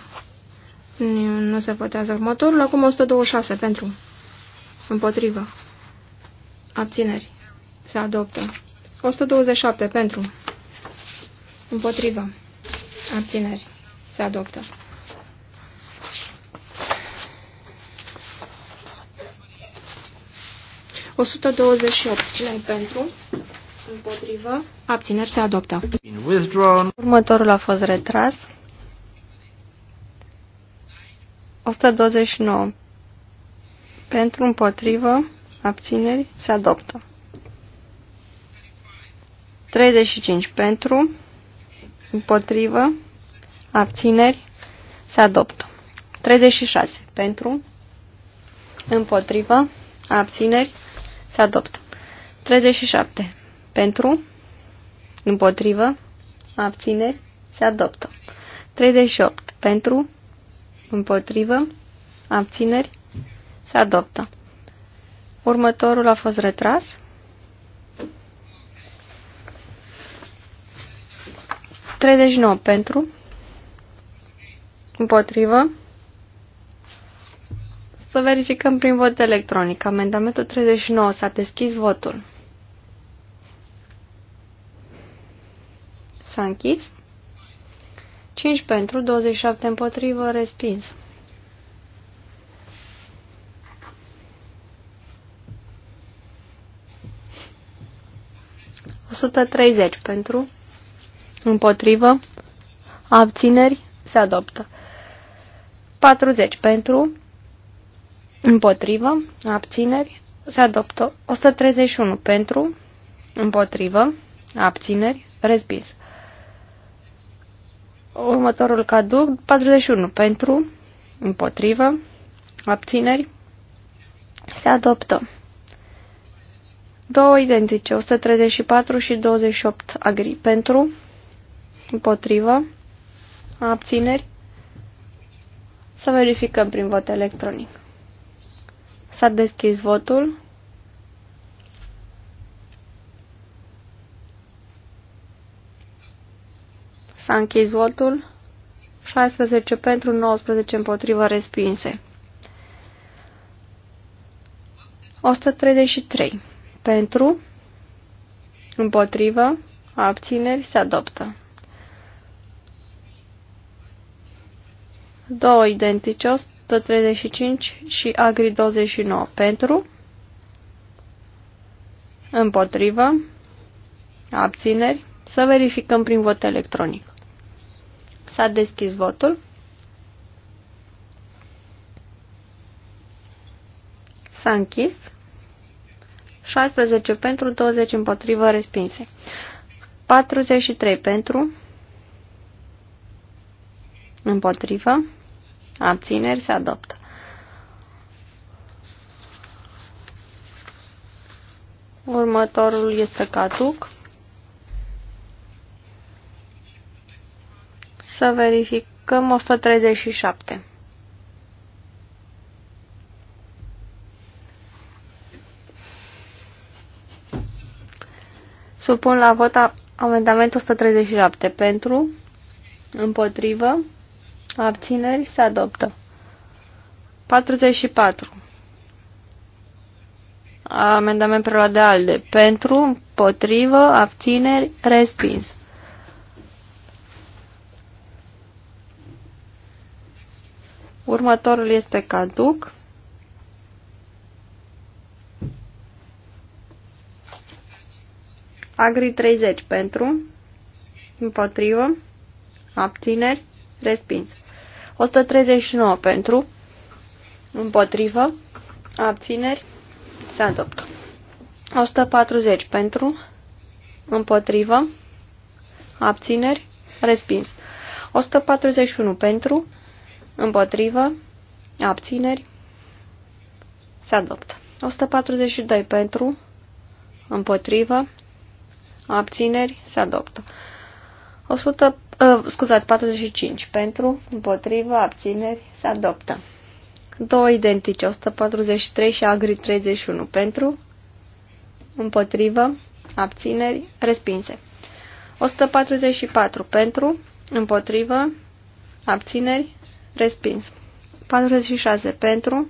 Nu, nu se votează următorul. Acum 126 pentru. Împotrivă. Abțineri. Se adoptă. 127 pentru. Împotrivă. Abțineri. Se adoptă. 128. Cine pentru? Împotrivă. Abțineri se adoptă. Următorul a fost retras. 129. Pentru împotrivă, abțineri, se adoptă. 35. Pentru împotrivă, abțineri, se adoptă. 36. Pentru împotrivă, abțineri, se adoptă. 37. Pentru, împotrivă, abțineri, se adoptă. 38. Pentru, împotrivă, abțineri, se adoptă. Următorul a fost retras. Treizeci pentru, împotrivă, să verificăm prin vot electronic. Amendamentul 39. S-a deschis votul. S-a închis. 5 pentru, 27 împotrivă, respins. treizeci pentru, împotrivă, abțineri, se adoptă. 40 pentru, Împotrivă. Abțineri. Se adoptă 131 pentru. Împotrivă. Abțineri. Respins. Următorul caduc 41 pentru. Împotrivă. Abțineri. Se adoptă. Două identice, 134 și 28 agri pentru, împotrivă, abțineri. Să verificăm prin vot electronic. S-a deschis votul. S-a închis votul. 16 pentru, 19 împotriva respinse. 133. Pentru, împotrivă, abțineri, se adoptă. Două identice, 135 și Agri 29 pentru, împotrivă, abțineri, să verificăm prin vot electronic. S-a deschis votul. S-a închis. 16 pentru, 20 împotrivă, respinse. 43 pentru, împotrivă, abțineri, se adoptă. Următorul este Catuc. Să verificăm 137. Supun la vot amendamentul 137 pentru, împotrivă, Abțineri se adoptă. 44. Amendament preluat de ALDE. Pentru, împotrivă, abțineri, respins. Următorul este caduc. Agri 30 pentru, împotrivă, abțineri, respins. 139 pentru, împotrivă, abțineri, se adoptă. 140 pentru, împotrivă, abțineri, respins. 141 pentru, împotrivă, abțineri, se adoptă. 142 pentru, împotrivă, abțineri, se adoptă. 143 Uh, scuzați, 45. Pentru, împotrivă, abțineri, se adoptă. Două identice, 143 și agri 31. Pentru, împotrivă, abțineri, respinse. 144. Pentru, împotrivă, abțineri, respins. 46. Pentru,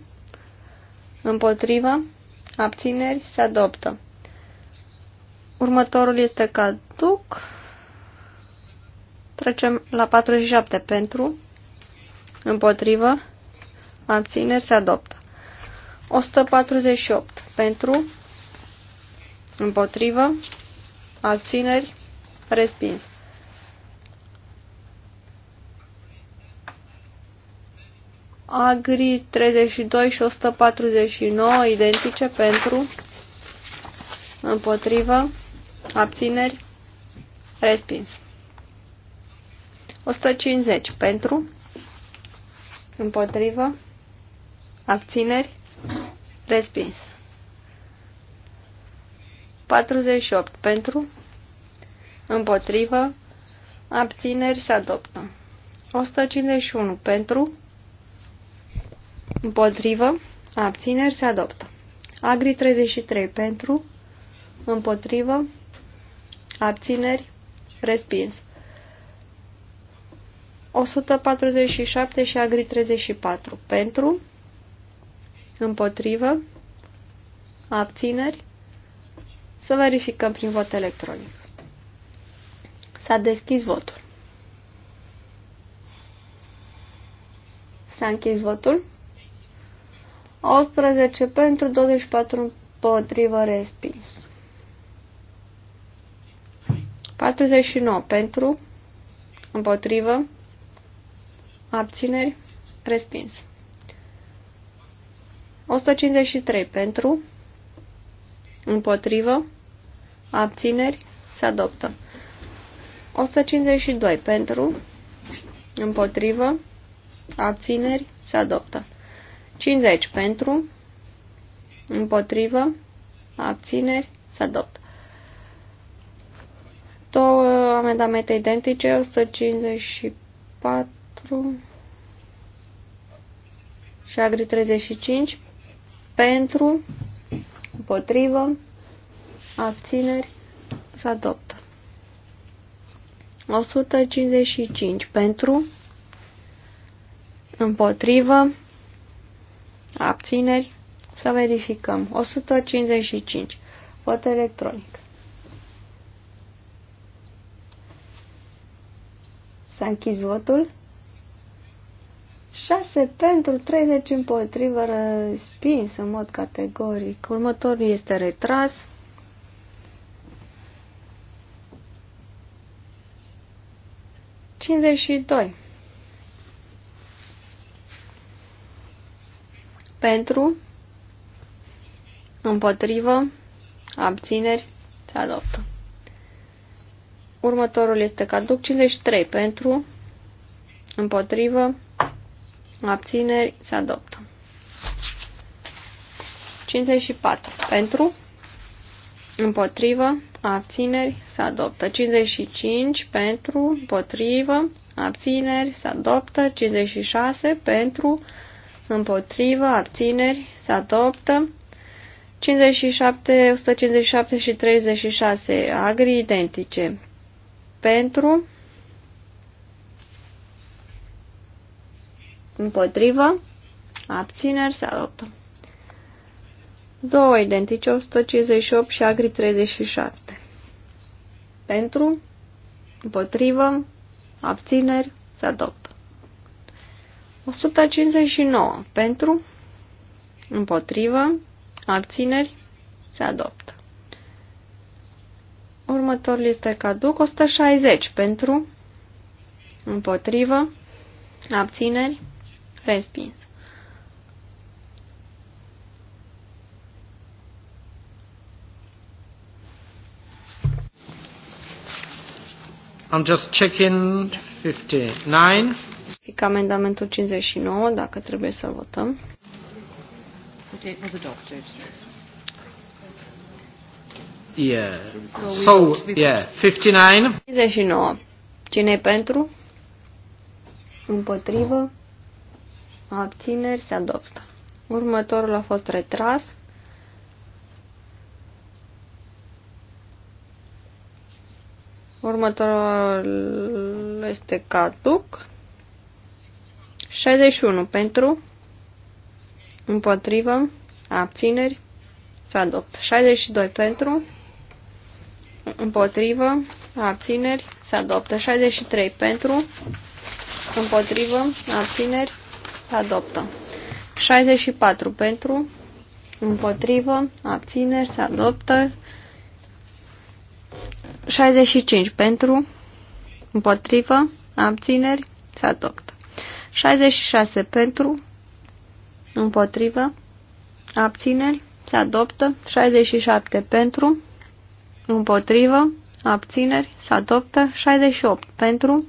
împotrivă, abțineri, se adoptă. Următorul este caduc. Trecem la 47 pentru, împotrivă, abțineri se adoptă. 148 pentru, împotrivă, abțineri, respins. Agri 32 și 149 identice pentru, împotrivă, abțineri, respins. 150 pentru, împotrivă, abțineri, respins. 48 pentru, împotrivă, abțineri se adoptă. 151 pentru, împotrivă, abțineri se adoptă. Agri 33 pentru, împotrivă, abțineri, respins. 147 și Agri 34. Pentru, împotrivă, abțineri. Să verificăm prin vot electronic. S-a deschis votul. S-a închis votul. 18 pentru, 24 împotrivă, respins. 49 pentru, împotrivă, abțineri, respins. 153 pentru, împotrivă, abțineri, se adoptă. 152 pentru, împotrivă, abțineri, se adoptă. 50 pentru, împotrivă, abțineri, se adoptă. Două amendamente identice, 154 4 și Agri 35 pentru, împotrivă, abțineri, se adoptă. 155 pentru, împotrivă, abțineri, să verificăm. 155, vot electronic. S-a închis votul. 6 pentru 30 împotrivă respins în mod categoric. Următorul este retras. doi. Pentru, împotrivă, abțineri, se adoptă. Următorul este caduc 53 pentru, împotrivă, Abțineri se adoptă. 54. Pentru. Împotrivă. Abțineri se adoptă. 55. Pentru. Împotrivă. Abțineri se adoptă. 56. Pentru. Împotrivă. Abțineri se adoptă. 57, 157 și 36. Agri identice. Pentru. Împotrivă. Abțineri se adoptă. Două identice, 158 și agri 37. Pentru, împotrivă, abțineri, se adoptă. 159. Pentru, împotrivă, abțineri, se adoptă. Următorul este caduc, 160. Pentru, împotrivă, abțineri, Respins. I'm just checking 59. amendamentul 59, dacă trebuie să votăm. It was adopted. Yeah. So, so yeah, 59. 59. Cine pentru? Împotrivă? abțineri, se adoptă. Următorul a fost retras. Următorul este caduc. 61 pentru, împotrivă, abțineri, se adoptă. 62 pentru, împotrivă, abțineri, se adoptă. 63 pentru, împotrivă, abțineri, se adoptă. 64 pentru, împotrivă, abțineri, se adoptă. 65 pentru, împotrivă, abțineri, se adoptă. 66 pentru, împotrivă, abțineri, se adoptă. 67 pentru, împotrivă, abțineri, se adoptă. 68 pentru,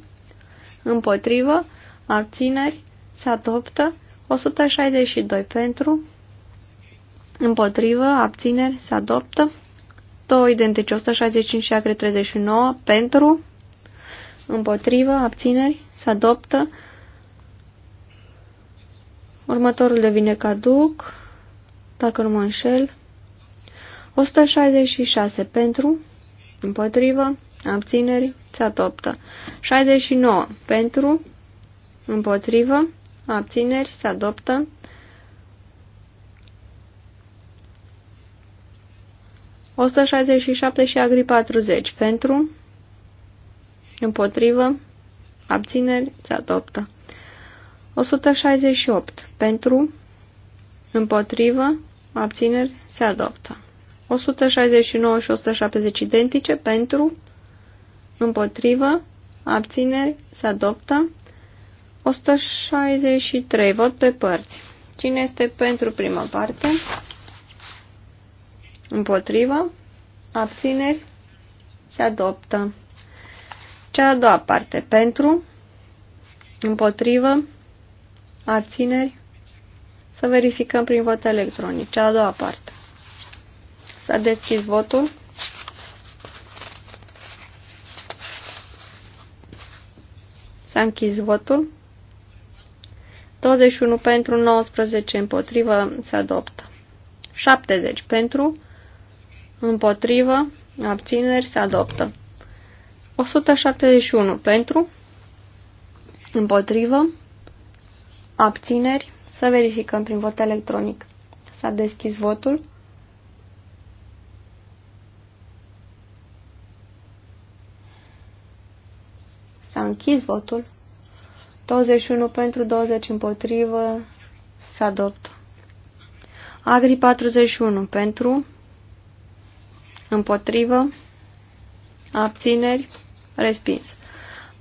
împotrivă, abțineri, se adoptă 162 pentru, împotrivă, abțineri, se adoptă 2 identici 165 și acre 39 pentru, împotrivă, abțineri, se adoptă Următorul devine caduc, dacă nu mă înșel. 166 pentru, împotrivă, abțineri, se adoptă. 69 pentru, împotrivă, abțineri, se adoptă. Osta și agri 40 pentru, împotrivă, abțineri, se adoptă. 168 pentru, împotrivă, abțineri, se adoptă. 169 și 170 identice pentru, împotrivă, abțineri, se adoptă. 163. Vot pe părți. Cine este pentru prima parte? Împotrivă? Abțineri? Se adoptă. Cea a doua parte. Pentru? Împotrivă? Abțineri? Să verificăm prin vot electronic. Cea a doua parte. S-a deschis votul. S-a închis votul. 21 pentru, 19 împotrivă, se adoptă. 70 pentru, împotrivă, abțineri, se adoptă. 171 pentru, împotrivă, abțineri, să verificăm prin vot electronic. S-a deschis votul. S-a închis votul. 21 pentru, 20 împotrivă, se adoptă. Agri 41 pentru, împotrivă, abțineri, respins.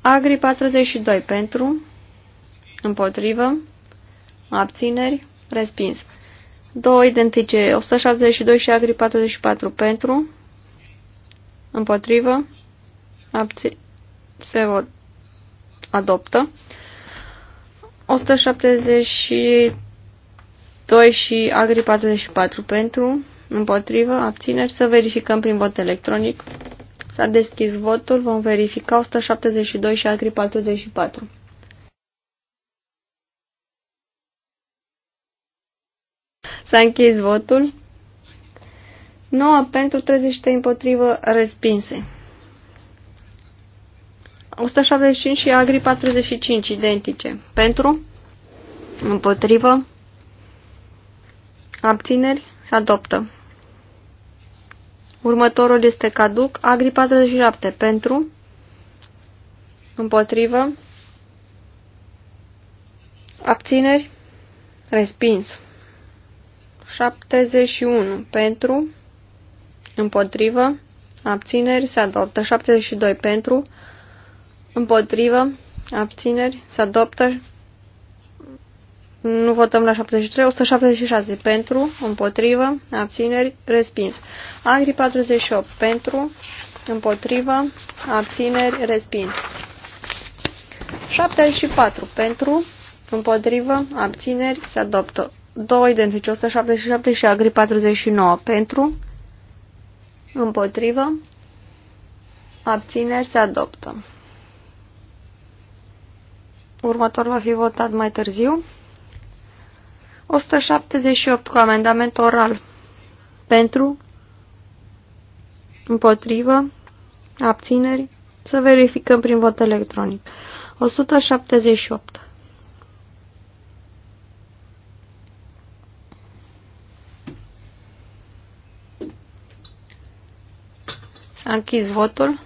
Agri 42 pentru, împotrivă, abțineri, respins. 2 identice, 172 și Agri 44 pentru, împotrivă, abțineri, se adoptă. 172 și Agri 44 pentru, împotrivă, abțineri, să verificăm prin vot electronic. S-a deschis votul, vom verifica 172 și Agri 44. S-a închis votul. 9 pentru 33 împotrivă respinse. 175 și Agri 45, identice. Pentru? Împotrivă? Abțineri? Se adoptă. Următorul este caduc. Agri 47. Pentru? Împotrivă? Abțineri? Respins. 71. Pentru? Împotrivă? Abțineri? Se adoptă. 72. Pentru? Împotrivă. Abțineri. Se adoptă. Nu votăm la 73. 176. Pentru. Împotrivă. Abțineri. Respins. Agri 48. Pentru. Împotrivă. Abțineri. Respins. 74. Pentru. Împotrivă. Abțineri. Se adoptă. 2 identici 177 și Agri 49 pentru, împotrivă, abțineri se adoptă. Următor va fi votat mai târziu. 178 cu amendament oral. Pentru, împotrivă, abțineri, să verificăm prin vot electronic. 178. s închis votul.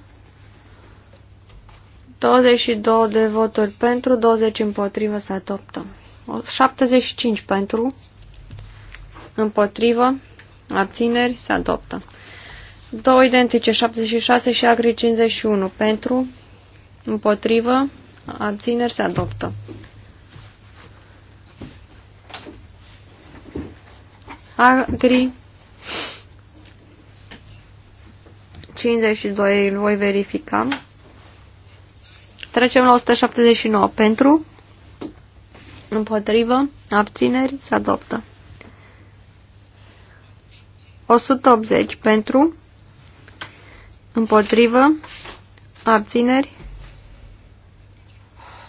22 de voturi pentru, 20 împotrivă se adoptă. 75 pentru, împotrivă, abțineri se adoptă. 2 identice, 76 și agri 51 pentru, împotrivă, abțineri se adoptă. Agri 52 îl voi verifica. Trecem la 179. Pentru, împotrivă, abțineri, se adoptă. 180. Pentru, împotrivă, abțineri,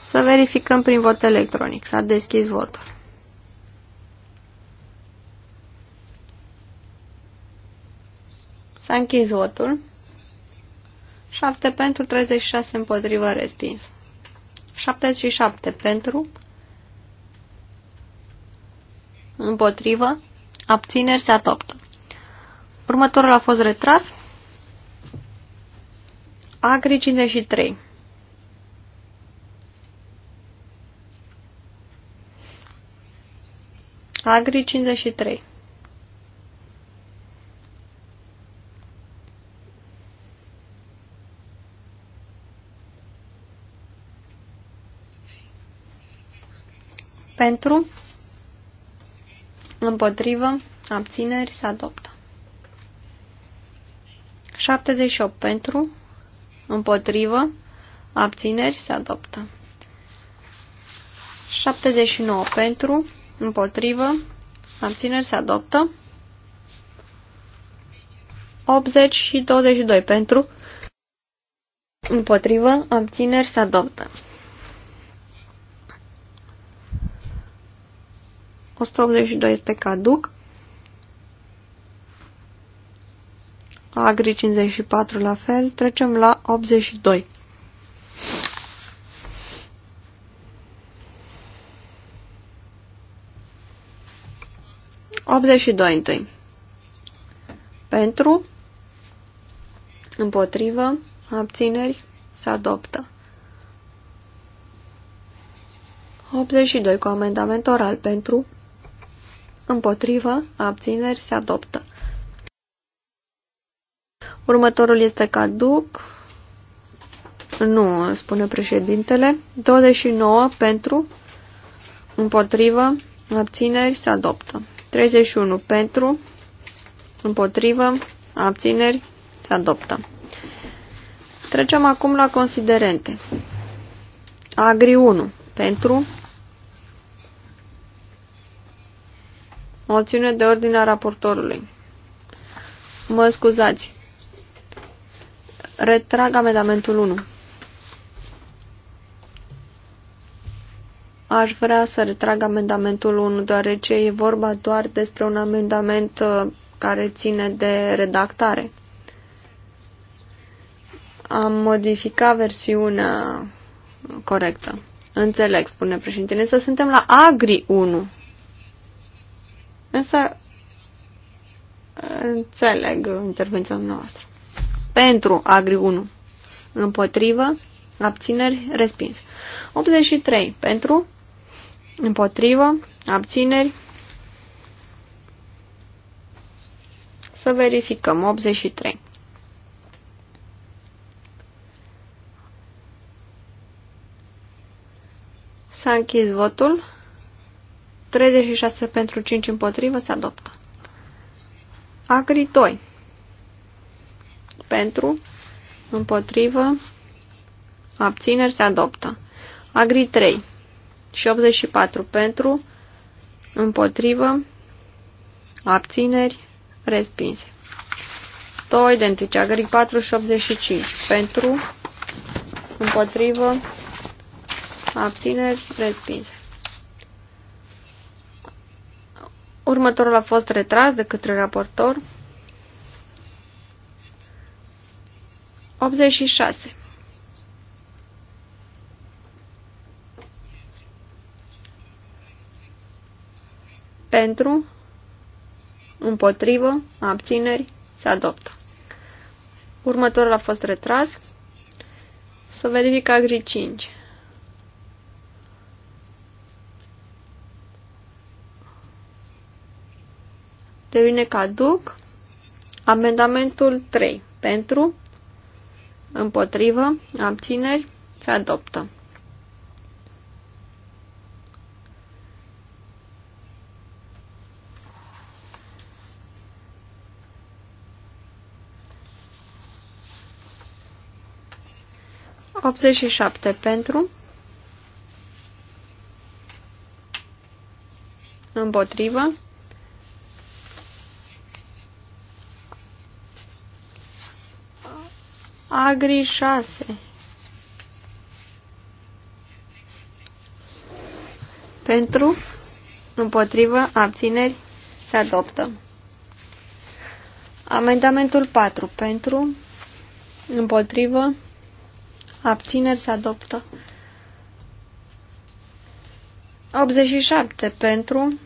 să verificăm prin vot electronic. S-a deschis votul. S-a închis votul. 7 pentru, 36 împotrivă, respins. 77 pentru, împotrivă, abțineri se adoptă. Următorul a fost retras. Agri 53. Agri 53. pentru, împotrivă, abțineri, se adoptă. 78 pentru, împotrivă, abțineri, se adoptă. 79 pentru, împotrivă, abțineri, se adoptă. 80 și 22 pentru, împotrivă, abțineri, se adoptă. 182 este caduc. Agri 54 la fel. Trecem la 82. doi întâi. Pentru, împotrivă, abțineri, se adoptă. 82 cu amendament oral pentru, împotrivă, abțineri, se adoptă. Următorul este caduc. Nu, spune președintele. 29 pentru, împotrivă, abțineri, se adoptă. 31 pentru, împotrivă, abțineri, se adoptă. Trecem acum la considerente. Agri 1 pentru, Moțiune de ordine a raportorului. Mă scuzați. Retrag amendamentul 1. Aș vrea să retrag amendamentul 1, deoarece e vorba doar despre un amendament uh, care ține de redactare. Am modificat versiunea corectă. Înțeleg, spune președintele, să suntem la Agri 1. Însă înțeleg intervenția noastră. Pentru Agri 1. Împotrivă. Abțineri. Respins. 83. Pentru. Împotrivă. Abțineri. Să verificăm. 83. S-a închis votul. 36 pentru 5 împotrivă se adoptă. Agri 2. Pentru, împotrivă, abțineri se adoptă. Agri 3 și 84 pentru, împotrivă, abțineri, respinse. 2 identice, agri 4 și 85 pentru, împotrivă, abțineri, respinse. Următorul a fost retras de către raportor. 86. Pentru, împotrivă, abțineri, se adoptă. Următorul a fost retras. Să verific agri 5. devine caduc. Amendamentul 3. Pentru, împotrivă, abțineri, se adoptă. Optzeci și șapte pentru, împotrivă, Agri 6. Pentru, împotrivă, abțineri, se adoptă. Amendamentul 4. Pentru, împotrivă, abțineri, se adoptă. 87. Pentru,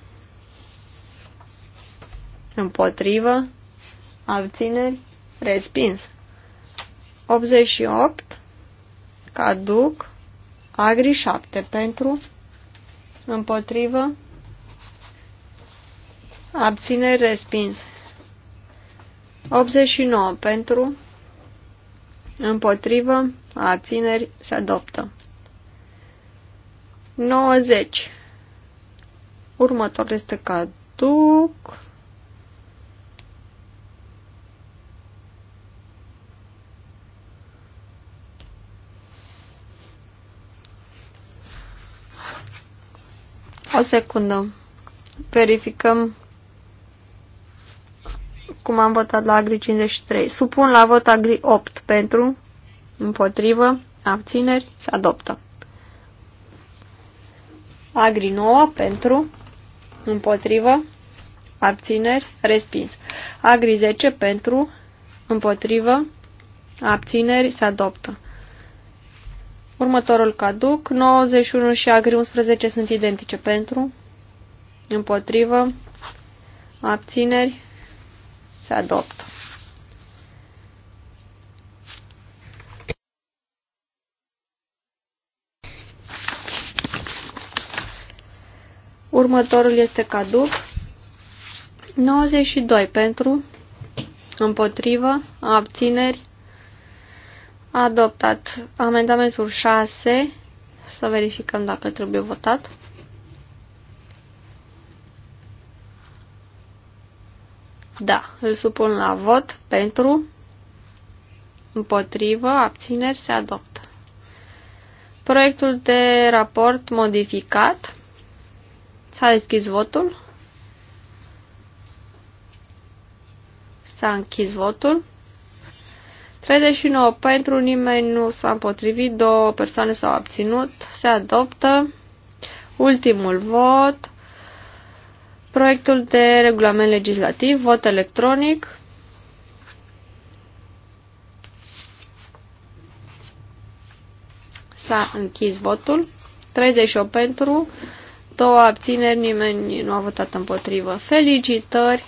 împotrivă, abțineri, respins. 88, caduc, agri 7 pentru, împotrivă, abțineri respins. 89 pentru, împotrivă, abțineri se adoptă. 90. Următorul este caduc. secundă. Verificăm cum am votat la Agri 53. Supun la vot Agri 8 pentru, împotrivă, abțineri, se adoptă. Agri 9 pentru, împotrivă, abțineri, respins. Agri 10 pentru, împotrivă, abțineri, se adoptă. Următorul caduc, 91 și agri 11 sunt identice pentru, împotrivă, abțineri, se adoptă. Următorul este caduc. 92 pentru, împotrivă, abțineri, Adoptat. Amendamentul 6. Să verificăm dacă trebuie votat. Da, îl supun la vot pentru, împotrivă, abțineri, se adoptă. Proiectul de raport modificat. S-a deschis votul. S-a închis votul. 39 pentru, nimeni nu s-a împotrivit, două persoane s-au abținut, se adoptă. Ultimul vot. Proiectul de regulament legislativ, vot electronic. S-a închis votul. 38 pentru, două abțineri, nimeni nu a votat împotrivă. Felicitări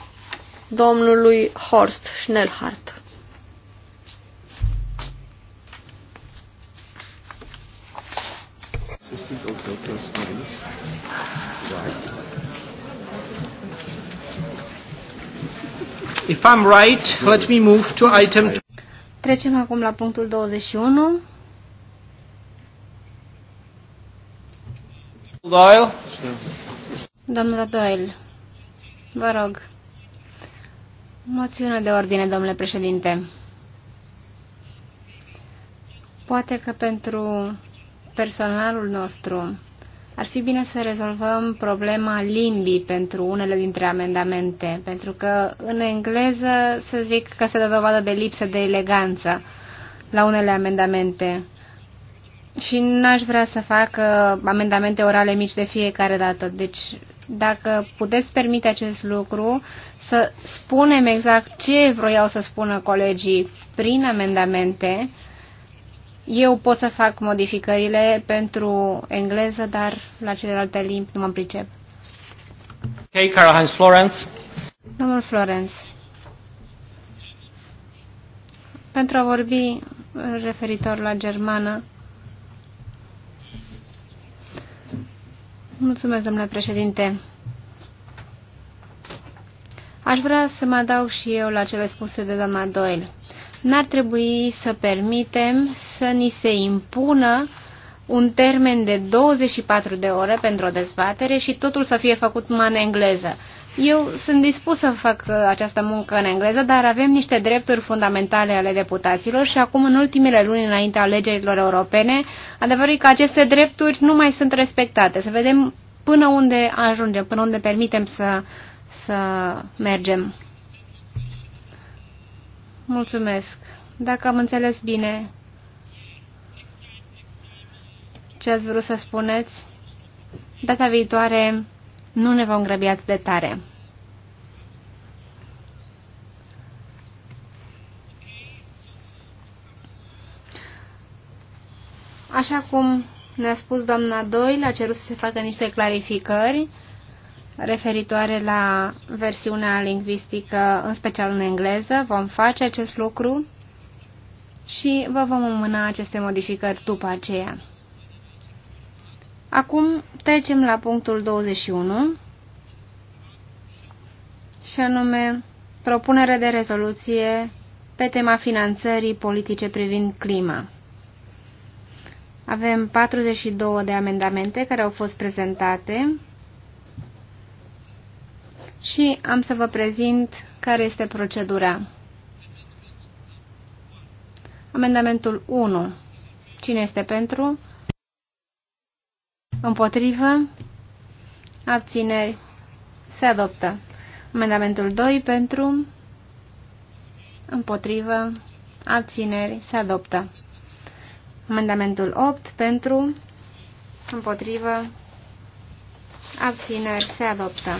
domnului Horst Schnellhardt. If I'm right, let me move to item... Trecem acum la punctul 21. Doyle. Domnule Doyle, vă rog. Moțiune de ordine, domnule președinte. Poate că pentru personalul nostru ar fi bine să rezolvăm problema limbii pentru unele dintre amendamente, pentru că în engleză să zic că se dă dovadă de lipsă de eleganță la unele amendamente. Și n-aș vrea să fac uh, amendamente orale mici de fiecare dată. Deci, dacă puteți permite acest lucru, să spunem exact ce vroiau să spună colegii prin amendamente, eu pot să fac modificările pentru engleză, dar la celelalte limbi nu mă pricep. Ok, Karl Hans Florence. Domnul Florence. Pentru a vorbi referitor la germană, Mulțumesc, domnule președinte. Aș vrea să mă adaug și eu la cele spuse de doamna Doyle n-ar trebui să permitem să ni se impună un termen de 24 de ore pentru o dezbatere și totul să fie făcut numai în engleză. Eu sunt dispus să fac uh, această muncă în engleză, dar avem niște drepturi fundamentale ale deputaților și acum, în ultimele luni înainte alegerilor europene, adevărul că aceste drepturi nu mai sunt respectate. Să vedem până unde ajungem, până unde permitem să, să mergem. Mulțumesc. Dacă am înțeles bine ce ați vrut să spuneți, data viitoare nu ne vom grăbi atât de tare. Așa cum ne-a spus doamna Doyle, a cerut să se facă niște clarificări referitoare la versiunea lingvistică, în special în engleză. Vom face acest lucru și vă vom înmâna aceste modificări după aceea. Acum trecem la punctul 21 și anume propunere de rezoluție pe tema finanțării politice privind clima. Avem 42 de amendamente care au fost prezentate și am să vă prezint care este procedura. Amendamentul 1. Cine este pentru? Împotrivă? Abțineri? Se adoptă. Amendamentul 2 pentru? Împotrivă? Abțineri? Se adoptă. Amendamentul 8 pentru? Împotrivă? Abțineri? Se adoptă.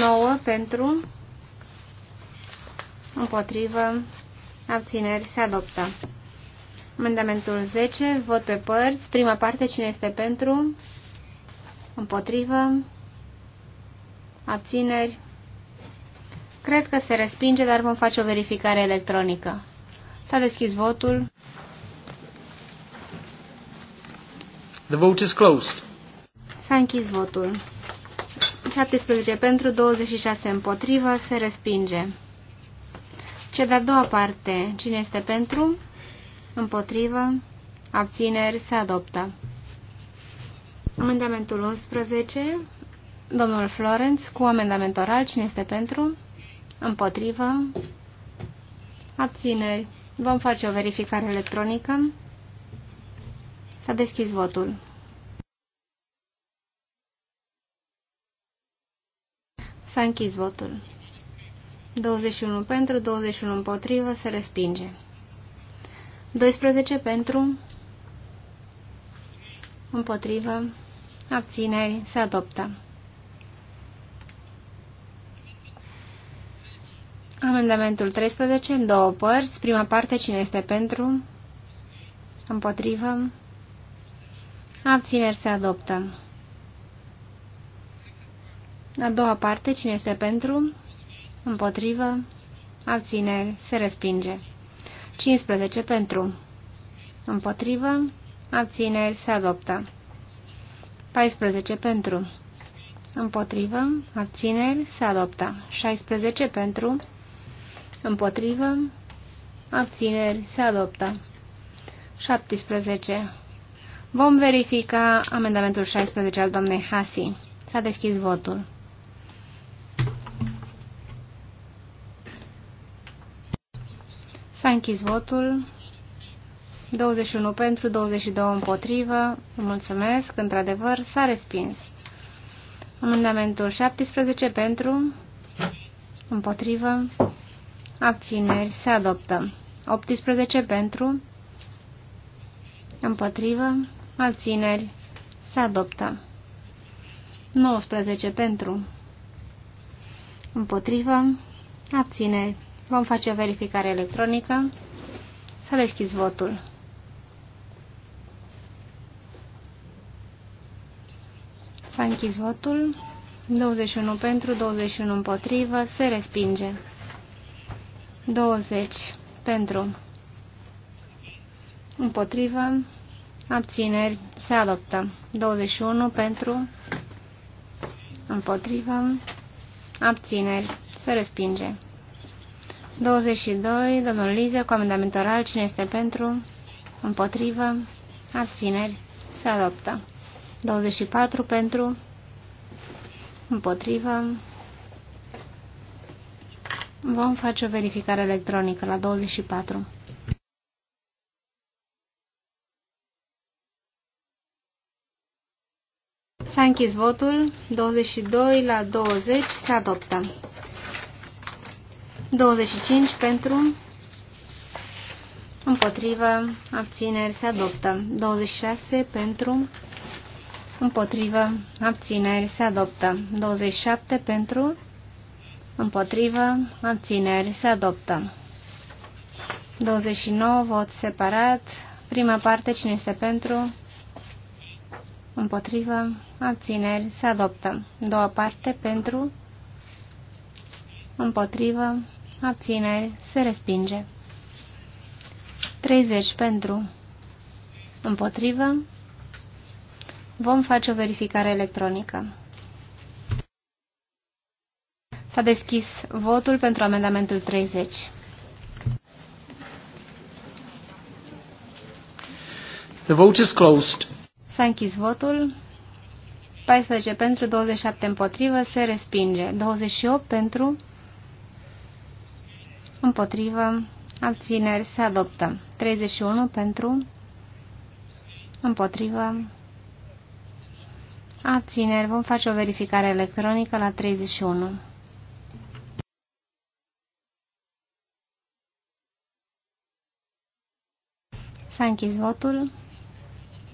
9 pentru, împotrivă, abțineri, se adoptă. Amendamentul 10, vot pe părți. Prima parte, cine este pentru, împotrivă, abțineri. Cred că se respinge, dar vom face o verificare electronică. S-a deschis votul. The vote is closed. S-a închis votul. 17 pentru, 26 împotrivă, se respinge. Cea de-a doua parte, cine este pentru, împotrivă, abțineri, se adoptă. Amendamentul 11, domnul Florenț, cu amendament oral, cine este pentru, împotrivă, abțineri. Vom face o verificare electronică. S-a deschis votul. S-a închis votul. 21 pentru, 21 împotrivă, se respinge. 12 pentru, împotrivă, abțineri, se adoptă. Amendamentul 13, în două părți. Prima parte, cine este pentru? Împotrivă. Abțineri se adoptă. A doua parte, cine este pentru, împotrivă, abține, se respinge. 15 pentru, împotrivă, abține, se adoptă. 14 pentru, împotrivă, abține, se adoptă. 16 pentru, împotrivă, abține, se adoptă. 17. Vom verifica amendamentul 16 al doamnei Hasi. S-a deschis votul. S-a închis votul. 21 pentru, 22 împotrivă. Mulțumesc, într-adevăr, s-a respins. Amendamentul 17 pentru, împotrivă, abțineri, se adoptă. 18 pentru, împotrivă, abțineri, se adoptă. 19 pentru, împotrivă, abțineri, Vom face verificare electronică. Să deschizi votul. S-a închis votul. 21 pentru, 21 împotrivă. Se respinge. 20 pentru. Împotrivă. Abțineri. Se adoptă. 21 pentru. Împotrivă. Abțineri. Se respinge. 22, domnul Liză, cu amendament oral, cine este pentru, împotrivă, abțineri, se adoptă. 24 pentru, împotrivă, vom face o verificare electronică la 24. S-a închis votul, 22 la 20 se adoptă. 25 pentru, împotrivă, abțineri, se adoptă. 26 pentru, împotrivă, abțineri, se adoptă. 27 pentru, împotrivă, abțineri, se adoptă. 29, vot separat. Prima parte, cine este pentru? Împotrivă, abțineri, se adoptă. Doua parte, pentru? Împotrivă, abțineri, se respinge. 30 pentru, împotrivă, vom face o verificare electronică. S-a deschis votul pentru amendamentul 30. The vote is closed. S-a închis votul. 14 pentru, 27 împotrivă, se respinge. 28 pentru, împotrivă, abțineri, se adoptă. 31 pentru, împotrivă, abțineri. Vom face o verificare electronică la 31. S-a închis votul.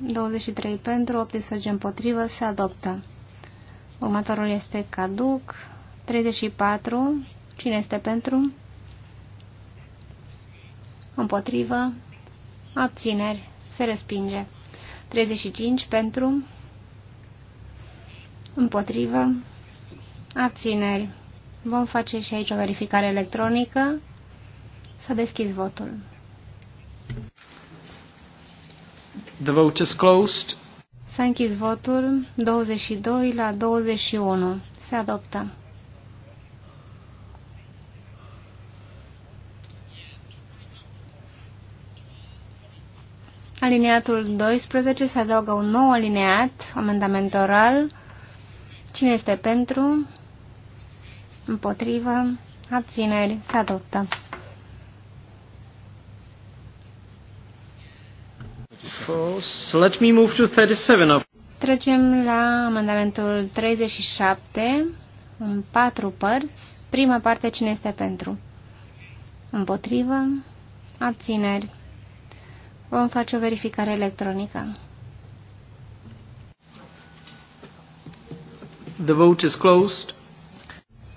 23 pentru, 18 împotrivă, se adoptă. Următorul este caduc. 34. Cine este pentru? împotrivă, abțineri, se respinge. 35 pentru, împotrivă, abțineri. Vom face și aici o verificare electronică. S-a deschis votul. The vote is closed. S-a închis votul 22 la 21. Se adoptă. Alineatul 12 se adaugă un nou alineat, amendament oral. Cine este pentru? Împotrivă? Abțineri? Se adoptă. Trecem la amendamentul 37 în patru părți. Prima parte, cine este pentru? Împotrivă? Abțineri? Vom face o verificare electronică. The vote is closed.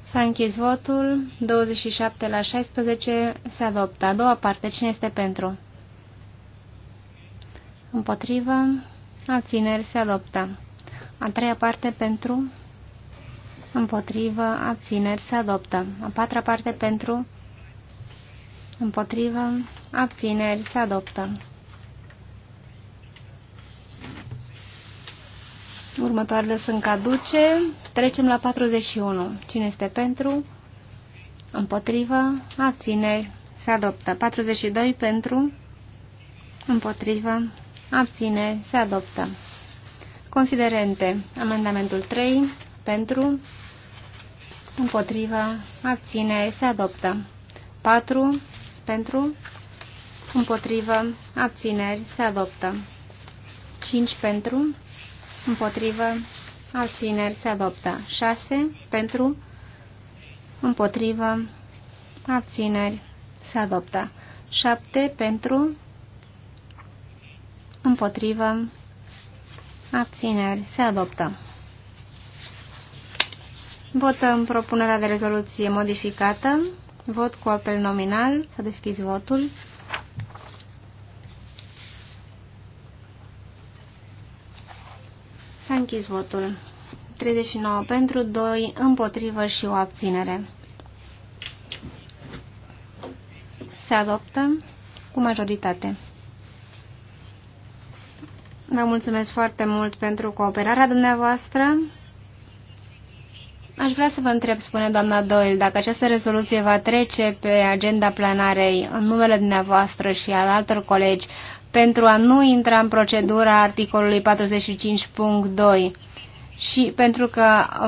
S-a închis votul. 27 la 16 se adoptă. A doua parte. Cine este pentru? Împotrivă. Abțineri se adoptă. A treia parte pentru. Împotrivă. Abțineri se adoptă. A patra parte pentru. Împotrivă. Abțineri se adoptă. Următoarele sunt caduce. Trecem la 41. Cine este pentru? Împotrivă. Abțineri. Se adoptă. 42 pentru. Împotrivă. Abțineri. Se adoptă. Considerente. Amendamentul 3. Pentru. Împotrivă. Abțineri. Se adoptă. 4. Pentru. Împotrivă. Abțineri. Se adoptă. 5 pentru împotrivă, abțineri se adoptă. 6 pentru, împotrivă, abțineri se adoptă. 7 pentru, împotrivă, abțineri se adoptă. Votăm propunerea de rezoluție modificată. Vot cu apel nominal. S-a deschis votul. S-a închis votul. 39 pentru, 2 împotrivă și o abținere. Se adoptă cu majoritate. Vă mulțumesc foarte mult pentru cooperarea dumneavoastră. Aș vrea să vă întreb, spune doamna Doyle, dacă această rezoluție va trece pe agenda planarei în numele dumneavoastră și al altor colegi, pentru a nu intra în procedura articolului 45.2 și pentru că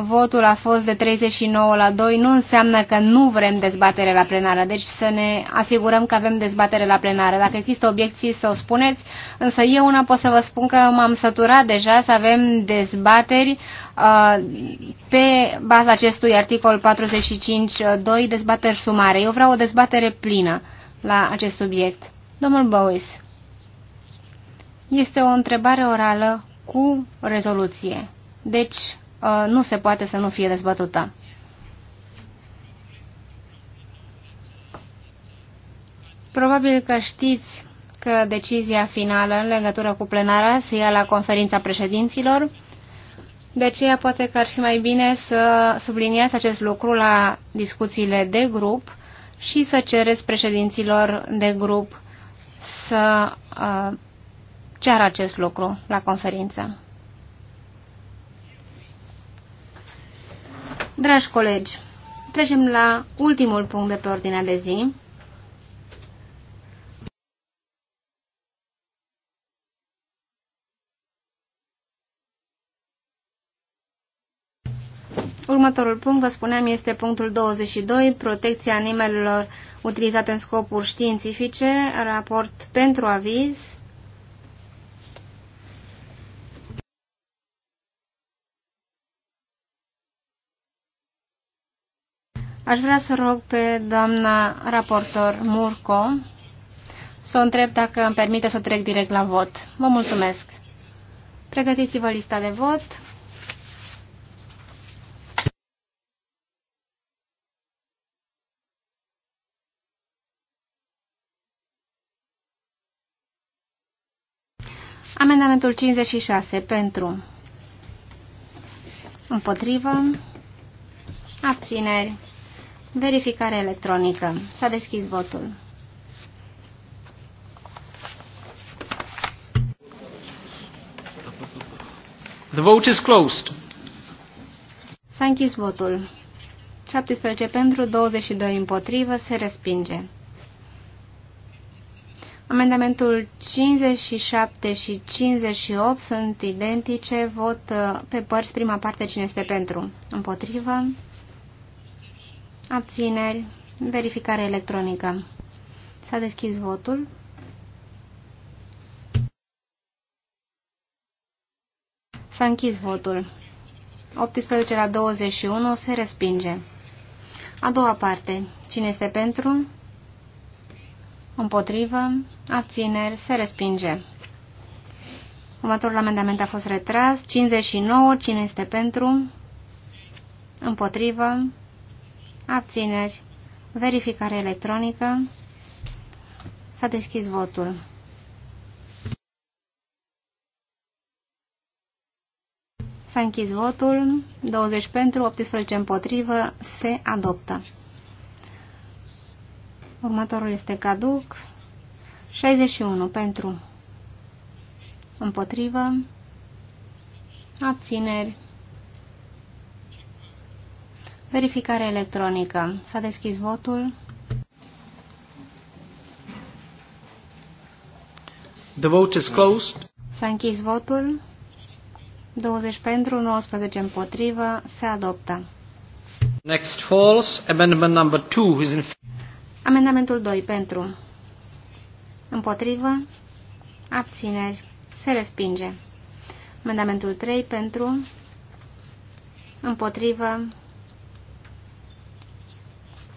votul a fost de 39 la 2 nu înseamnă că nu vrem dezbatere la plenară, deci să ne asigurăm că avem dezbatere la plenară. Dacă există obiecții să o spuneți, însă eu una pot să vă spun că m-am săturat deja să avem dezbateri uh, pe baza acestui articol 45.2, dezbateri sumare. Eu vreau o dezbatere plină la acest subiect. Domnul Bowis. Este o întrebare orală cu rezoluție. Deci, uh, nu se poate să nu fie dezbătută. Probabil că știți că decizia finală în legătură cu plenara se ia la conferința președinților, de aceea poate că ar fi mai bine să subliniați acest lucru la discuțiile de grup și să cereți președinților de grup să uh, cear acest lucru la conferință. Dragi colegi, trecem la ultimul punct de pe ordinea de zi. Următorul punct, vă spuneam, este punctul 22, protecția animalelor utilizate în scopuri științifice, raport pentru aviz. Aș vrea să rog pe doamna raportor Murco să o întreb dacă îmi permite să trec direct la vot. Vă mulțumesc. Pregătiți-vă lista de vot. Amendamentul 56 pentru împotrivă abțineri Verificare electronică. S-a deschis votul. The vote is closed. S-a închis votul. 17 pentru, 22 împotrivă, se respinge. Amendamentul 57 și 58 sunt identice. Vot uh, pe părți, prima parte, cine este pentru? Împotrivă, abțineri, verificare electronică. S-a deschis votul. S-a închis votul. 18 la 21 se respinge. A doua parte. Cine este pentru? Împotrivă. Abțineri. Se respinge. Următorul amendament a fost retras. 59. Cine este pentru? Împotrivă abțineri, verificare electronică, s-a deschis votul. S-a închis votul, 20 pentru, 18 împotrivă, se adoptă. Următorul este caduc, 61 pentru, împotrivă, abțineri, Verificare electronică. S-a deschis votul. The vote is closed. S-a închis votul. 20 pentru, 19 împotrivă. Se adoptă. Next falls. Amendment number 2 is in Amendamentul 2 pentru. Împotrivă. Abțineri. Se respinge. Amendamentul 3 pentru. Împotrivă.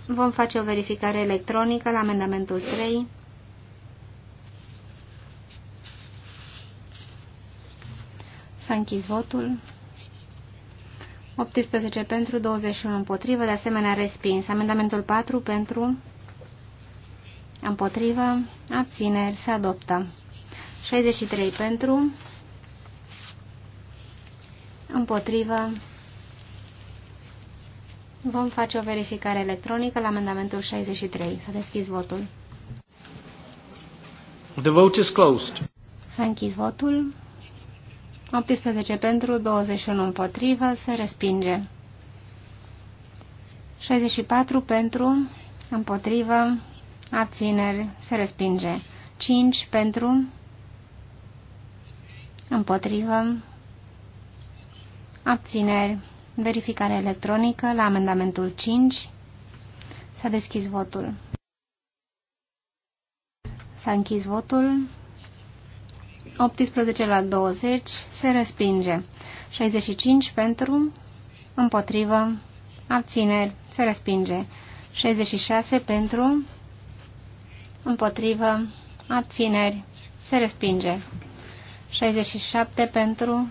Vom face o verificare electronică la amendamentul 3. S-a închis votul. 18 pentru, 21 împotrivă, de asemenea respins. Amendamentul 4 pentru, împotrivă, abțineri, se adoptă. 63 pentru, împotrivă, Vom face o verificare electronică la amendamentul 63. S-a deschis votul. The vote is closed. S-a închis votul. 18 pentru, 21 împotrivă, se respinge. 64 pentru, împotrivă, abțineri, se respinge. 5 pentru, împotrivă, abțineri, Verificare electronică la amendamentul 5. S-a deschis votul. S-a închis votul. 18 la 20 se respinge. 65 pentru, împotrivă, abțineri, se respinge. 66 pentru, împotrivă, abțineri, se respinge. 67 pentru,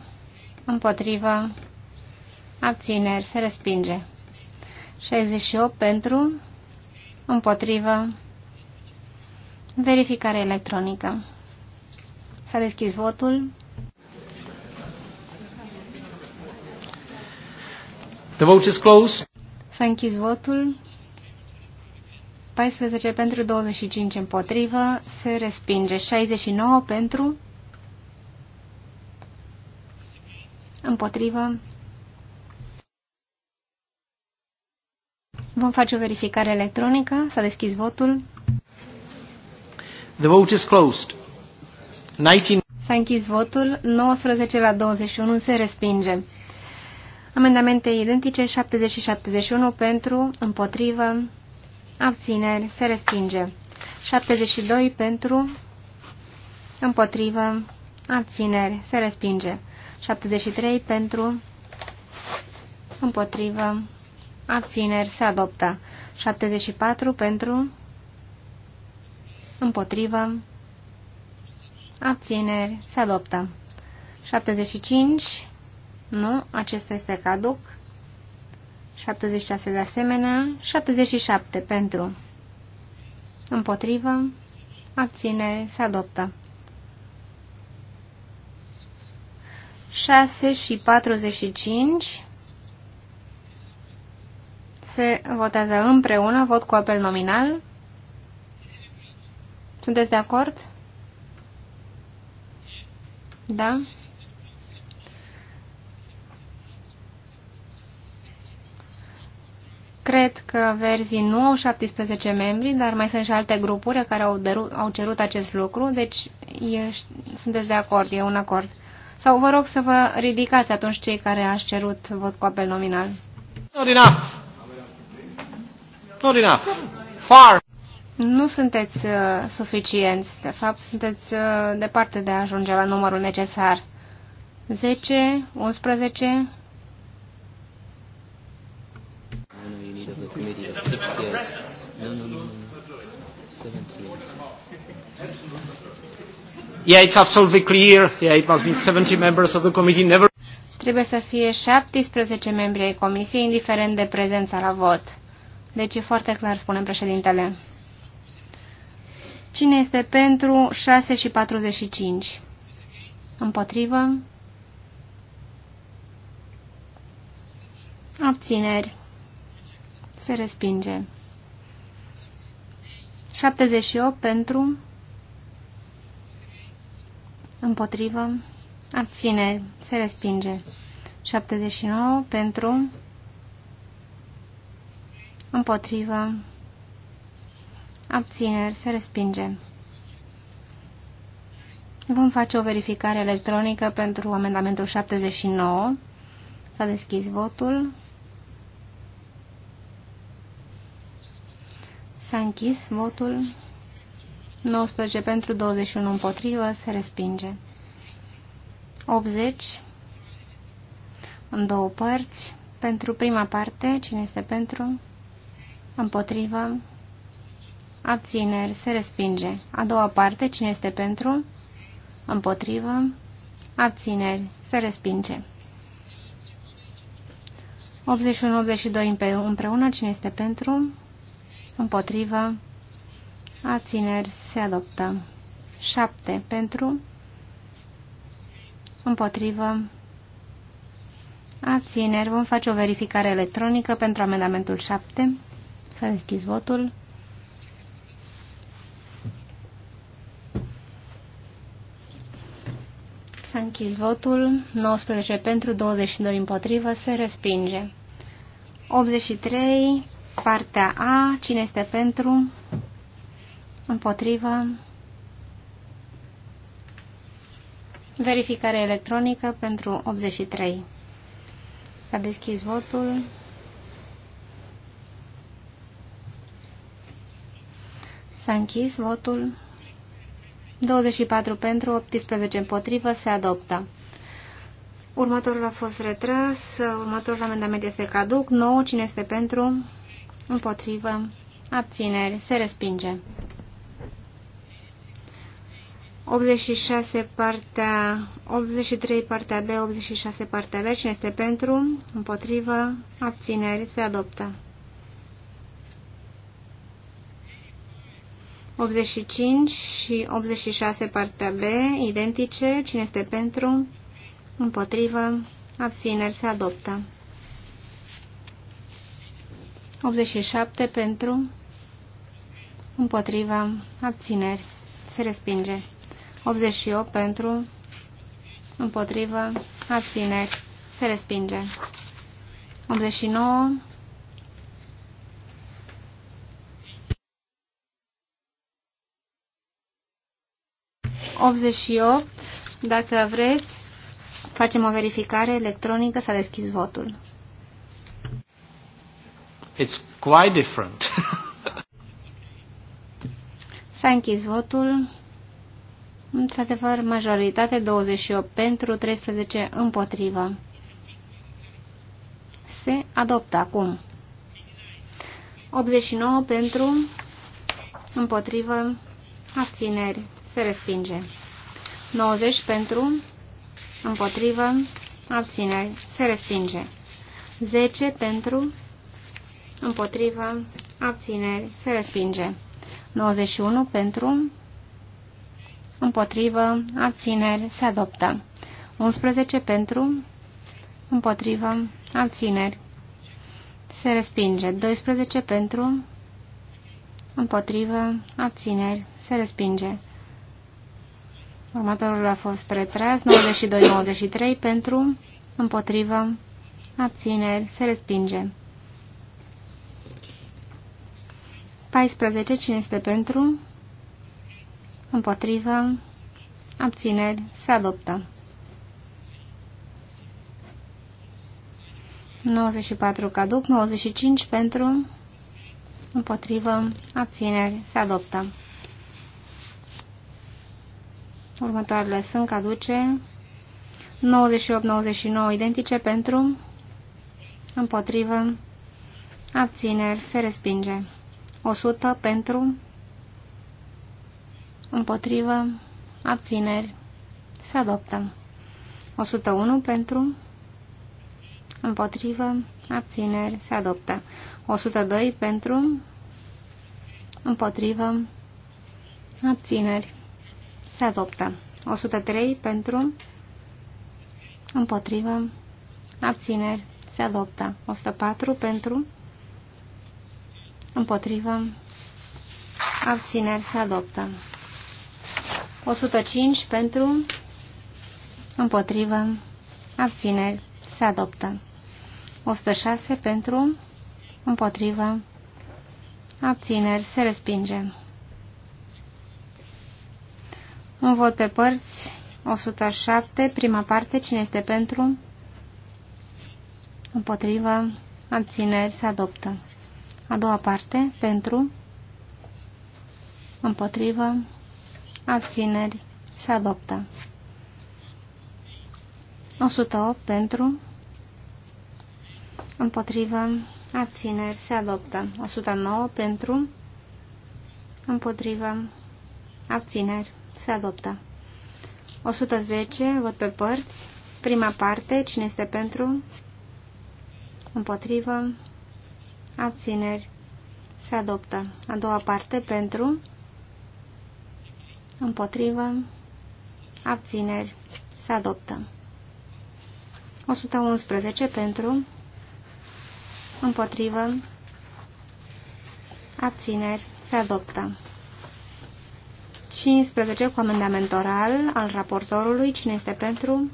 împotrivă, abțineri, se respinge. 68 pentru, împotrivă, verificare electronică. S-a deschis votul. The vote is closed. S-a închis votul. 14 pentru 25 împotrivă, se respinge 69 pentru împotrivă, Vom face o verificare electronică. S-a deschis votul. The vote is closed. 19... S-a închis votul. 19 la 21 se respinge. Amendamente identice 70 și 71 pentru, împotrivă, abțineri, se respinge. 72 pentru, împotrivă, abțineri, se respinge. 73 pentru, împotrivă, Abțineri se adoptă. 74 pentru. Împotrivă. Abțineri se adoptă. 75. Nu, acesta este caduc. 76 de asemenea. 77 pentru. Împotrivă. Abțineri se adoptă. 6 și 45 se votează împreună, vot cu apel nominal. Sunteți de acord? Da? Cred că verzii nu au 17 membri, dar mai sunt și alte grupuri care au, au cerut acest lucru, deci e, sunteți de acord, e un acord. Sau vă rog să vă ridicați atunci cei care ați cerut vot cu apel nominal. Not enough. Not enough. Far. Nu sunteți uh, suficienți. De fapt, sunteți uh, departe de a ajunge la numărul necesar. 10, 11... Yeah, it's absolutely clear. Yeah, it must be 70 members of the committee. Never. Trebuie să fie 17 membri ai comisiei, indiferent de prezența la vot. Deci e foarte clar, spune președintele. Cine este pentru 6 și 45? Împotrivă? Abțineri. Se respinge. 78 pentru. Împotrivă. Abțineri. Se respinge. 79 pentru împotrivă, abțineri, se respinge. Vom face o verificare electronică pentru amendamentul 79. S-a deschis votul. S-a închis votul. 19 pentru 21 împotrivă se respinge. 80 în două părți. Pentru prima parte, cine este pentru? împotrivă, abțineri, se respinge. A doua parte, cine este pentru, împotrivă, abțineri, se respinge. 81-82 împreună, cine este pentru, împotrivă, abțineri, se adoptă. 7 pentru, împotrivă, abțineri, vom face o verificare electronică pentru amendamentul 7. S-a deschis votul. S-a închis votul. 19 pentru, 22 împotrivă. Se respinge. 83, partea A. Cine este pentru? Împotrivă. Verificare electronică pentru 83. S-a deschis votul. S-a închis votul. 24 pentru, 18 împotrivă, se adoptă. Următorul a fost retras, următorul amendament este caduc, 9, cine este pentru, împotrivă, abțineri, se respinge. 86 partea, 83 partea B, 86 partea B, cine este pentru, împotrivă, abțineri, se adoptă. 85 și 86 partea B, identice, cine este pentru, împotrivă, abțineri, se adoptă. 87 pentru, împotriva, abțineri, se respinge. 88 pentru, împotriva, abțineri, se respinge. 89 88, dacă vreți, facem o verificare electronică, s-a deschis votul. It's quite different. s-a închis votul. Într-adevăr, majoritate 28 pentru, 13 împotrivă. Se adoptă acum. 89 pentru, împotrivă, abțineri se respinge. 90 pentru, împotrivă, abțineri, se respinge. 10 pentru, împotrivă, abțineri, se respinge. 91 pentru, împotrivă, abțineri, se adoptă. 11 pentru, împotrivă, abțineri, se respinge. 12 pentru, împotrivă, abțineri, se respinge. Următorul a fost retras. 92-93 pentru, împotrivă, abțineri, se respinge. 14. Cine este pentru? Împotrivă. Abțineri. Se adoptă. 94 caduc. 95 pentru. Împotrivă. Abțineri. Se adoptă următoarele sunt caduce, 98-99 identice pentru, împotrivă, abțineri, se respinge, 100 pentru, împotrivă, abțineri, se adoptă, 101 pentru, împotrivă, abțineri, se adoptă, 102 pentru, împotrivă, abțineri, se adoptă. 103 pentru, împotrivă, abțineri. Se adoptă. 104 pentru, împotrivă, abțineri. Se adoptă. 105 pentru, împotrivă, abțineri. Se adoptă. 106 pentru, împotrivă, abțineri. Se respinge. Un vot pe părți. 107. Prima parte. Cine este pentru? Împotrivă. Abțineri. Se adoptă. A doua parte. Pentru. Împotrivă. Abțineri. Se adoptă. 108 pentru, împotrivă, abțineri, se adoptă. 109 pentru, împotrivă, abțineri, se adoptă. 110, Văd pe părți. Prima parte, cine este pentru? Împotrivă. Abțineri. Se adoptă. A doua parte, pentru. Împotrivă. Abțineri. Se adoptă. 111 pentru. Împotrivă. Abțineri. Se adoptă. 15 cu amendament oral al raportorului. Cine este pentru?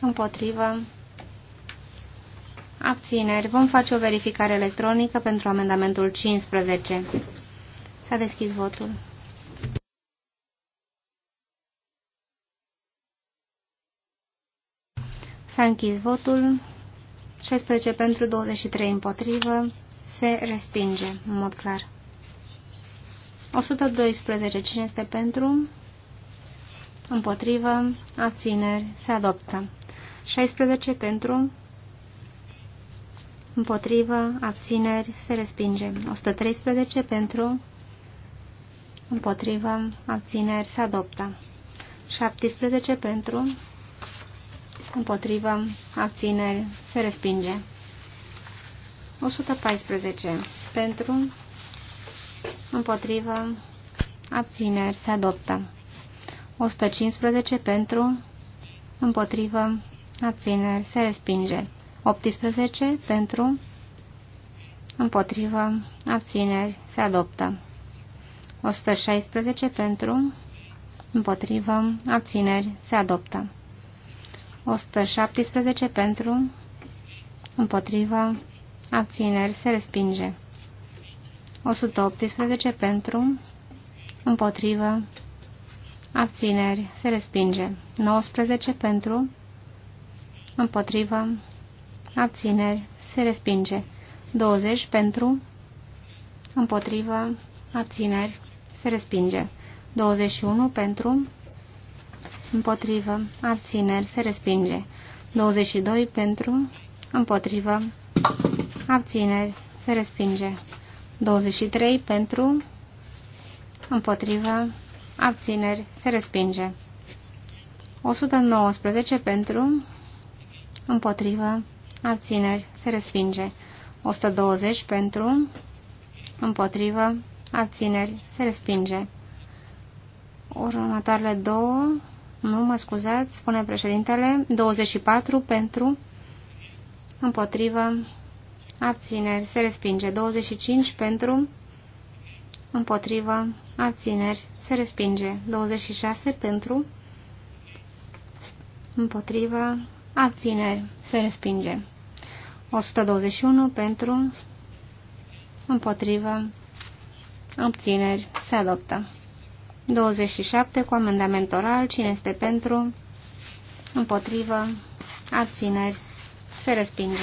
Împotrivă. Abțineri. Vom face o verificare electronică pentru amendamentul 15. S-a deschis votul. S-a închis votul. 16 pentru 23 împotrivă. Se respinge în mod clar. 112. Cine este pentru? Împotrivă. Abțineri. Se adoptă. 16 pentru. Împotrivă. Abțineri. Se respinge. 113 pentru. Împotrivă. Abțineri. Se adoptă. 17 pentru. Împotrivă. Abțineri. Se respinge. 114 pentru împotrivă, abțineri, se adoptă. 115 pentru, împotrivă, abțineri, se respinge. 18 pentru, împotrivă, abțineri, se adoptă. 116 pentru, împotrivă, abțineri, se adoptă. 117 pentru, împotrivă, abțineri, se respinge. 118 pentru, împotrivă, abțineri, se respinge. 19 pentru, împotrivă, abțineri, se respinge. 20 pentru, împotrivă, abțineri, se respinge. 21 pentru, împotrivă, abțineri, se respinge. 22 pentru, împotrivă, abțineri, se respinge. 23 pentru, împotriva, abțineri, se respinge. 119 pentru, împotriva, abțineri, se respinge. 120 pentru, împotriva abțineri, se respinge. Următoarele două, nu mă scuzați, spune președintele, 24 pentru, împotrivă, abțineri, se respinge. 25 pentru, împotrivă, abțineri, se respinge. 26 pentru, împotrivă, abțineri, se respinge. 121 pentru, împotrivă, abțineri, se adoptă. 27 cu amendament oral, cine este pentru, împotrivă, abțineri, se respinge.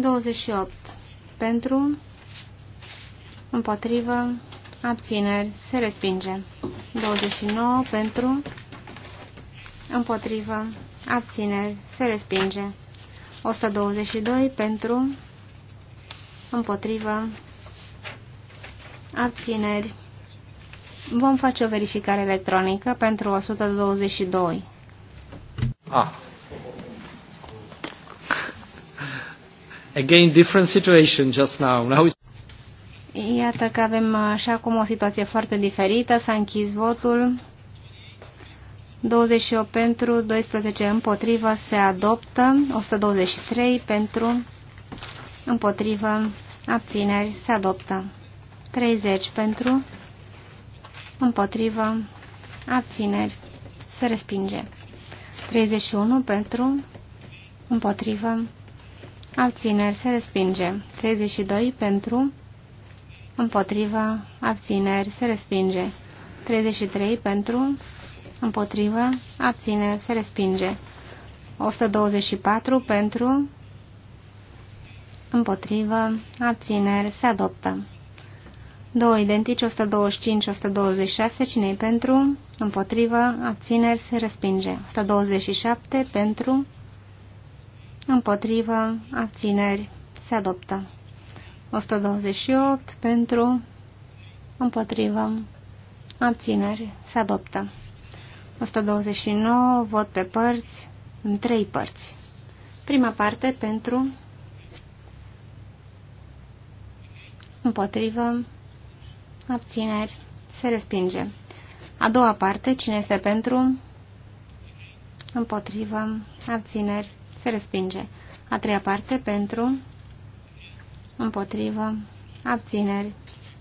28. Pentru, împotrivă, abțineri, se respinge. 29. Pentru, împotrivă, abțineri, se respinge. 122. Pentru, împotrivă, abțineri. Vom face o verificare electronică pentru 122. A. Ah. Again, different situation just now. now it's... Iată că avem așa cum o situație foarte diferită. S-a închis votul. 28 pentru, 12 împotrivă, se adoptă. 123 pentru, împotrivă, abțineri, se adoptă. 30 pentru, împotrivă, abțineri, se respinge. 31 pentru, împotrivă, Abțineri se respinge. 32 pentru. Împotriva. Abțineri se respinge. 33 pentru. Împotriva. Abțineri se respinge. 124 pentru. împotriva. Abțineri se adoptă. 2 identici 125-126, cine pentru, împotrivă, abțineri se respinge. 127 pentru, împotrivă, abțineri, se adoptă. 128 pentru, împotrivă, abțineri, se adoptă. 129, vot pe părți, în trei părți. Prima parte pentru, împotrivă, abțineri, se respinge. A doua parte, cine este pentru, împotrivă, abțineri, se respinge. A treia parte pentru, împotrivă, abțineri,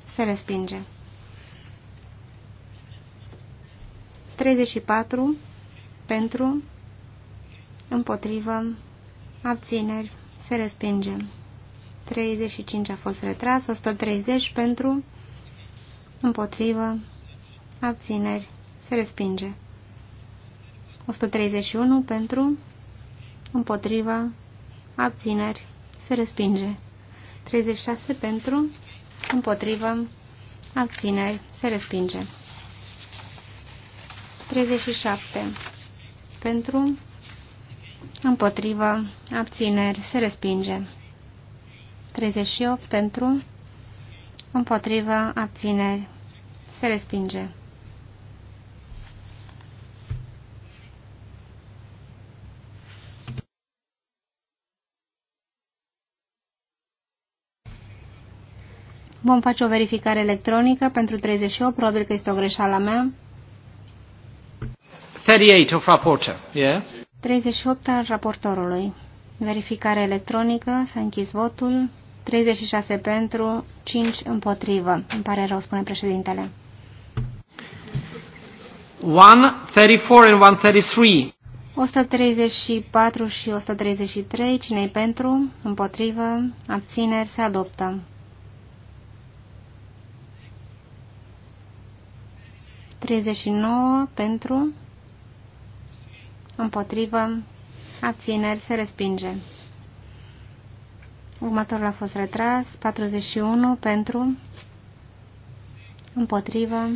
se respinge. 34 pentru, împotrivă, abțineri, se respinge. 35 a fost retras, 130 pentru, împotrivă, abțineri, se respinge. 131 pentru, împotriva, abțineri, se respinge. 36 pentru, împotriva, abțineri, se respinge. 37 pentru, împotriva, abțineri, se respinge. 38 pentru, împotriva, abțineri, se respinge. Vom face o verificare electronică pentru 38, probabil că este o greșeală mea. 38 of raportor, yeah? 38 al raportorului. Verificare electronică, s-a închis votul. 36 pentru, 5 împotrivă. Îmi pare rău, spune președintele. 134 and 133. 134 și 133, cine pentru, împotrivă, abțineri, se adoptă. 39 pentru, împotrivă, abțineri, se respinge. Următorul a fost retras, 41 pentru, împotrivă,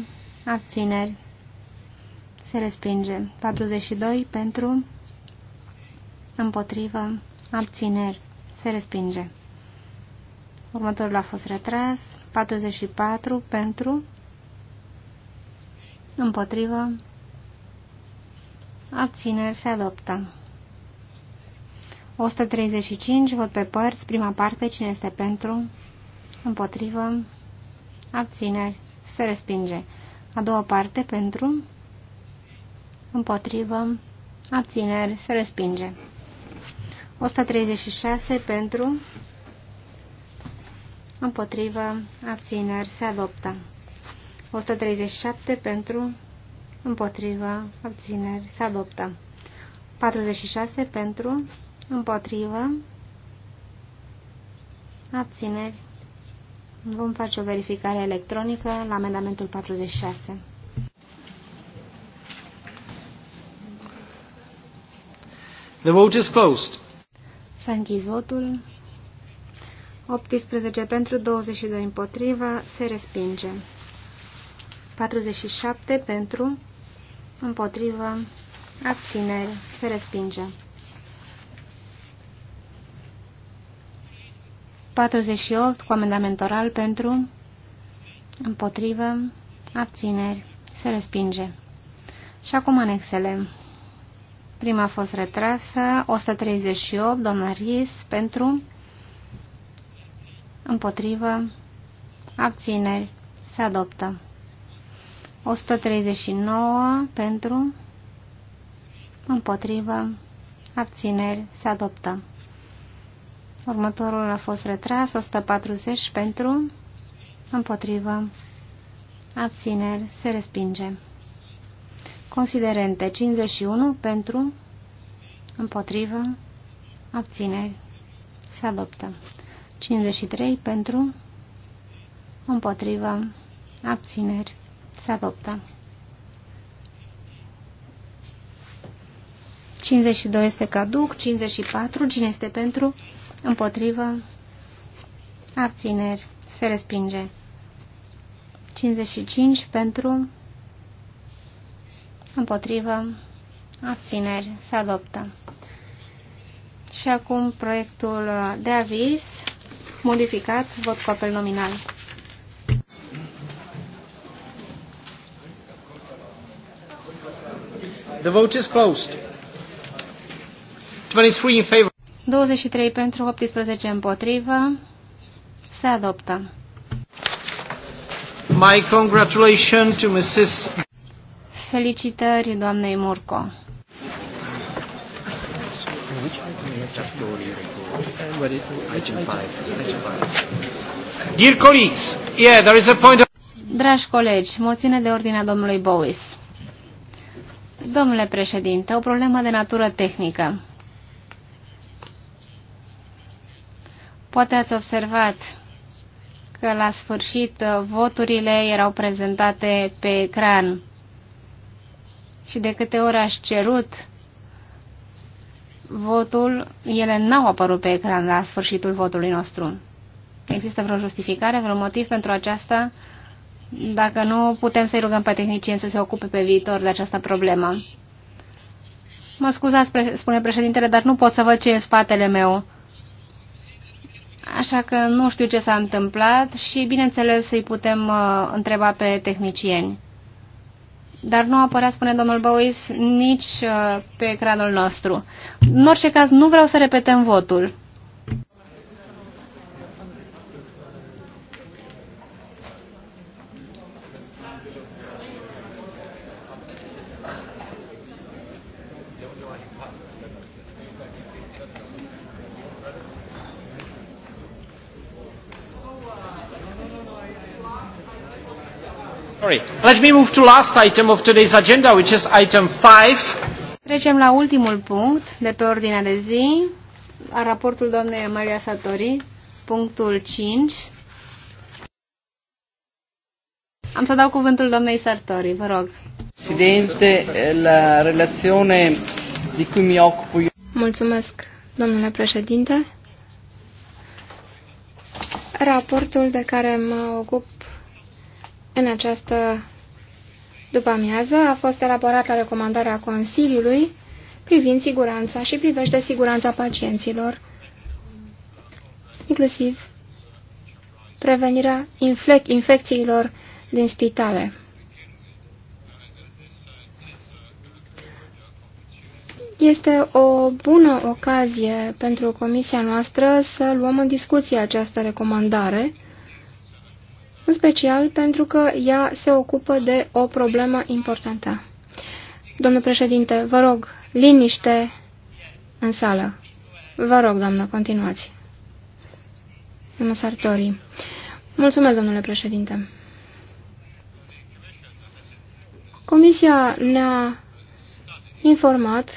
abțineri, se respinge. 42 pentru, împotrivă, abțineri, se respinge. Următorul a fost retras, 44 pentru, împotrivă, abțineri, se adoptă. 135, vot pe părți, prima parte, cine este pentru, împotrivă, abțineri, se respinge. A doua parte, pentru, împotrivă, abțineri, se respinge. 136 pentru, împotrivă, abțineri, se adoptă. 137 pentru, împotriva, abțineri, se adoptă. 46 pentru, împotrivă, abțineri. Vom face o verificare electronică la amendamentul 46. The vote is closed. S-a închis votul. 18 pentru, 22 împotriva, se respinge. 47 pentru, împotrivă, abțineri, se respinge. 48 cu amendament oral pentru, împotrivă, abțineri, se respinge. Și acum anexele. Prima a fost retrasă, 138, doamna Ries, pentru, împotrivă, abțineri, se adoptă. 139 pentru, împotrivă, abțineri, se adoptă. Următorul a fost retras, 140 pentru, împotrivă, abțineri, se respinge. Considerente 51 pentru, împotrivă, abțineri, se adoptă. 53 pentru, împotrivă, abțineri, se adoptă. 52 este caduc, 54, cine este pentru, împotrivă, abțineri, se respinge. 55 pentru, împotrivă, abțineri, se adoptă. Și acum proiectul de aviz modificat, vot cu apel nominal. The vote is closed. 23 in favor. 23 pentru, 18 împotrivă. Se adoptă. My congratulations to Mrs. Felicitări doamnei Murco. Dear colleagues, yeah, there is a point of... Dragi colegi, moțiune de ordine a domnului Bowis. Domnule președinte, o problemă de natură tehnică. Poate ați observat că la sfârșit uh, voturile erau prezentate pe ecran și de câte ori aș cerut votul, ele n-au apărut pe ecran la sfârșitul votului nostru. Există vreo justificare, vreun motiv pentru aceasta? dacă nu putem să-i rugăm pe tehnicieni să se ocupe pe viitor de această problemă. Mă scuzați, spune președintele, dar nu pot să văd ce e în spatele meu. Așa că nu știu ce s-a întâmplat și, bineînțeles, îi putem uh, întreba pe tehnicieni. Dar nu apărea, spune domnul Bowis, nici uh, pe ecranul nostru. În orice caz, nu vreau să repetăm votul. sorry. Let me move to last item of today's agenda, which is item 5. Trecem la ultimul punct de pe ordinea de zi, a raportul doamnei Maria Satori, punctul 5. Am să dau cuvântul doamnei Sartori, vă rog. Presidente, la relazione di cui mi occupo io. Mulțumesc, domnule președinte. Raportul de care mă ocup în această după-amiază a fost elaborată recomandarea Consiliului privind siguranța și privește siguranța pacienților, inclusiv prevenirea infec infecțiilor din spitale. Este o bună ocazie pentru comisia noastră să luăm în discuție această recomandare în special pentru că ea se ocupă de o problemă importantă. Domnul președinte, vă rog, liniște în sală. Vă rog, doamnă, continuați. Domnul Sartori. Mulțumesc, domnule președinte. Comisia ne-a informat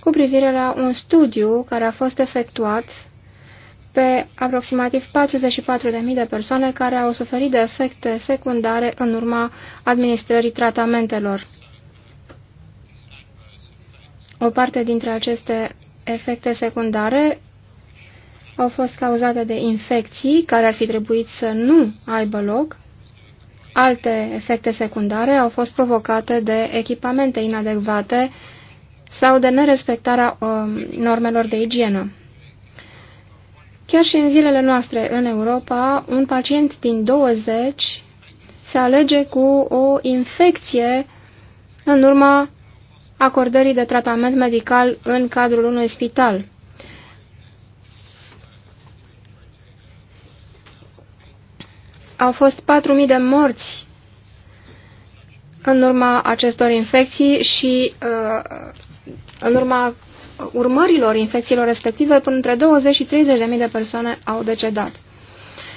cu privire la un studiu care a fost efectuat pe aproximativ 44.000 de persoane care au suferit de efecte secundare în urma administrării tratamentelor. O parte dintre aceste efecte secundare au fost cauzate de infecții care ar fi trebuit să nu aibă loc. Alte efecte secundare au fost provocate de echipamente inadecvate sau de nerespectarea um, normelor de igienă. Chiar și în zilele noastre în Europa, un pacient din 20 se alege cu o infecție în urma acordării de tratament medical în cadrul unui spital. Au fost 4.000 de morți în urma acestor infecții și uh, în urma urmărilor infecțiilor respective, până între 20 și 30 de mii de persoane au decedat.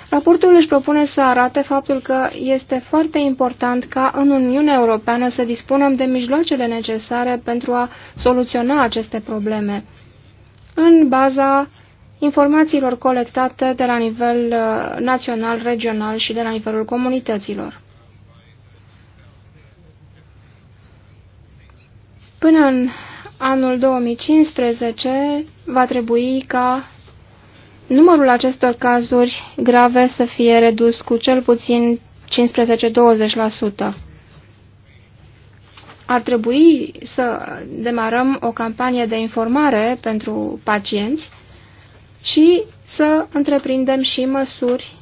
Raportul își propune să arate faptul că este foarte important ca în Uniunea Europeană să dispunem de mijloacele necesare pentru a soluționa aceste probleme, în baza informațiilor colectate de la nivel uh, național, regional și de la nivelul comunităților. Până în anul 2015 va trebui ca numărul acestor cazuri grave să fie redus cu cel puțin 15-20%. Ar trebui să demarăm o campanie de informare pentru pacienți și să întreprindem și măsuri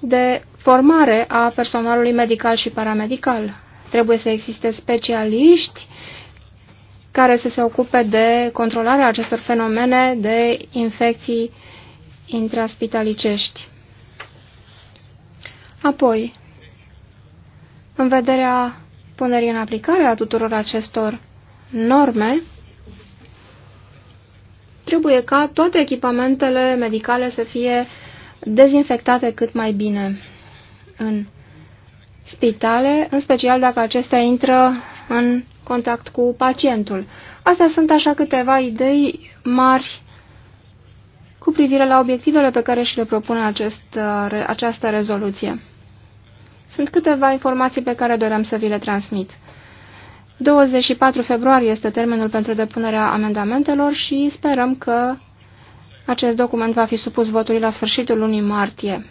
de formare a personalului medical și paramedical. Trebuie să existe specialiști care să se ocupe de controlarea acestor fenomene de infecții intraspitalicești. Apoi, în vederea punerii în aplicare a tuturor acestor norme, trebuie ca toate echipamentele medicale să fie dezinfectate cât mai bine în spitale, în special dacă acestea intră în contact cu pacientul. Astea sunt așa câteva idei mari cu privire la obiectivele pe care și le propune acest, această rezoluție. Sunt câteva informații pe care doream să vi le transmit. 24 februarie este termenul pentru depunerea amendamentelor și sperăm că acest document va fi supus votului la sfârșitul lunii martie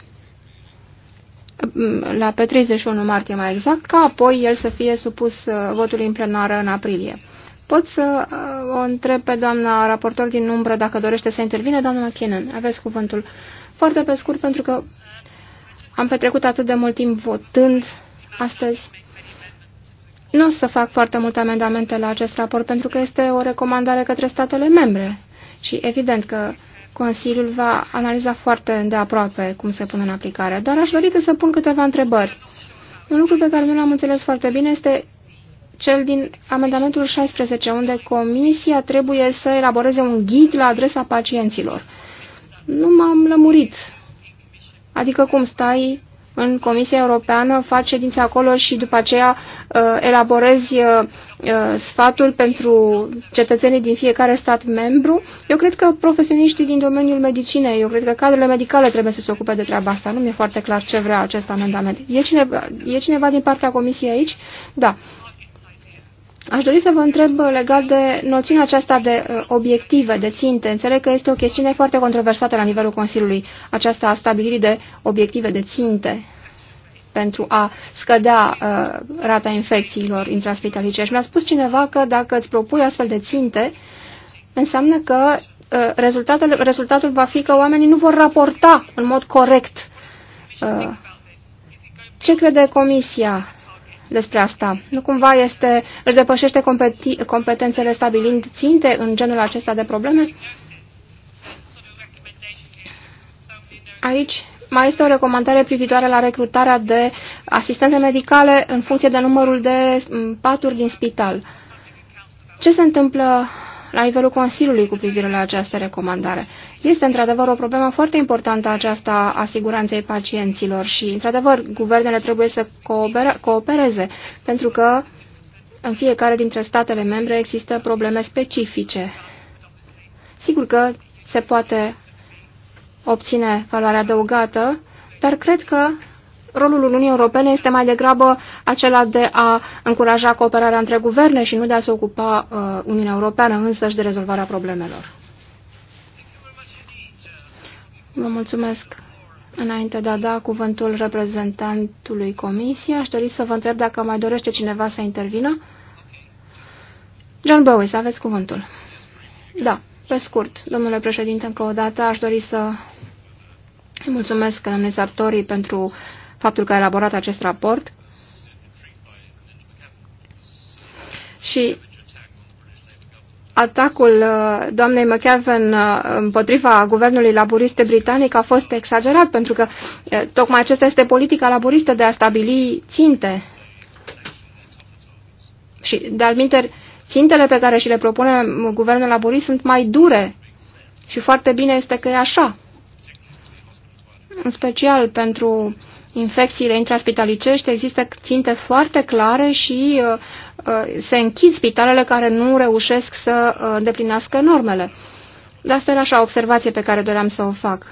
la pe 31 martie mai exact, ca apoi el să fie supus uh, votului în plenară în aprilie. Pot să uh, o întreb pe doamna raportor din umbră dacă dorește să intervine, doamna McKinnon. Aveți cuvântul foarte pe scurt, pentru că am petrecut atât de mult timp votând astăzi. Nu o să fac foarte multe amendamente la acest raport, pentru că este o recomandare către statele membre. Și evident că Consiliul va analiza foarte de aproape cum se pune în aplicare, dar aș dori să pun câteva întrebări. Un lucru pe care nu l-am înțeles foarte bine este cel din amendamentul 16, unde comisia trebuie să elaboreze un ghid la adresa pacienților. Nu m-am lămurit. Adică cum stai în Comisia Europeană, faci ședințe acolo și după aceea uh, elaborezi uh, Uh, sfatul pentru cetățenii din fiecare stat membru. Eu cred că profesioniștii din domeniul medicinei, eu cred că cadrele medicale trebuie să se ocupe de treaba asta. Nu mi-e foarte clar ce vrea acest amendament. E cineva, e cineva din partea comisiei aici? Da. Aș dori să vă întreb legat de noțiunea aceasta de uh, obiective, de ținte. Înțeleg că este o chestiune foarte controversată la nivelul Consiliului, aceasta a stabilirii de obiective, de ținte pentru a scădea uh, rata infecțiilor intraspitalice. Și mi-a spus cineva că dacă îți propui astfel de ținte, înseamnă că uh, rezultatul, rezultatul va fi că oamenii nu vor raporta în mod corect. Uh, ce crede Comisia despre asta. Nu cumva este, își depășește competențele stabilind ținte în genul acesta de probleme? Aici mai este o recomandare privitoare la recrutarea de asistente medicale în funcție de numărul de paturi din spital. Ce se întâmplă la nivelul Consiliului cu privire la această recomandare? Este într-adevăr o problemă foarte importantă aceasta a siguranței pacienților și, într-adevăr, guvernele trebuie să coopereze, pentru că în fiecare dintre statele membre există probleme specifice. Sigur că se poate obține valoare adăugată, dar cred că rolul Uniunii Europene este mai degrabă acela de a încuraja cooperarea între guverne și nu de a se ocupa uh, Uniunea Europeană însăși de rezolvarea problemelor. Vă mulțumesc. Înainte de a da cuvântul reprezentantului Comisiei, aș dori să vă întreb dacă mai dorește cineva să intervină. John Bowies, aveți cuvântul. Da, pe scurt, domnule președinte, încă o dată aș dori să îi mulțumesc doamnei Sartori pentru faptul că a elaborat acest raport. Și atacul uh, doamnei McKevin uh, împotriva guvernului laburiste britanic a fost exagerat, pentru că uh, tocmai acesta este politica laburistă de a stabili ținte. Și, de alminter, țintele pe care și le propune guvernul laburist sunt mai dure și foarte bine este că e așa în special pentru infecțiile intraspitalicești, există ținte foarte clare și uh, uh, se închid spitalele care nu reușesc să uh, îndeplinească normele. De asta era așa o observație pe care doream să o fac.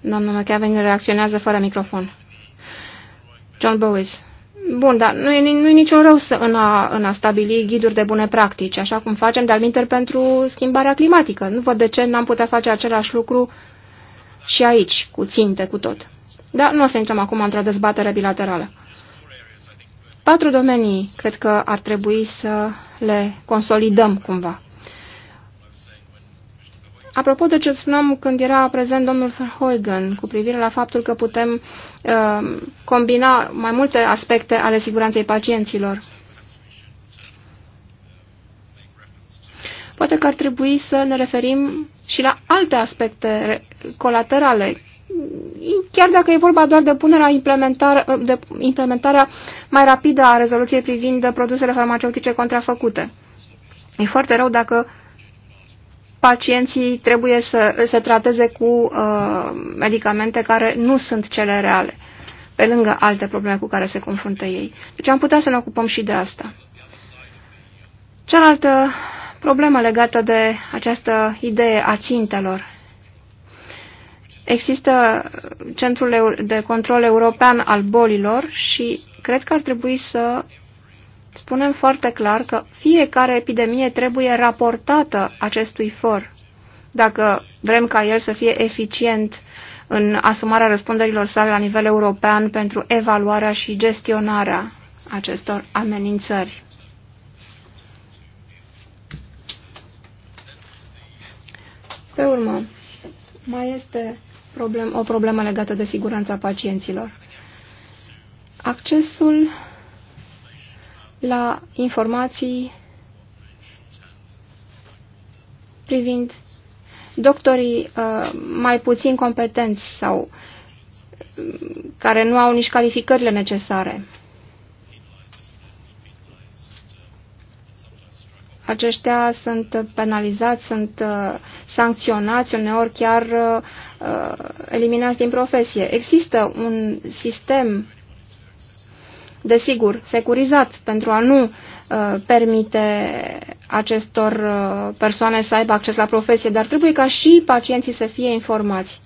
Doamna McAven reacționează fără microfon. John Bowies. Bun, dar nu e, nu e niciun rău să, în, a, în a stabili ghiduri de bune practici, așa cum facem de-al pentru schimbarea climatică. Nu văd de ce n-am putea face același lucru și aici, cu ținte, cu tot. Dar nu o să intrăm acum într-o dezbatere bilaterală. Patru domenii cred că ar trebui să le consolidăm cumva. Apropo de ce spuneam când era prezent domnul Verhoeven cu privire la faptul că putem uh, combina mai multe aspecte ale siguranței pacienților, poate că ar trebui să ne referim și la alte aspecte colaterale, chiar dacă e vorba doar de punerea implementar, de implementarea mai rapidă a rezoluției privind produsele farmaceutice contrafăcute. E foarte rău dacă pacienții trebuie să se trateze cu uh, medicamente care nu sunt cele reale, pe lângă alte probleme cu care se confruntă ei. Deci am putea să ne ocupăm și de asta. Cealaltă problemă legată de această idee a țintelor. Există Centrul de Control European al Bolilor și cred că ar trebui să spunem foarte clar că fiecare epidemie trebuie raportată acestui for, dacă vrem ca el să fie eficient în asumarea răspunderilor sale la nivel european pentru evaluarea și gestionarea acestor amenințări. Pe urmă, mai este problem, o problemă legată de siguranța pacienților. Accesul la informații privind doctorii uh, mai puțin competenți sau mm, care nu au nici calificările necesare. aceștia sunt penalizați, sunt uh, sancționați, uneori chiar uh, uh, eliminați din profesie. Există un sistem, desigur, securizat pentru a nu permite acestor persoane să aibă acces la profesie, dar trebuie ca și pacienții să fie informați.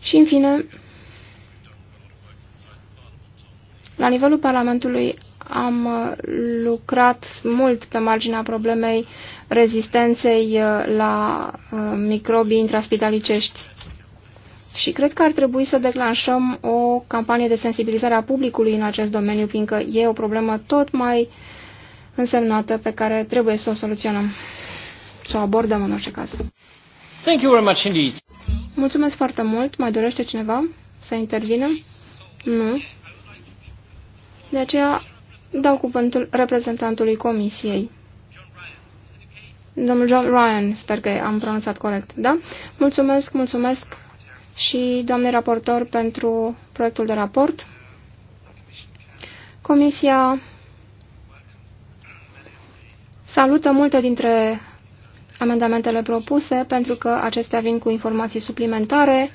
Și, în fine, la nivelul Parlamentului am uh, lucrat mult pe marginea problemei rezistenței uh, la uh, microbii intraspitalicești. Și cred că ar trebui să declanșăm o campanie de sensibilizare a publicului în acest domeniu, fiindcă e o problemă tot mai însemnată pe care trebuie să o soluționăm, să o abordăm în orice caz. Thank you very much indeed. Mulțumesc foarte mult. Mai dorește cineva să intervină? Nu. De aceea Dau cuvântul reprezentantului Comisiei. Domnul John Ryan, sper că am pronunțat corect, da? Mulțumesc, mulțumesc și doamnei raportor pentru proiectul de raport. Comisia salută multe dintre amendamentele propuse pentru că acestea vin cu informații suplimentare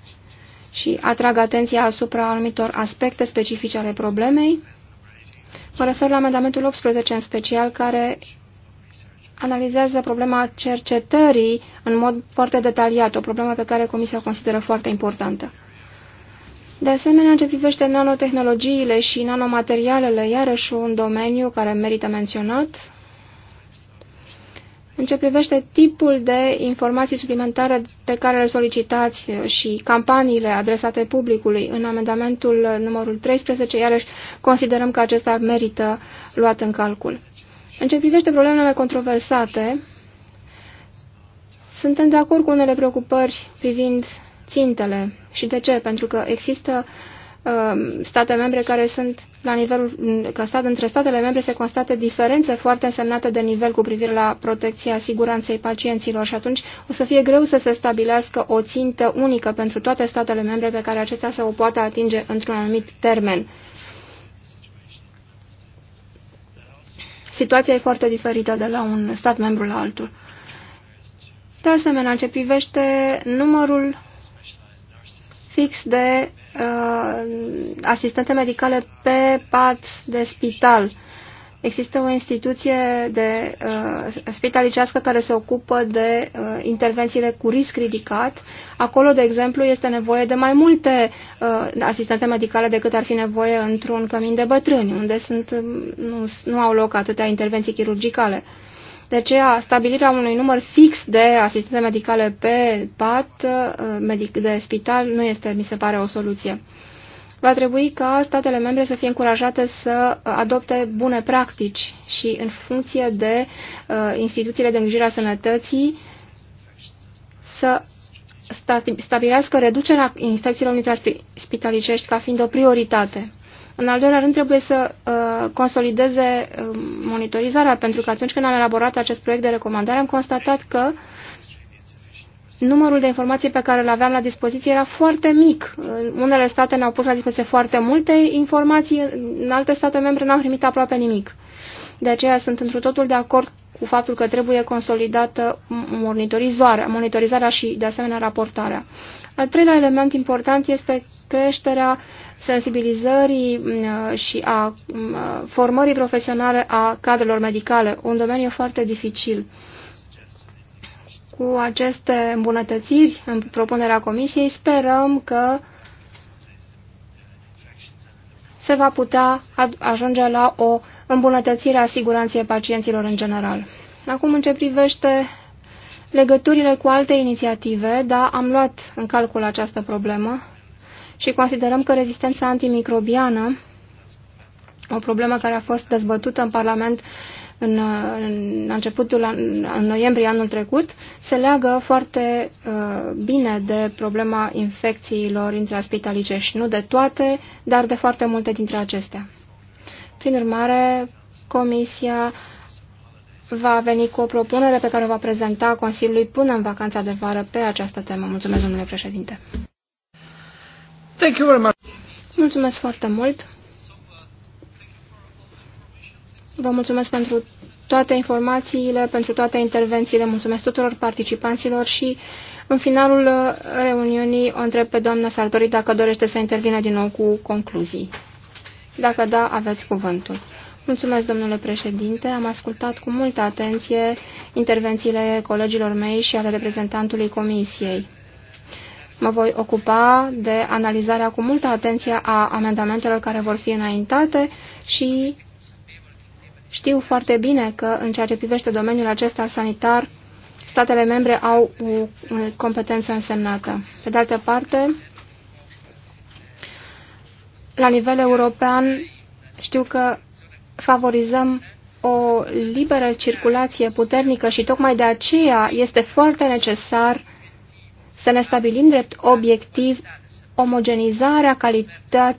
și atrag atenția asupra anumitor aspecte specifice ale problemei. Mă refer la amendamentul 18 în special, care analizează problema cercetării în mod foarte detaliat, o problemă pe care Comisia o consideră foarte importantă. De asemenea, în ce privește nanotehnologiile și nanomaterialele, iarăși un domeniu care merită menționat, în ce privește tipul de informații suplimentare pe care le solicitați și campaniile adresate publicului în amendamentul numărul 13, iarăși considerăm că acesta merită luat în calcul. În ce privește problemele controversate, suntem de acord cu unele preocupări privind țintele. Și de ce? Pentru că există uh, Um, state membre care sunt la nivelul, că stat, între statele membre se constată diferențe foarte însemnate de nivel cu privire la protecția siguranței pacienților și atunci o să fie greu să se stabilească o țintă unică pentru toate statele membre pe care acestea să o poată atinge într-un anumit termen. Situația e foarte diferită de la un stat membru la altul. De asemenea, ce privește numărul fix de Uh, asistente medicale pe pat de spital. Există o instituție de uh, spitalicească care se ocupă de uh, intervențiile cu risc ridicat. Acolo, de exemplu, este nevoie de mai multe uh, asistente medicale decât ar fi nevoie într-un cămin de bătrâni, unde sunt, nu, nu au loc atâtea intervenții chirurgicale. Uh, de aceea, stabilirea unui număr fix de asistente medicale pe pat, uh, de spital, nu este, mi se pare, o soluție. Va trebui ca statele membre să fie încurajate să adopte bune practici și în funcție de uh, instituțiile de îngrijire a sănătății să stabilească reducerea infecțiilor intraspitalicești ca fiind o prioritate. În al doilea rând, trebuie să uh, consolideze uh, monitorizarea, pentru că atunci când am elaborat acest proiect de recomandare, am constatat că numărul de informații pe care le aveam la dispoziție era foarte mic. Uh, unele state ne-au pus la dispoziție foarte multe informații, în alte state membre n au primit aproape nimic. De aceea sunt într totul de acord cu faptul că trebuie consolidată monitorizarea, monitorizarea și, de asemenea, raportarea. Al treilea element important este creșterea sensibilizării mm, și a mm, formării profesionale a cadrelor medicale, un domeniu foarte dificil. Cu aceste îmbunătățiri în propunerea comisiei, sperăm că se va putea ajunge la o îmbunătățire a siguranței pacienților în general. Acum, în ce privește legăturile cu alte inițiative, da, am luat în calcul această problemă și considerăm că rezistența antimicrobiană, o problemă care a fost dezbătută în Parlament în, în începutul, în, în noiembrie anul trecut, se leagă foarte uh, bine de problema infecțiilor intraspitalice și nu de toate, dar de foarte multe dintre acestea. Prin urmare, Comisia va veni cu o propunere pe care o va prezenta Consiliului până în vacanța de vară pe această temă. Mulțumesc, domnule președinte. Thank you very much. Mulțumesc foarte mult. Vă mulțumesc pentru toate informațiile, pentru toate intervențiile. Mulțumesc tuturor participanților și în finalul reuniunii o întreb pe doamna Sartori dacă dorește să intervină din nou cu concluzii. Dacă da, aveți cuvântul. Mulțumesc, domnule președinte. Am ascultat cu multă atenție intervențiile colegilor mei și ale reprezentantului comisiei. Mă voi ocupa de analizarea cu multă atenție a amendamentelor care vor fi înaintate și știu foarte bine că în ceea ce privește domeniul acesta sanitar, statele membre au o competență însemnată. Pe de altă parte, la nivel european, știu că favorizăm o liberă circulație puternică și tocmai de aceea este foarte necesar să ne stabilim drept obiectiv omogenizarea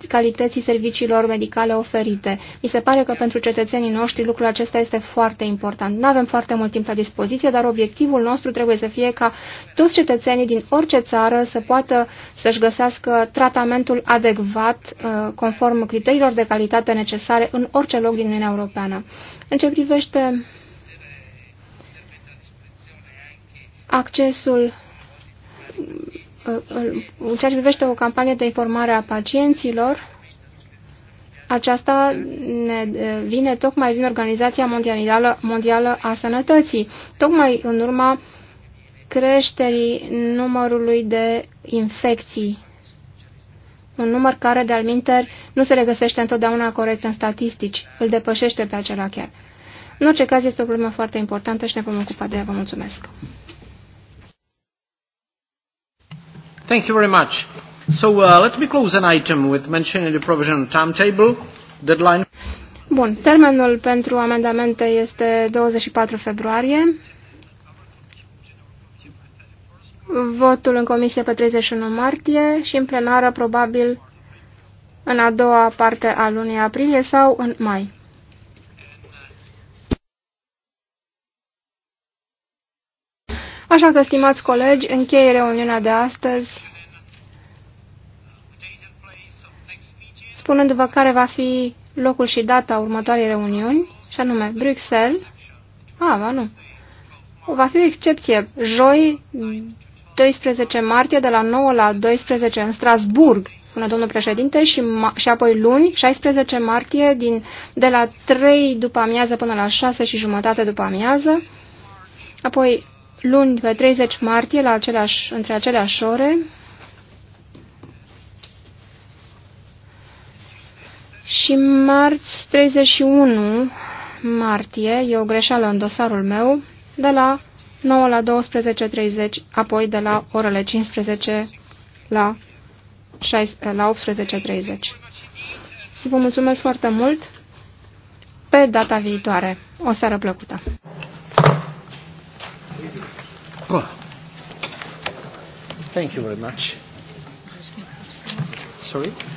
calității serviciilor medicale oferite. Mi se pare că pentru cetățenii noștri lucrul acesta este foarte important. Nu avem foarte mult timp la dispoziție, dar obiectivul nostru trebuie să fie ca toți cetățenii din orice țară să poată să-și găsească tratamentul adecvat uh, conform criteriilor de calitate necesare în orice loc din Uniunea Europeană. În ce privește accesul în ceea ce privește o campanie de informare a pacienților, aceasta ne eh, vine tocmai din Organizația Mondială, Mondială a Sănătății, tocmai în urma creșterii numărului de infecții. Un număr care, de-al nu se regăsește întotdeauna corect în statistici, îl depășește pe acela chiar. În orice caz, este o problemă foarte importantă și ne vom ocupa de ea. Vă mulțumesc! Thank you very much. So uh, let me close an item with mentioning the provision timetable, deadline. Bun, termenul pentru amendamente este 24 februarie. Votul în comisie pe 31 martie și în plenară probabil în a doua parte a lunii aprilie sau în mai. Așa că, stimați colegi, încheie reuniunea de astăzi spunându-vă care va fi locul și data următoarei reuniuni, și anume Bruxelles. A, va nu. Va fi o excepție. Joi, 12 martie, de la 9 la 12 în Strasburg, spune domnul președinte, și, și apoi luni, 16 martie, din, de la 3 după amiază până la 6 și jumătate după amiază. Apoi, luni, pe 30 martie, la aceleași, între aceleași ore. Și marți 31 martie, e o greșeală în dosarul meu, de la 9 la 12.30, apoi de la orele 15 la, 6, la 18.30. Vă mulțumesc foarte mult! Pe data viitoare! O seară plăcută! Thank you very much. Sorry?